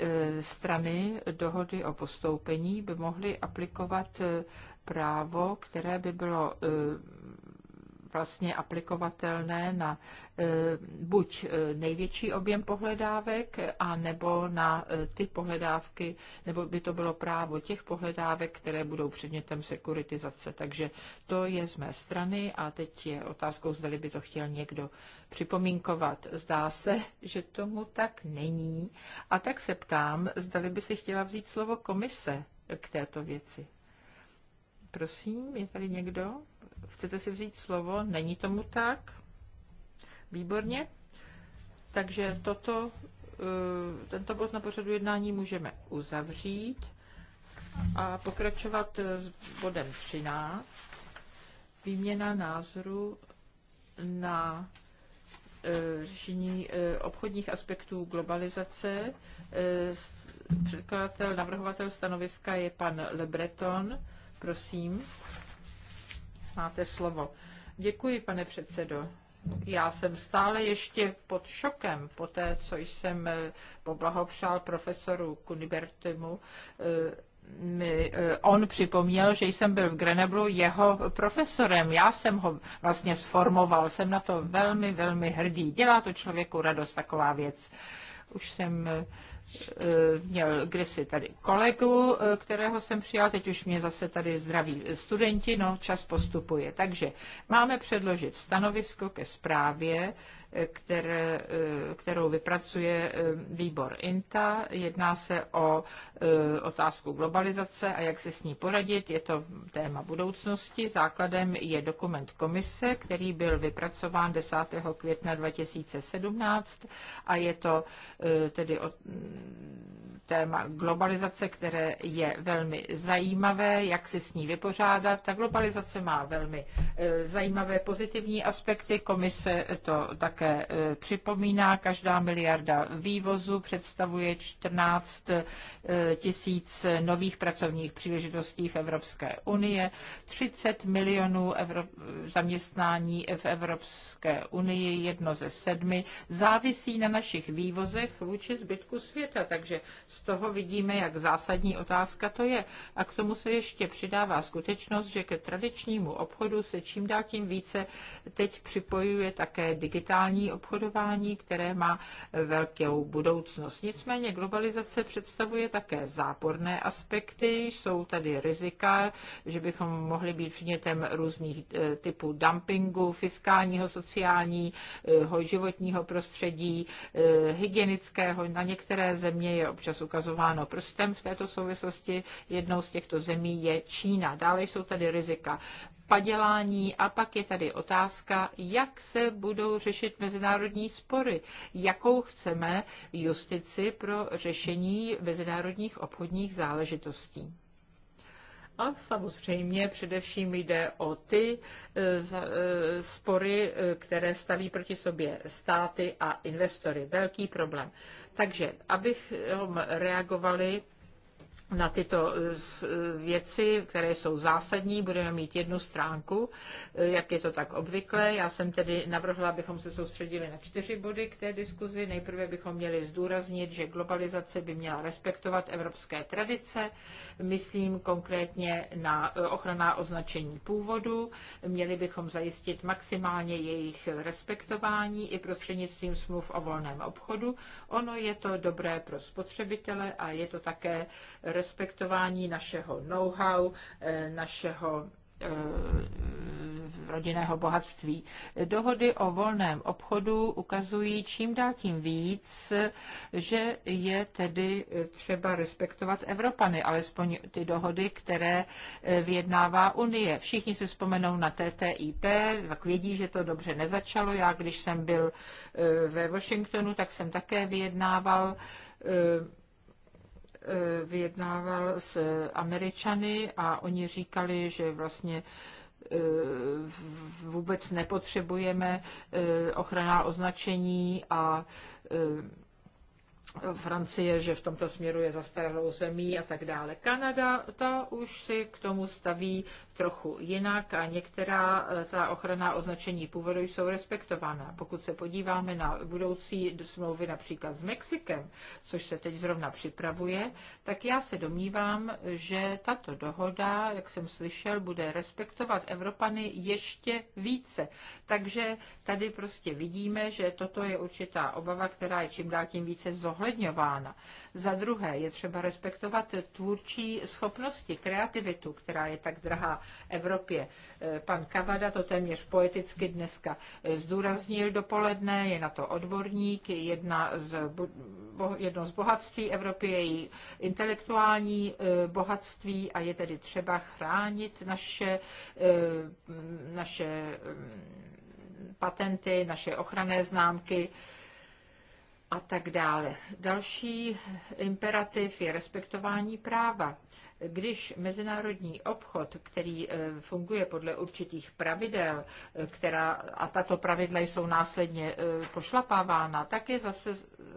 Eh, strany dohody o postoupení by mohly aplikovat eh, právo, které by bylo eh, vlastně aplikovatelné na eh, buď eh, největší objem pohledávek, a nebo na eh, ty pohledávky, nebo by to bylo právo těch pohledávek, které budou předmětem sekuritizace. Takže to je z mé strany a teď je otázkou, zda by to chtěl někdo připomínkovat. Zdá se, že tomu tak není. A tak se ptám, zda by si chtěla vzít slovo komise k této věci. Prosím, je tady někdo? Chcete si vzít slovo? Není tomu tak? Výborně. Takže toto, eh, tento bod na pořadu jednání můžeme uzavřít a pokračovat eh, s bodem 13. Výměna názoru na eh, řešení obchodních aspektů globalizace. Předkladatel, navrhovatel stanoviska je pan Lebreton. Prosím máte slovo. Děkuji, pane předsedo. Já jsem stále ještě pod šokem po té, co jsem eh, poblahopřál profesoru Kunibertimu eh, mi, eh, on připomněl, že jsem byl v Greneblu jeho profesorem. Já jsem ho vlastně sformoval, jsem na to velmi, velmi hrdý. Dělá to člověku radost, taková věc. Už jsem Eh, měl kdysi tady kolegu, eh, kterého jsem přijal, teď už mě zase tady zdraví studenti, no čas postupuje. Takže máme předložit stanovisko ke zprávě které, eh, kterou vypracuje eh, výbor INTA. Jedná se o eh, otázku globalizace a jak se s ní poradit. Je to téma budoucnosti. Základem je dokument komise, který byl vypracován 10. května 2017 a je to tedy o téma globalizace, které je velmi zajímavé, jak se s ní vypořádat. Ta globalizace má velmi zajímavé pozitivní aspekty. Komise to tak také e, připomíná. Každá miliarda vývozu představuje 14 e, tisíc nových pracovních příležitostí v Evropské unie, 30 milionů zaměstnání v Evropské unii, jedno ze sedmi, závisí na našich vývozech vůči zbytku světa, takže z toho vidíme, jak zásadní otázka to je. A k tomu se ještě přidává skutečnost, že ke tradičnímu obchodu se čím dál tím více teď připojuje také digitální globální obchodování, které má velkou budoucnost. Nicméně globalizace představuje také záporné aspekty, jsou tady rizika, že bychom mohli být předmětem různých eh, typů dumpingu, fiskálního, sociálního, eh, životního prostředí, eh, hygienického. Na některé země je občas ukazováno prstem v této souvislosti. Jednou z těchto zemí je Čína. Dále jsou tady rizika padělání a pak je tady otázka, jak se budou řešit mezinárodní spory, jakou chceme justici pro řešení mezinárodních obchodních záležitostí. A samozřejmě především jde o ty e, e, spory, e, které staví proti sobě státy a investory. Velký problém. Takže, abychom eh, reagovali na tyto eh, eh, věci, které jsou zásadní, budeme mít jednu stránku, eh, jak je to tak obvykle. Já jsem tedy navrhla, abychom se soustředili na čtyři body k té diskuzi. Nejprve bychom měli zdůraznit, že globalizace by měla respektovat evropské tradice. Myslím konkrétně na ochranná označení původu. Měli bychom zajistit maximálně jejich respektování i prostřednictvím smluv o volném obchodu. Ono je to dobré pro spotřebitele a je to také respektování našeho know-how, eh, našeho eh, rodinného bohatství. Dohody o volném obchodu ukazují čím dál tím víc, že je tedy třeba respektovat Evropany, alespoň ty dohody, které eh, vyjednává Unie. Všichni si vzpomenou na TTIP, tak vědí, že to dobře nezačalo. Já, když jsem byl ve Washingtonu, tak jsem také vyjednával Eh, vyjednával s Američany a oni říkali, že vlastně eh, vůbec nepotřebujeme eh, ochranná označení a Francie, že v tomto směru je zastaralou zemí a tak dále. Kanada, ta už si k tomu staví trochu jinak a některá eh, ta ochrana označení původu jsou respektována. Pokud se podíváme na budoucí smlouvy například s Mexikem, což se teď zrovna připravuje, tak já se domnívám, že tato dohoda, jak jsem slyšel, bude respektovat Evropany ještě více. Takže tady prostě vidíme, že toto je určitá obava, která je čím dál tím více zohledněna zohledňována. Za druhé je třeba respektovat tvůrčí schopnosti, kreativitu, která je tak drahá Evropě. Eh, pan Kavada to téměř poeticky dneska eh, zdůraznil dopoledne, je na to odborník, jedna z, jedno z bohatství Evropy její intelektuální eh, bohatství a je tedy třeba chránit naše, naše mm, patenty, naše ochranné známky, a tak dále. Další imperativ je respektování práva. Když mezinárodní obchod, který eh, funguje podle určitých pravidel, eh, která, a tato pravidla jsou následně eh, pošlapávána, tak je zase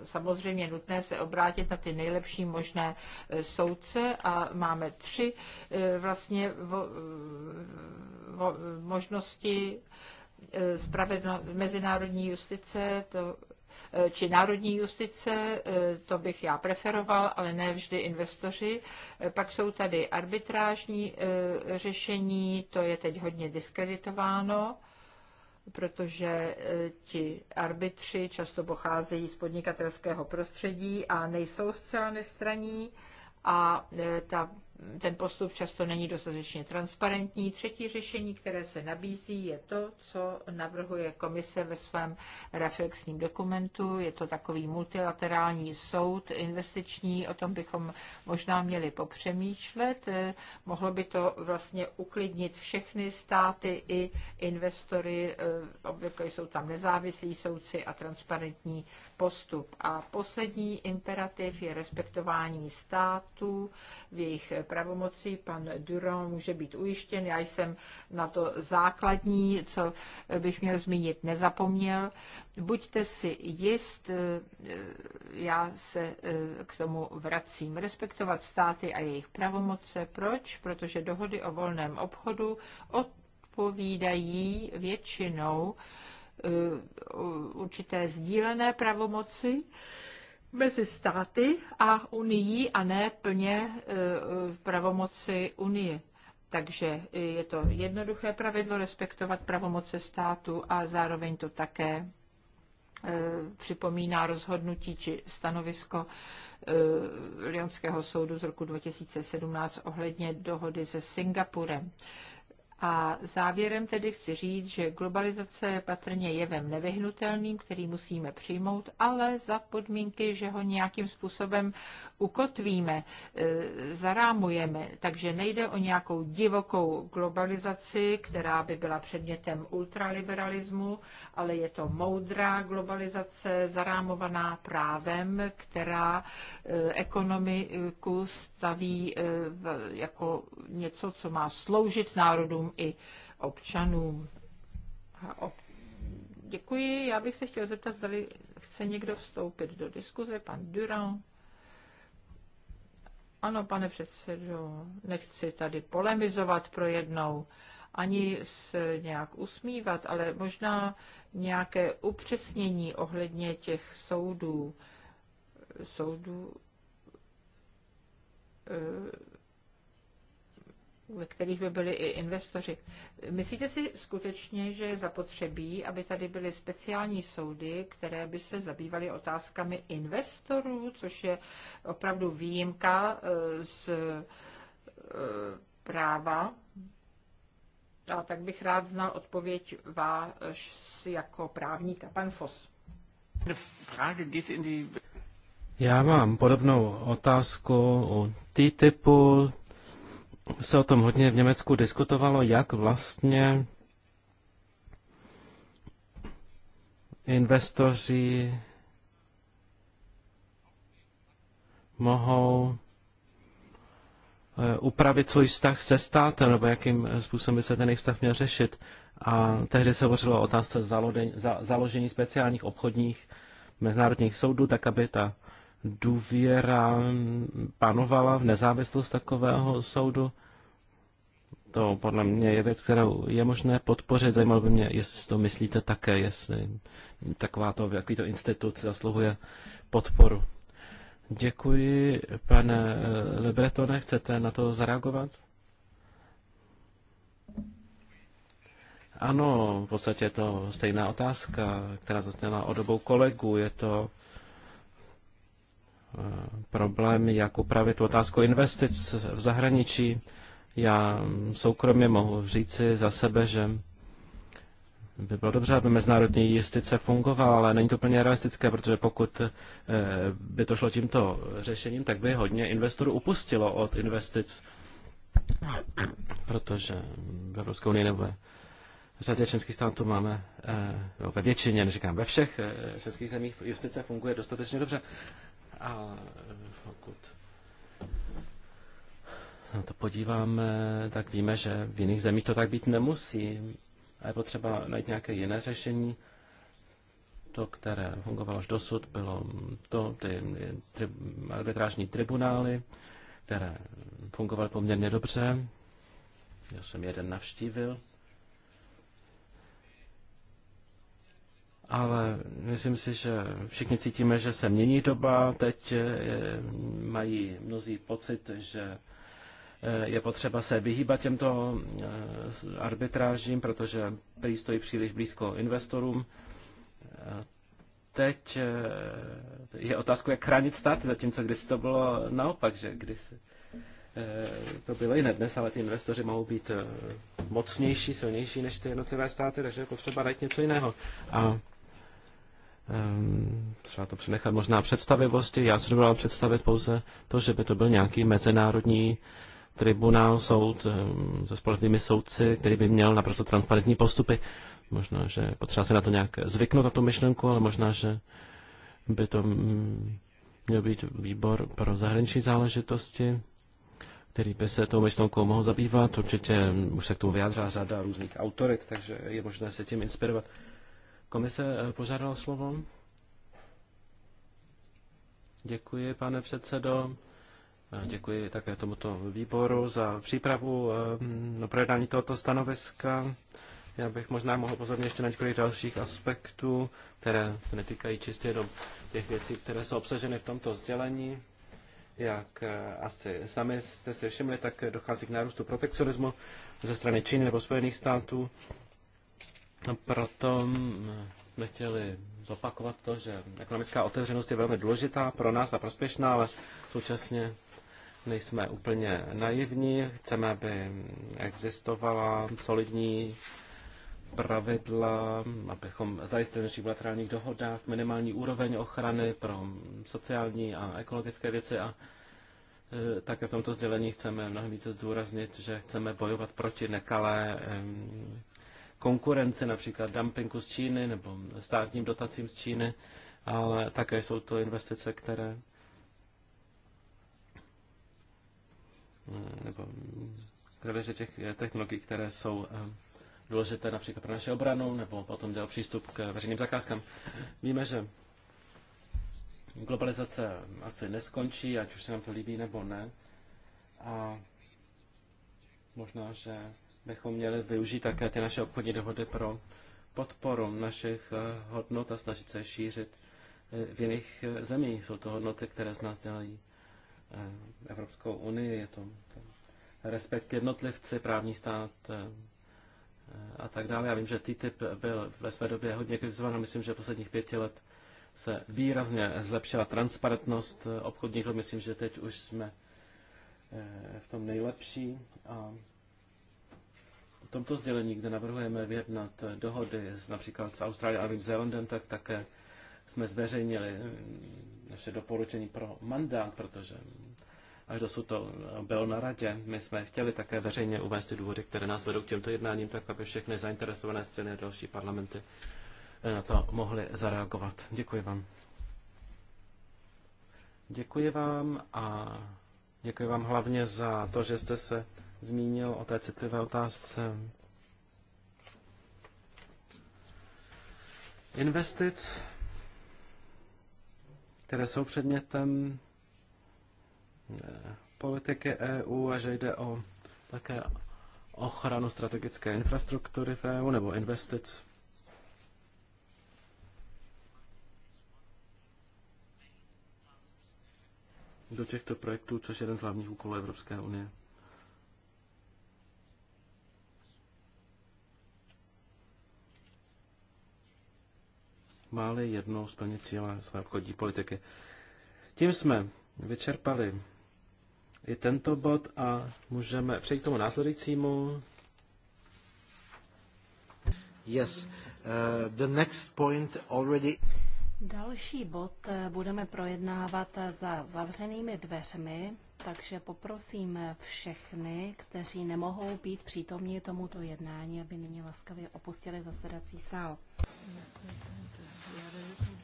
samozřejmě nutné se obrátit na ty nejlepší možné soudce a máme tři vlastně vo, vo, možnosti spravedlno, mezinárodní justice, to Eh, či národní justice, eh, to bych já preferoval, ale ne vždy investoři. Eh, pak jsou tady arbitrážní řešení, to je teď hodně diskreditováno protože ti arbitři často pocházejí z podnikatelského prostředí a nejsou zcela nestraní a ta ten postup často není dostatečně transparentní. Třetí řešení, které se nabízí, je to, co navrhuje komise ve svém reflexním dokumentu. Je to takový multilaterální soud investiční, o tom bychom možná měli popřemýšlet. Eh, mohlo by to vlastně uklidnit všechny státy i investory. Eh, obvykle jsou tam nezávislí soudci a transparentní postup. A poslední imperativ je respektování států v jejich pravomocí. Pan Durand může být ujištěn. Já jsem na to základní, co bych měl zmínit, nezapomněl. Buďte si jist, eh, já se eh, k tomu vracím. Respektovat státy a jejich pravomoce. Proč? Protože dohody o volném obchodu odpovídají většinou eh, určité sdílené pravomoci, mezi státy a Unii a ne plně e, v pravomoci Unie. Takže je to jednoduché pravidlo respektovat pravomoce státu a zároveň to také e, připomíná rozhodnutí či stanovisko e, Lyonského soudu z roku 2017 ohledně dohody se Singapurem. A závěrem tedy chci říct, že globalizace je patrně jevem nevyhnutelným, který musíme přijmout, ale za podmínky, že ho nějakým způsobem ukotvíme, e, zarámujeme. Takže nejde o nějakou divokou globalizaci, která by byla předmětem ultraliberalismu, ale je to moudrá globalizace, zarámovaná právem, která e, ekonomiku staví e, jako něco, co má sloužit národům i občanům. A ob... Děkuji. Já bych se chtěl zeptat, zda chce někdo vstoupit do diskuze. Pan Durand. Ano, pane předsedo, nechci tady polemizovat pro jednou, ani se nějak usmívat, ale možná nějaké upřesnění ohledně těch soudů. Soudů eh, ve kterých by byli i investoři. Myslíte si skutečně, že je zapotřebí, aby tady byly speciální soudy, které by se zabývaly otázkami investorů, což je opravdu výjimka eh, z eh, práva? A tak bych rád znal odpověď váš jako právníka. Pan Fos. Já mám podobnou otázku o ty typu se o tom hodně v Německu diskutovalo, jak vlastně investoři mohou eh, upravit svůj vztah se státem, nebo jakým způsobem by se ten vztah měl řešit. A tehdy se hovořilo o otázce založení speciálních obchodních mezinárodních soudů, tak aby ta důvěra panovala v nezávislost takového soudu. To podle mě je věc, kterou je možné podpořit. Zajímalo by mě, jestli to myslíte také, jestli taková to, jaký to institut zasluhuje podporu. Děkuji, pane eh, Lebretone. Chcete na to zareagovat? Ano, v podstatě je to stejná otázka, která zazněla od obou kolegů. Je to problém, jak upravit tu otázku investic v zahraničí. Já soukromě mohu říci za sebe, že by bylo dobře, aby mezinárodní justice fungovala, ale není to plně realistické, protože pokud eh, by to šlo tímto řešením, tak by hodně investorů upustilo od investic, protože v Evropské unii nebo v řadě členských států máme, no, ve většině, neříkám ve všech eh, členských zemích, justice funguje dostatečně dobře, a e, pokud na no, to podíváme, tak víme, že v jiných zemích to tak být nemusí. A je potřeba najít nějaké jiné řešení. To, které fungovalo už dosud, bylo to, ty tri, arbitrážní tribunály, které fungovaly poměrně dobře. Já jsem jeden navštívil. ale myslím si, že všichni cítíme, že se mění doba. Teď eh, mají mnozí pocit, že eh, je potřeba se vyhýbat těmto eh, arbitrážím, protože prý stojí příliš blízko investorům. Teď je otázka, jak chránit stát, zatímco když to bylo naopak, že když to bylo i dnes, ale ty investoři mohou být mocnější, silnější než ty jednotlivé státy, takže je potřeba dát něco jiného. A Ehm, třeba to přenechat možná představivosti. Já si dovolám představit pouze to, že by to byl nějaký mezinárodní tribunál, soud ehm, se společnými soudci, který by měl naprosto transparentní postupy. Možná, že potřeba se na to nějak zvyknout, na tu myšlenku, ale možná, že by to mm, měl být výbor pro zahraniční záležitosti, který by se tou myšlenkou mohl zabývat. Určitě mm, už se k tomu vyjádřila řada různých autorit, takže je možné se tím inspirovat. Komise eh, požádala slovo. Děkuji, pane předsedo. Děkuji také tomuto výboru za přípravu eh, na projednání tohoto stanoviska. Já bych možná mohl pozornit ještě na několik dalších aspektů, které se netýkají čistě do těch věcí, které jsou obsaženy v tomto sdělení. Jak eh, asi sami jste si všimli, tak dochází k nárůstu protekcionismu ze strany Číny nebo Spojených států No proto mm, jsme chtěli zopakovat to, že ekonomická otevřenost je velmi důležitá pro nás a prospěšná, ale současně nejsme úplně naivní. Chceme, aby existovala solidní pravidla, abychom zajistili v našich bilaterálních dohodách minimální úroveň ochrany pro sociální a ekologické věci a e, také v tomto sdělení chceme mnohem více zdůraznit, že chceme bojovat proti nekalé konkurenci, například dumpingu z Číny nebo státním dotacím z Číny, ale také jsou to investice, které eh, nebo které těch eh, technologií, které jsou eh, důležité například pro naši obranu, nebo potom jde přístup k veřejným zakázkám. Víme, že globalizace asi neskončí, ať už se nám to líbí nebo ne. A možná, že bychom měli využít také ty naše obchodní dohody pro podporu našich eh, hodnot a snažit se šířit eh, v jiných eh, zemích. Jsou to hodnoty, které z nás dělají Evropskou unii. Je to, to respekt k jednotlivci, právní stát a tak dále. Já vím, že TTIP byl ve své době hodně kritizován a myslím, že posledních pěti let se výrazně zlepšila transparentnost obchodních Myslím, že teď už jsme v tom nejlepší a tomto sdělení, kde navrhujeme vyjednat dohody s, například s Austrálií a Novým Zélandem, tak také jsme zveřejnili mm, naše doporučení pro mandát, protože až dosud to bylo na radě. My jsme chtěli také veřejně uvést ty důvody, které nás vedou k těmto jednáním, tak aby všechny zainteresované strany a další parlamenty eh, na to mohly zareagovat. Děkuji vám. Děkuji vám a děkuji vám hlavně za to, že jste se zmínil o té citlivé otázce investic, které jsou předmětem eh, politiky EU a že jde o také ochranu strategické infrastruktury v EU nebo investic. do těchto projektů, což je jeden z hlavních úkolů Evropské unie. máli jednou splnit cíle své obchodní politiky. Tím jsme vyčerpali i tento bod a můžeme přejít k tomu následujícímu. Yes, uh, the next point already... Další bod eh, budeme projednávat eh, za zavřenými dveřmi, takže poprosím eh, všechny, kteří nemohou být přítomni tomuto jednání, aby nyní laskavě opustili zasedací sál.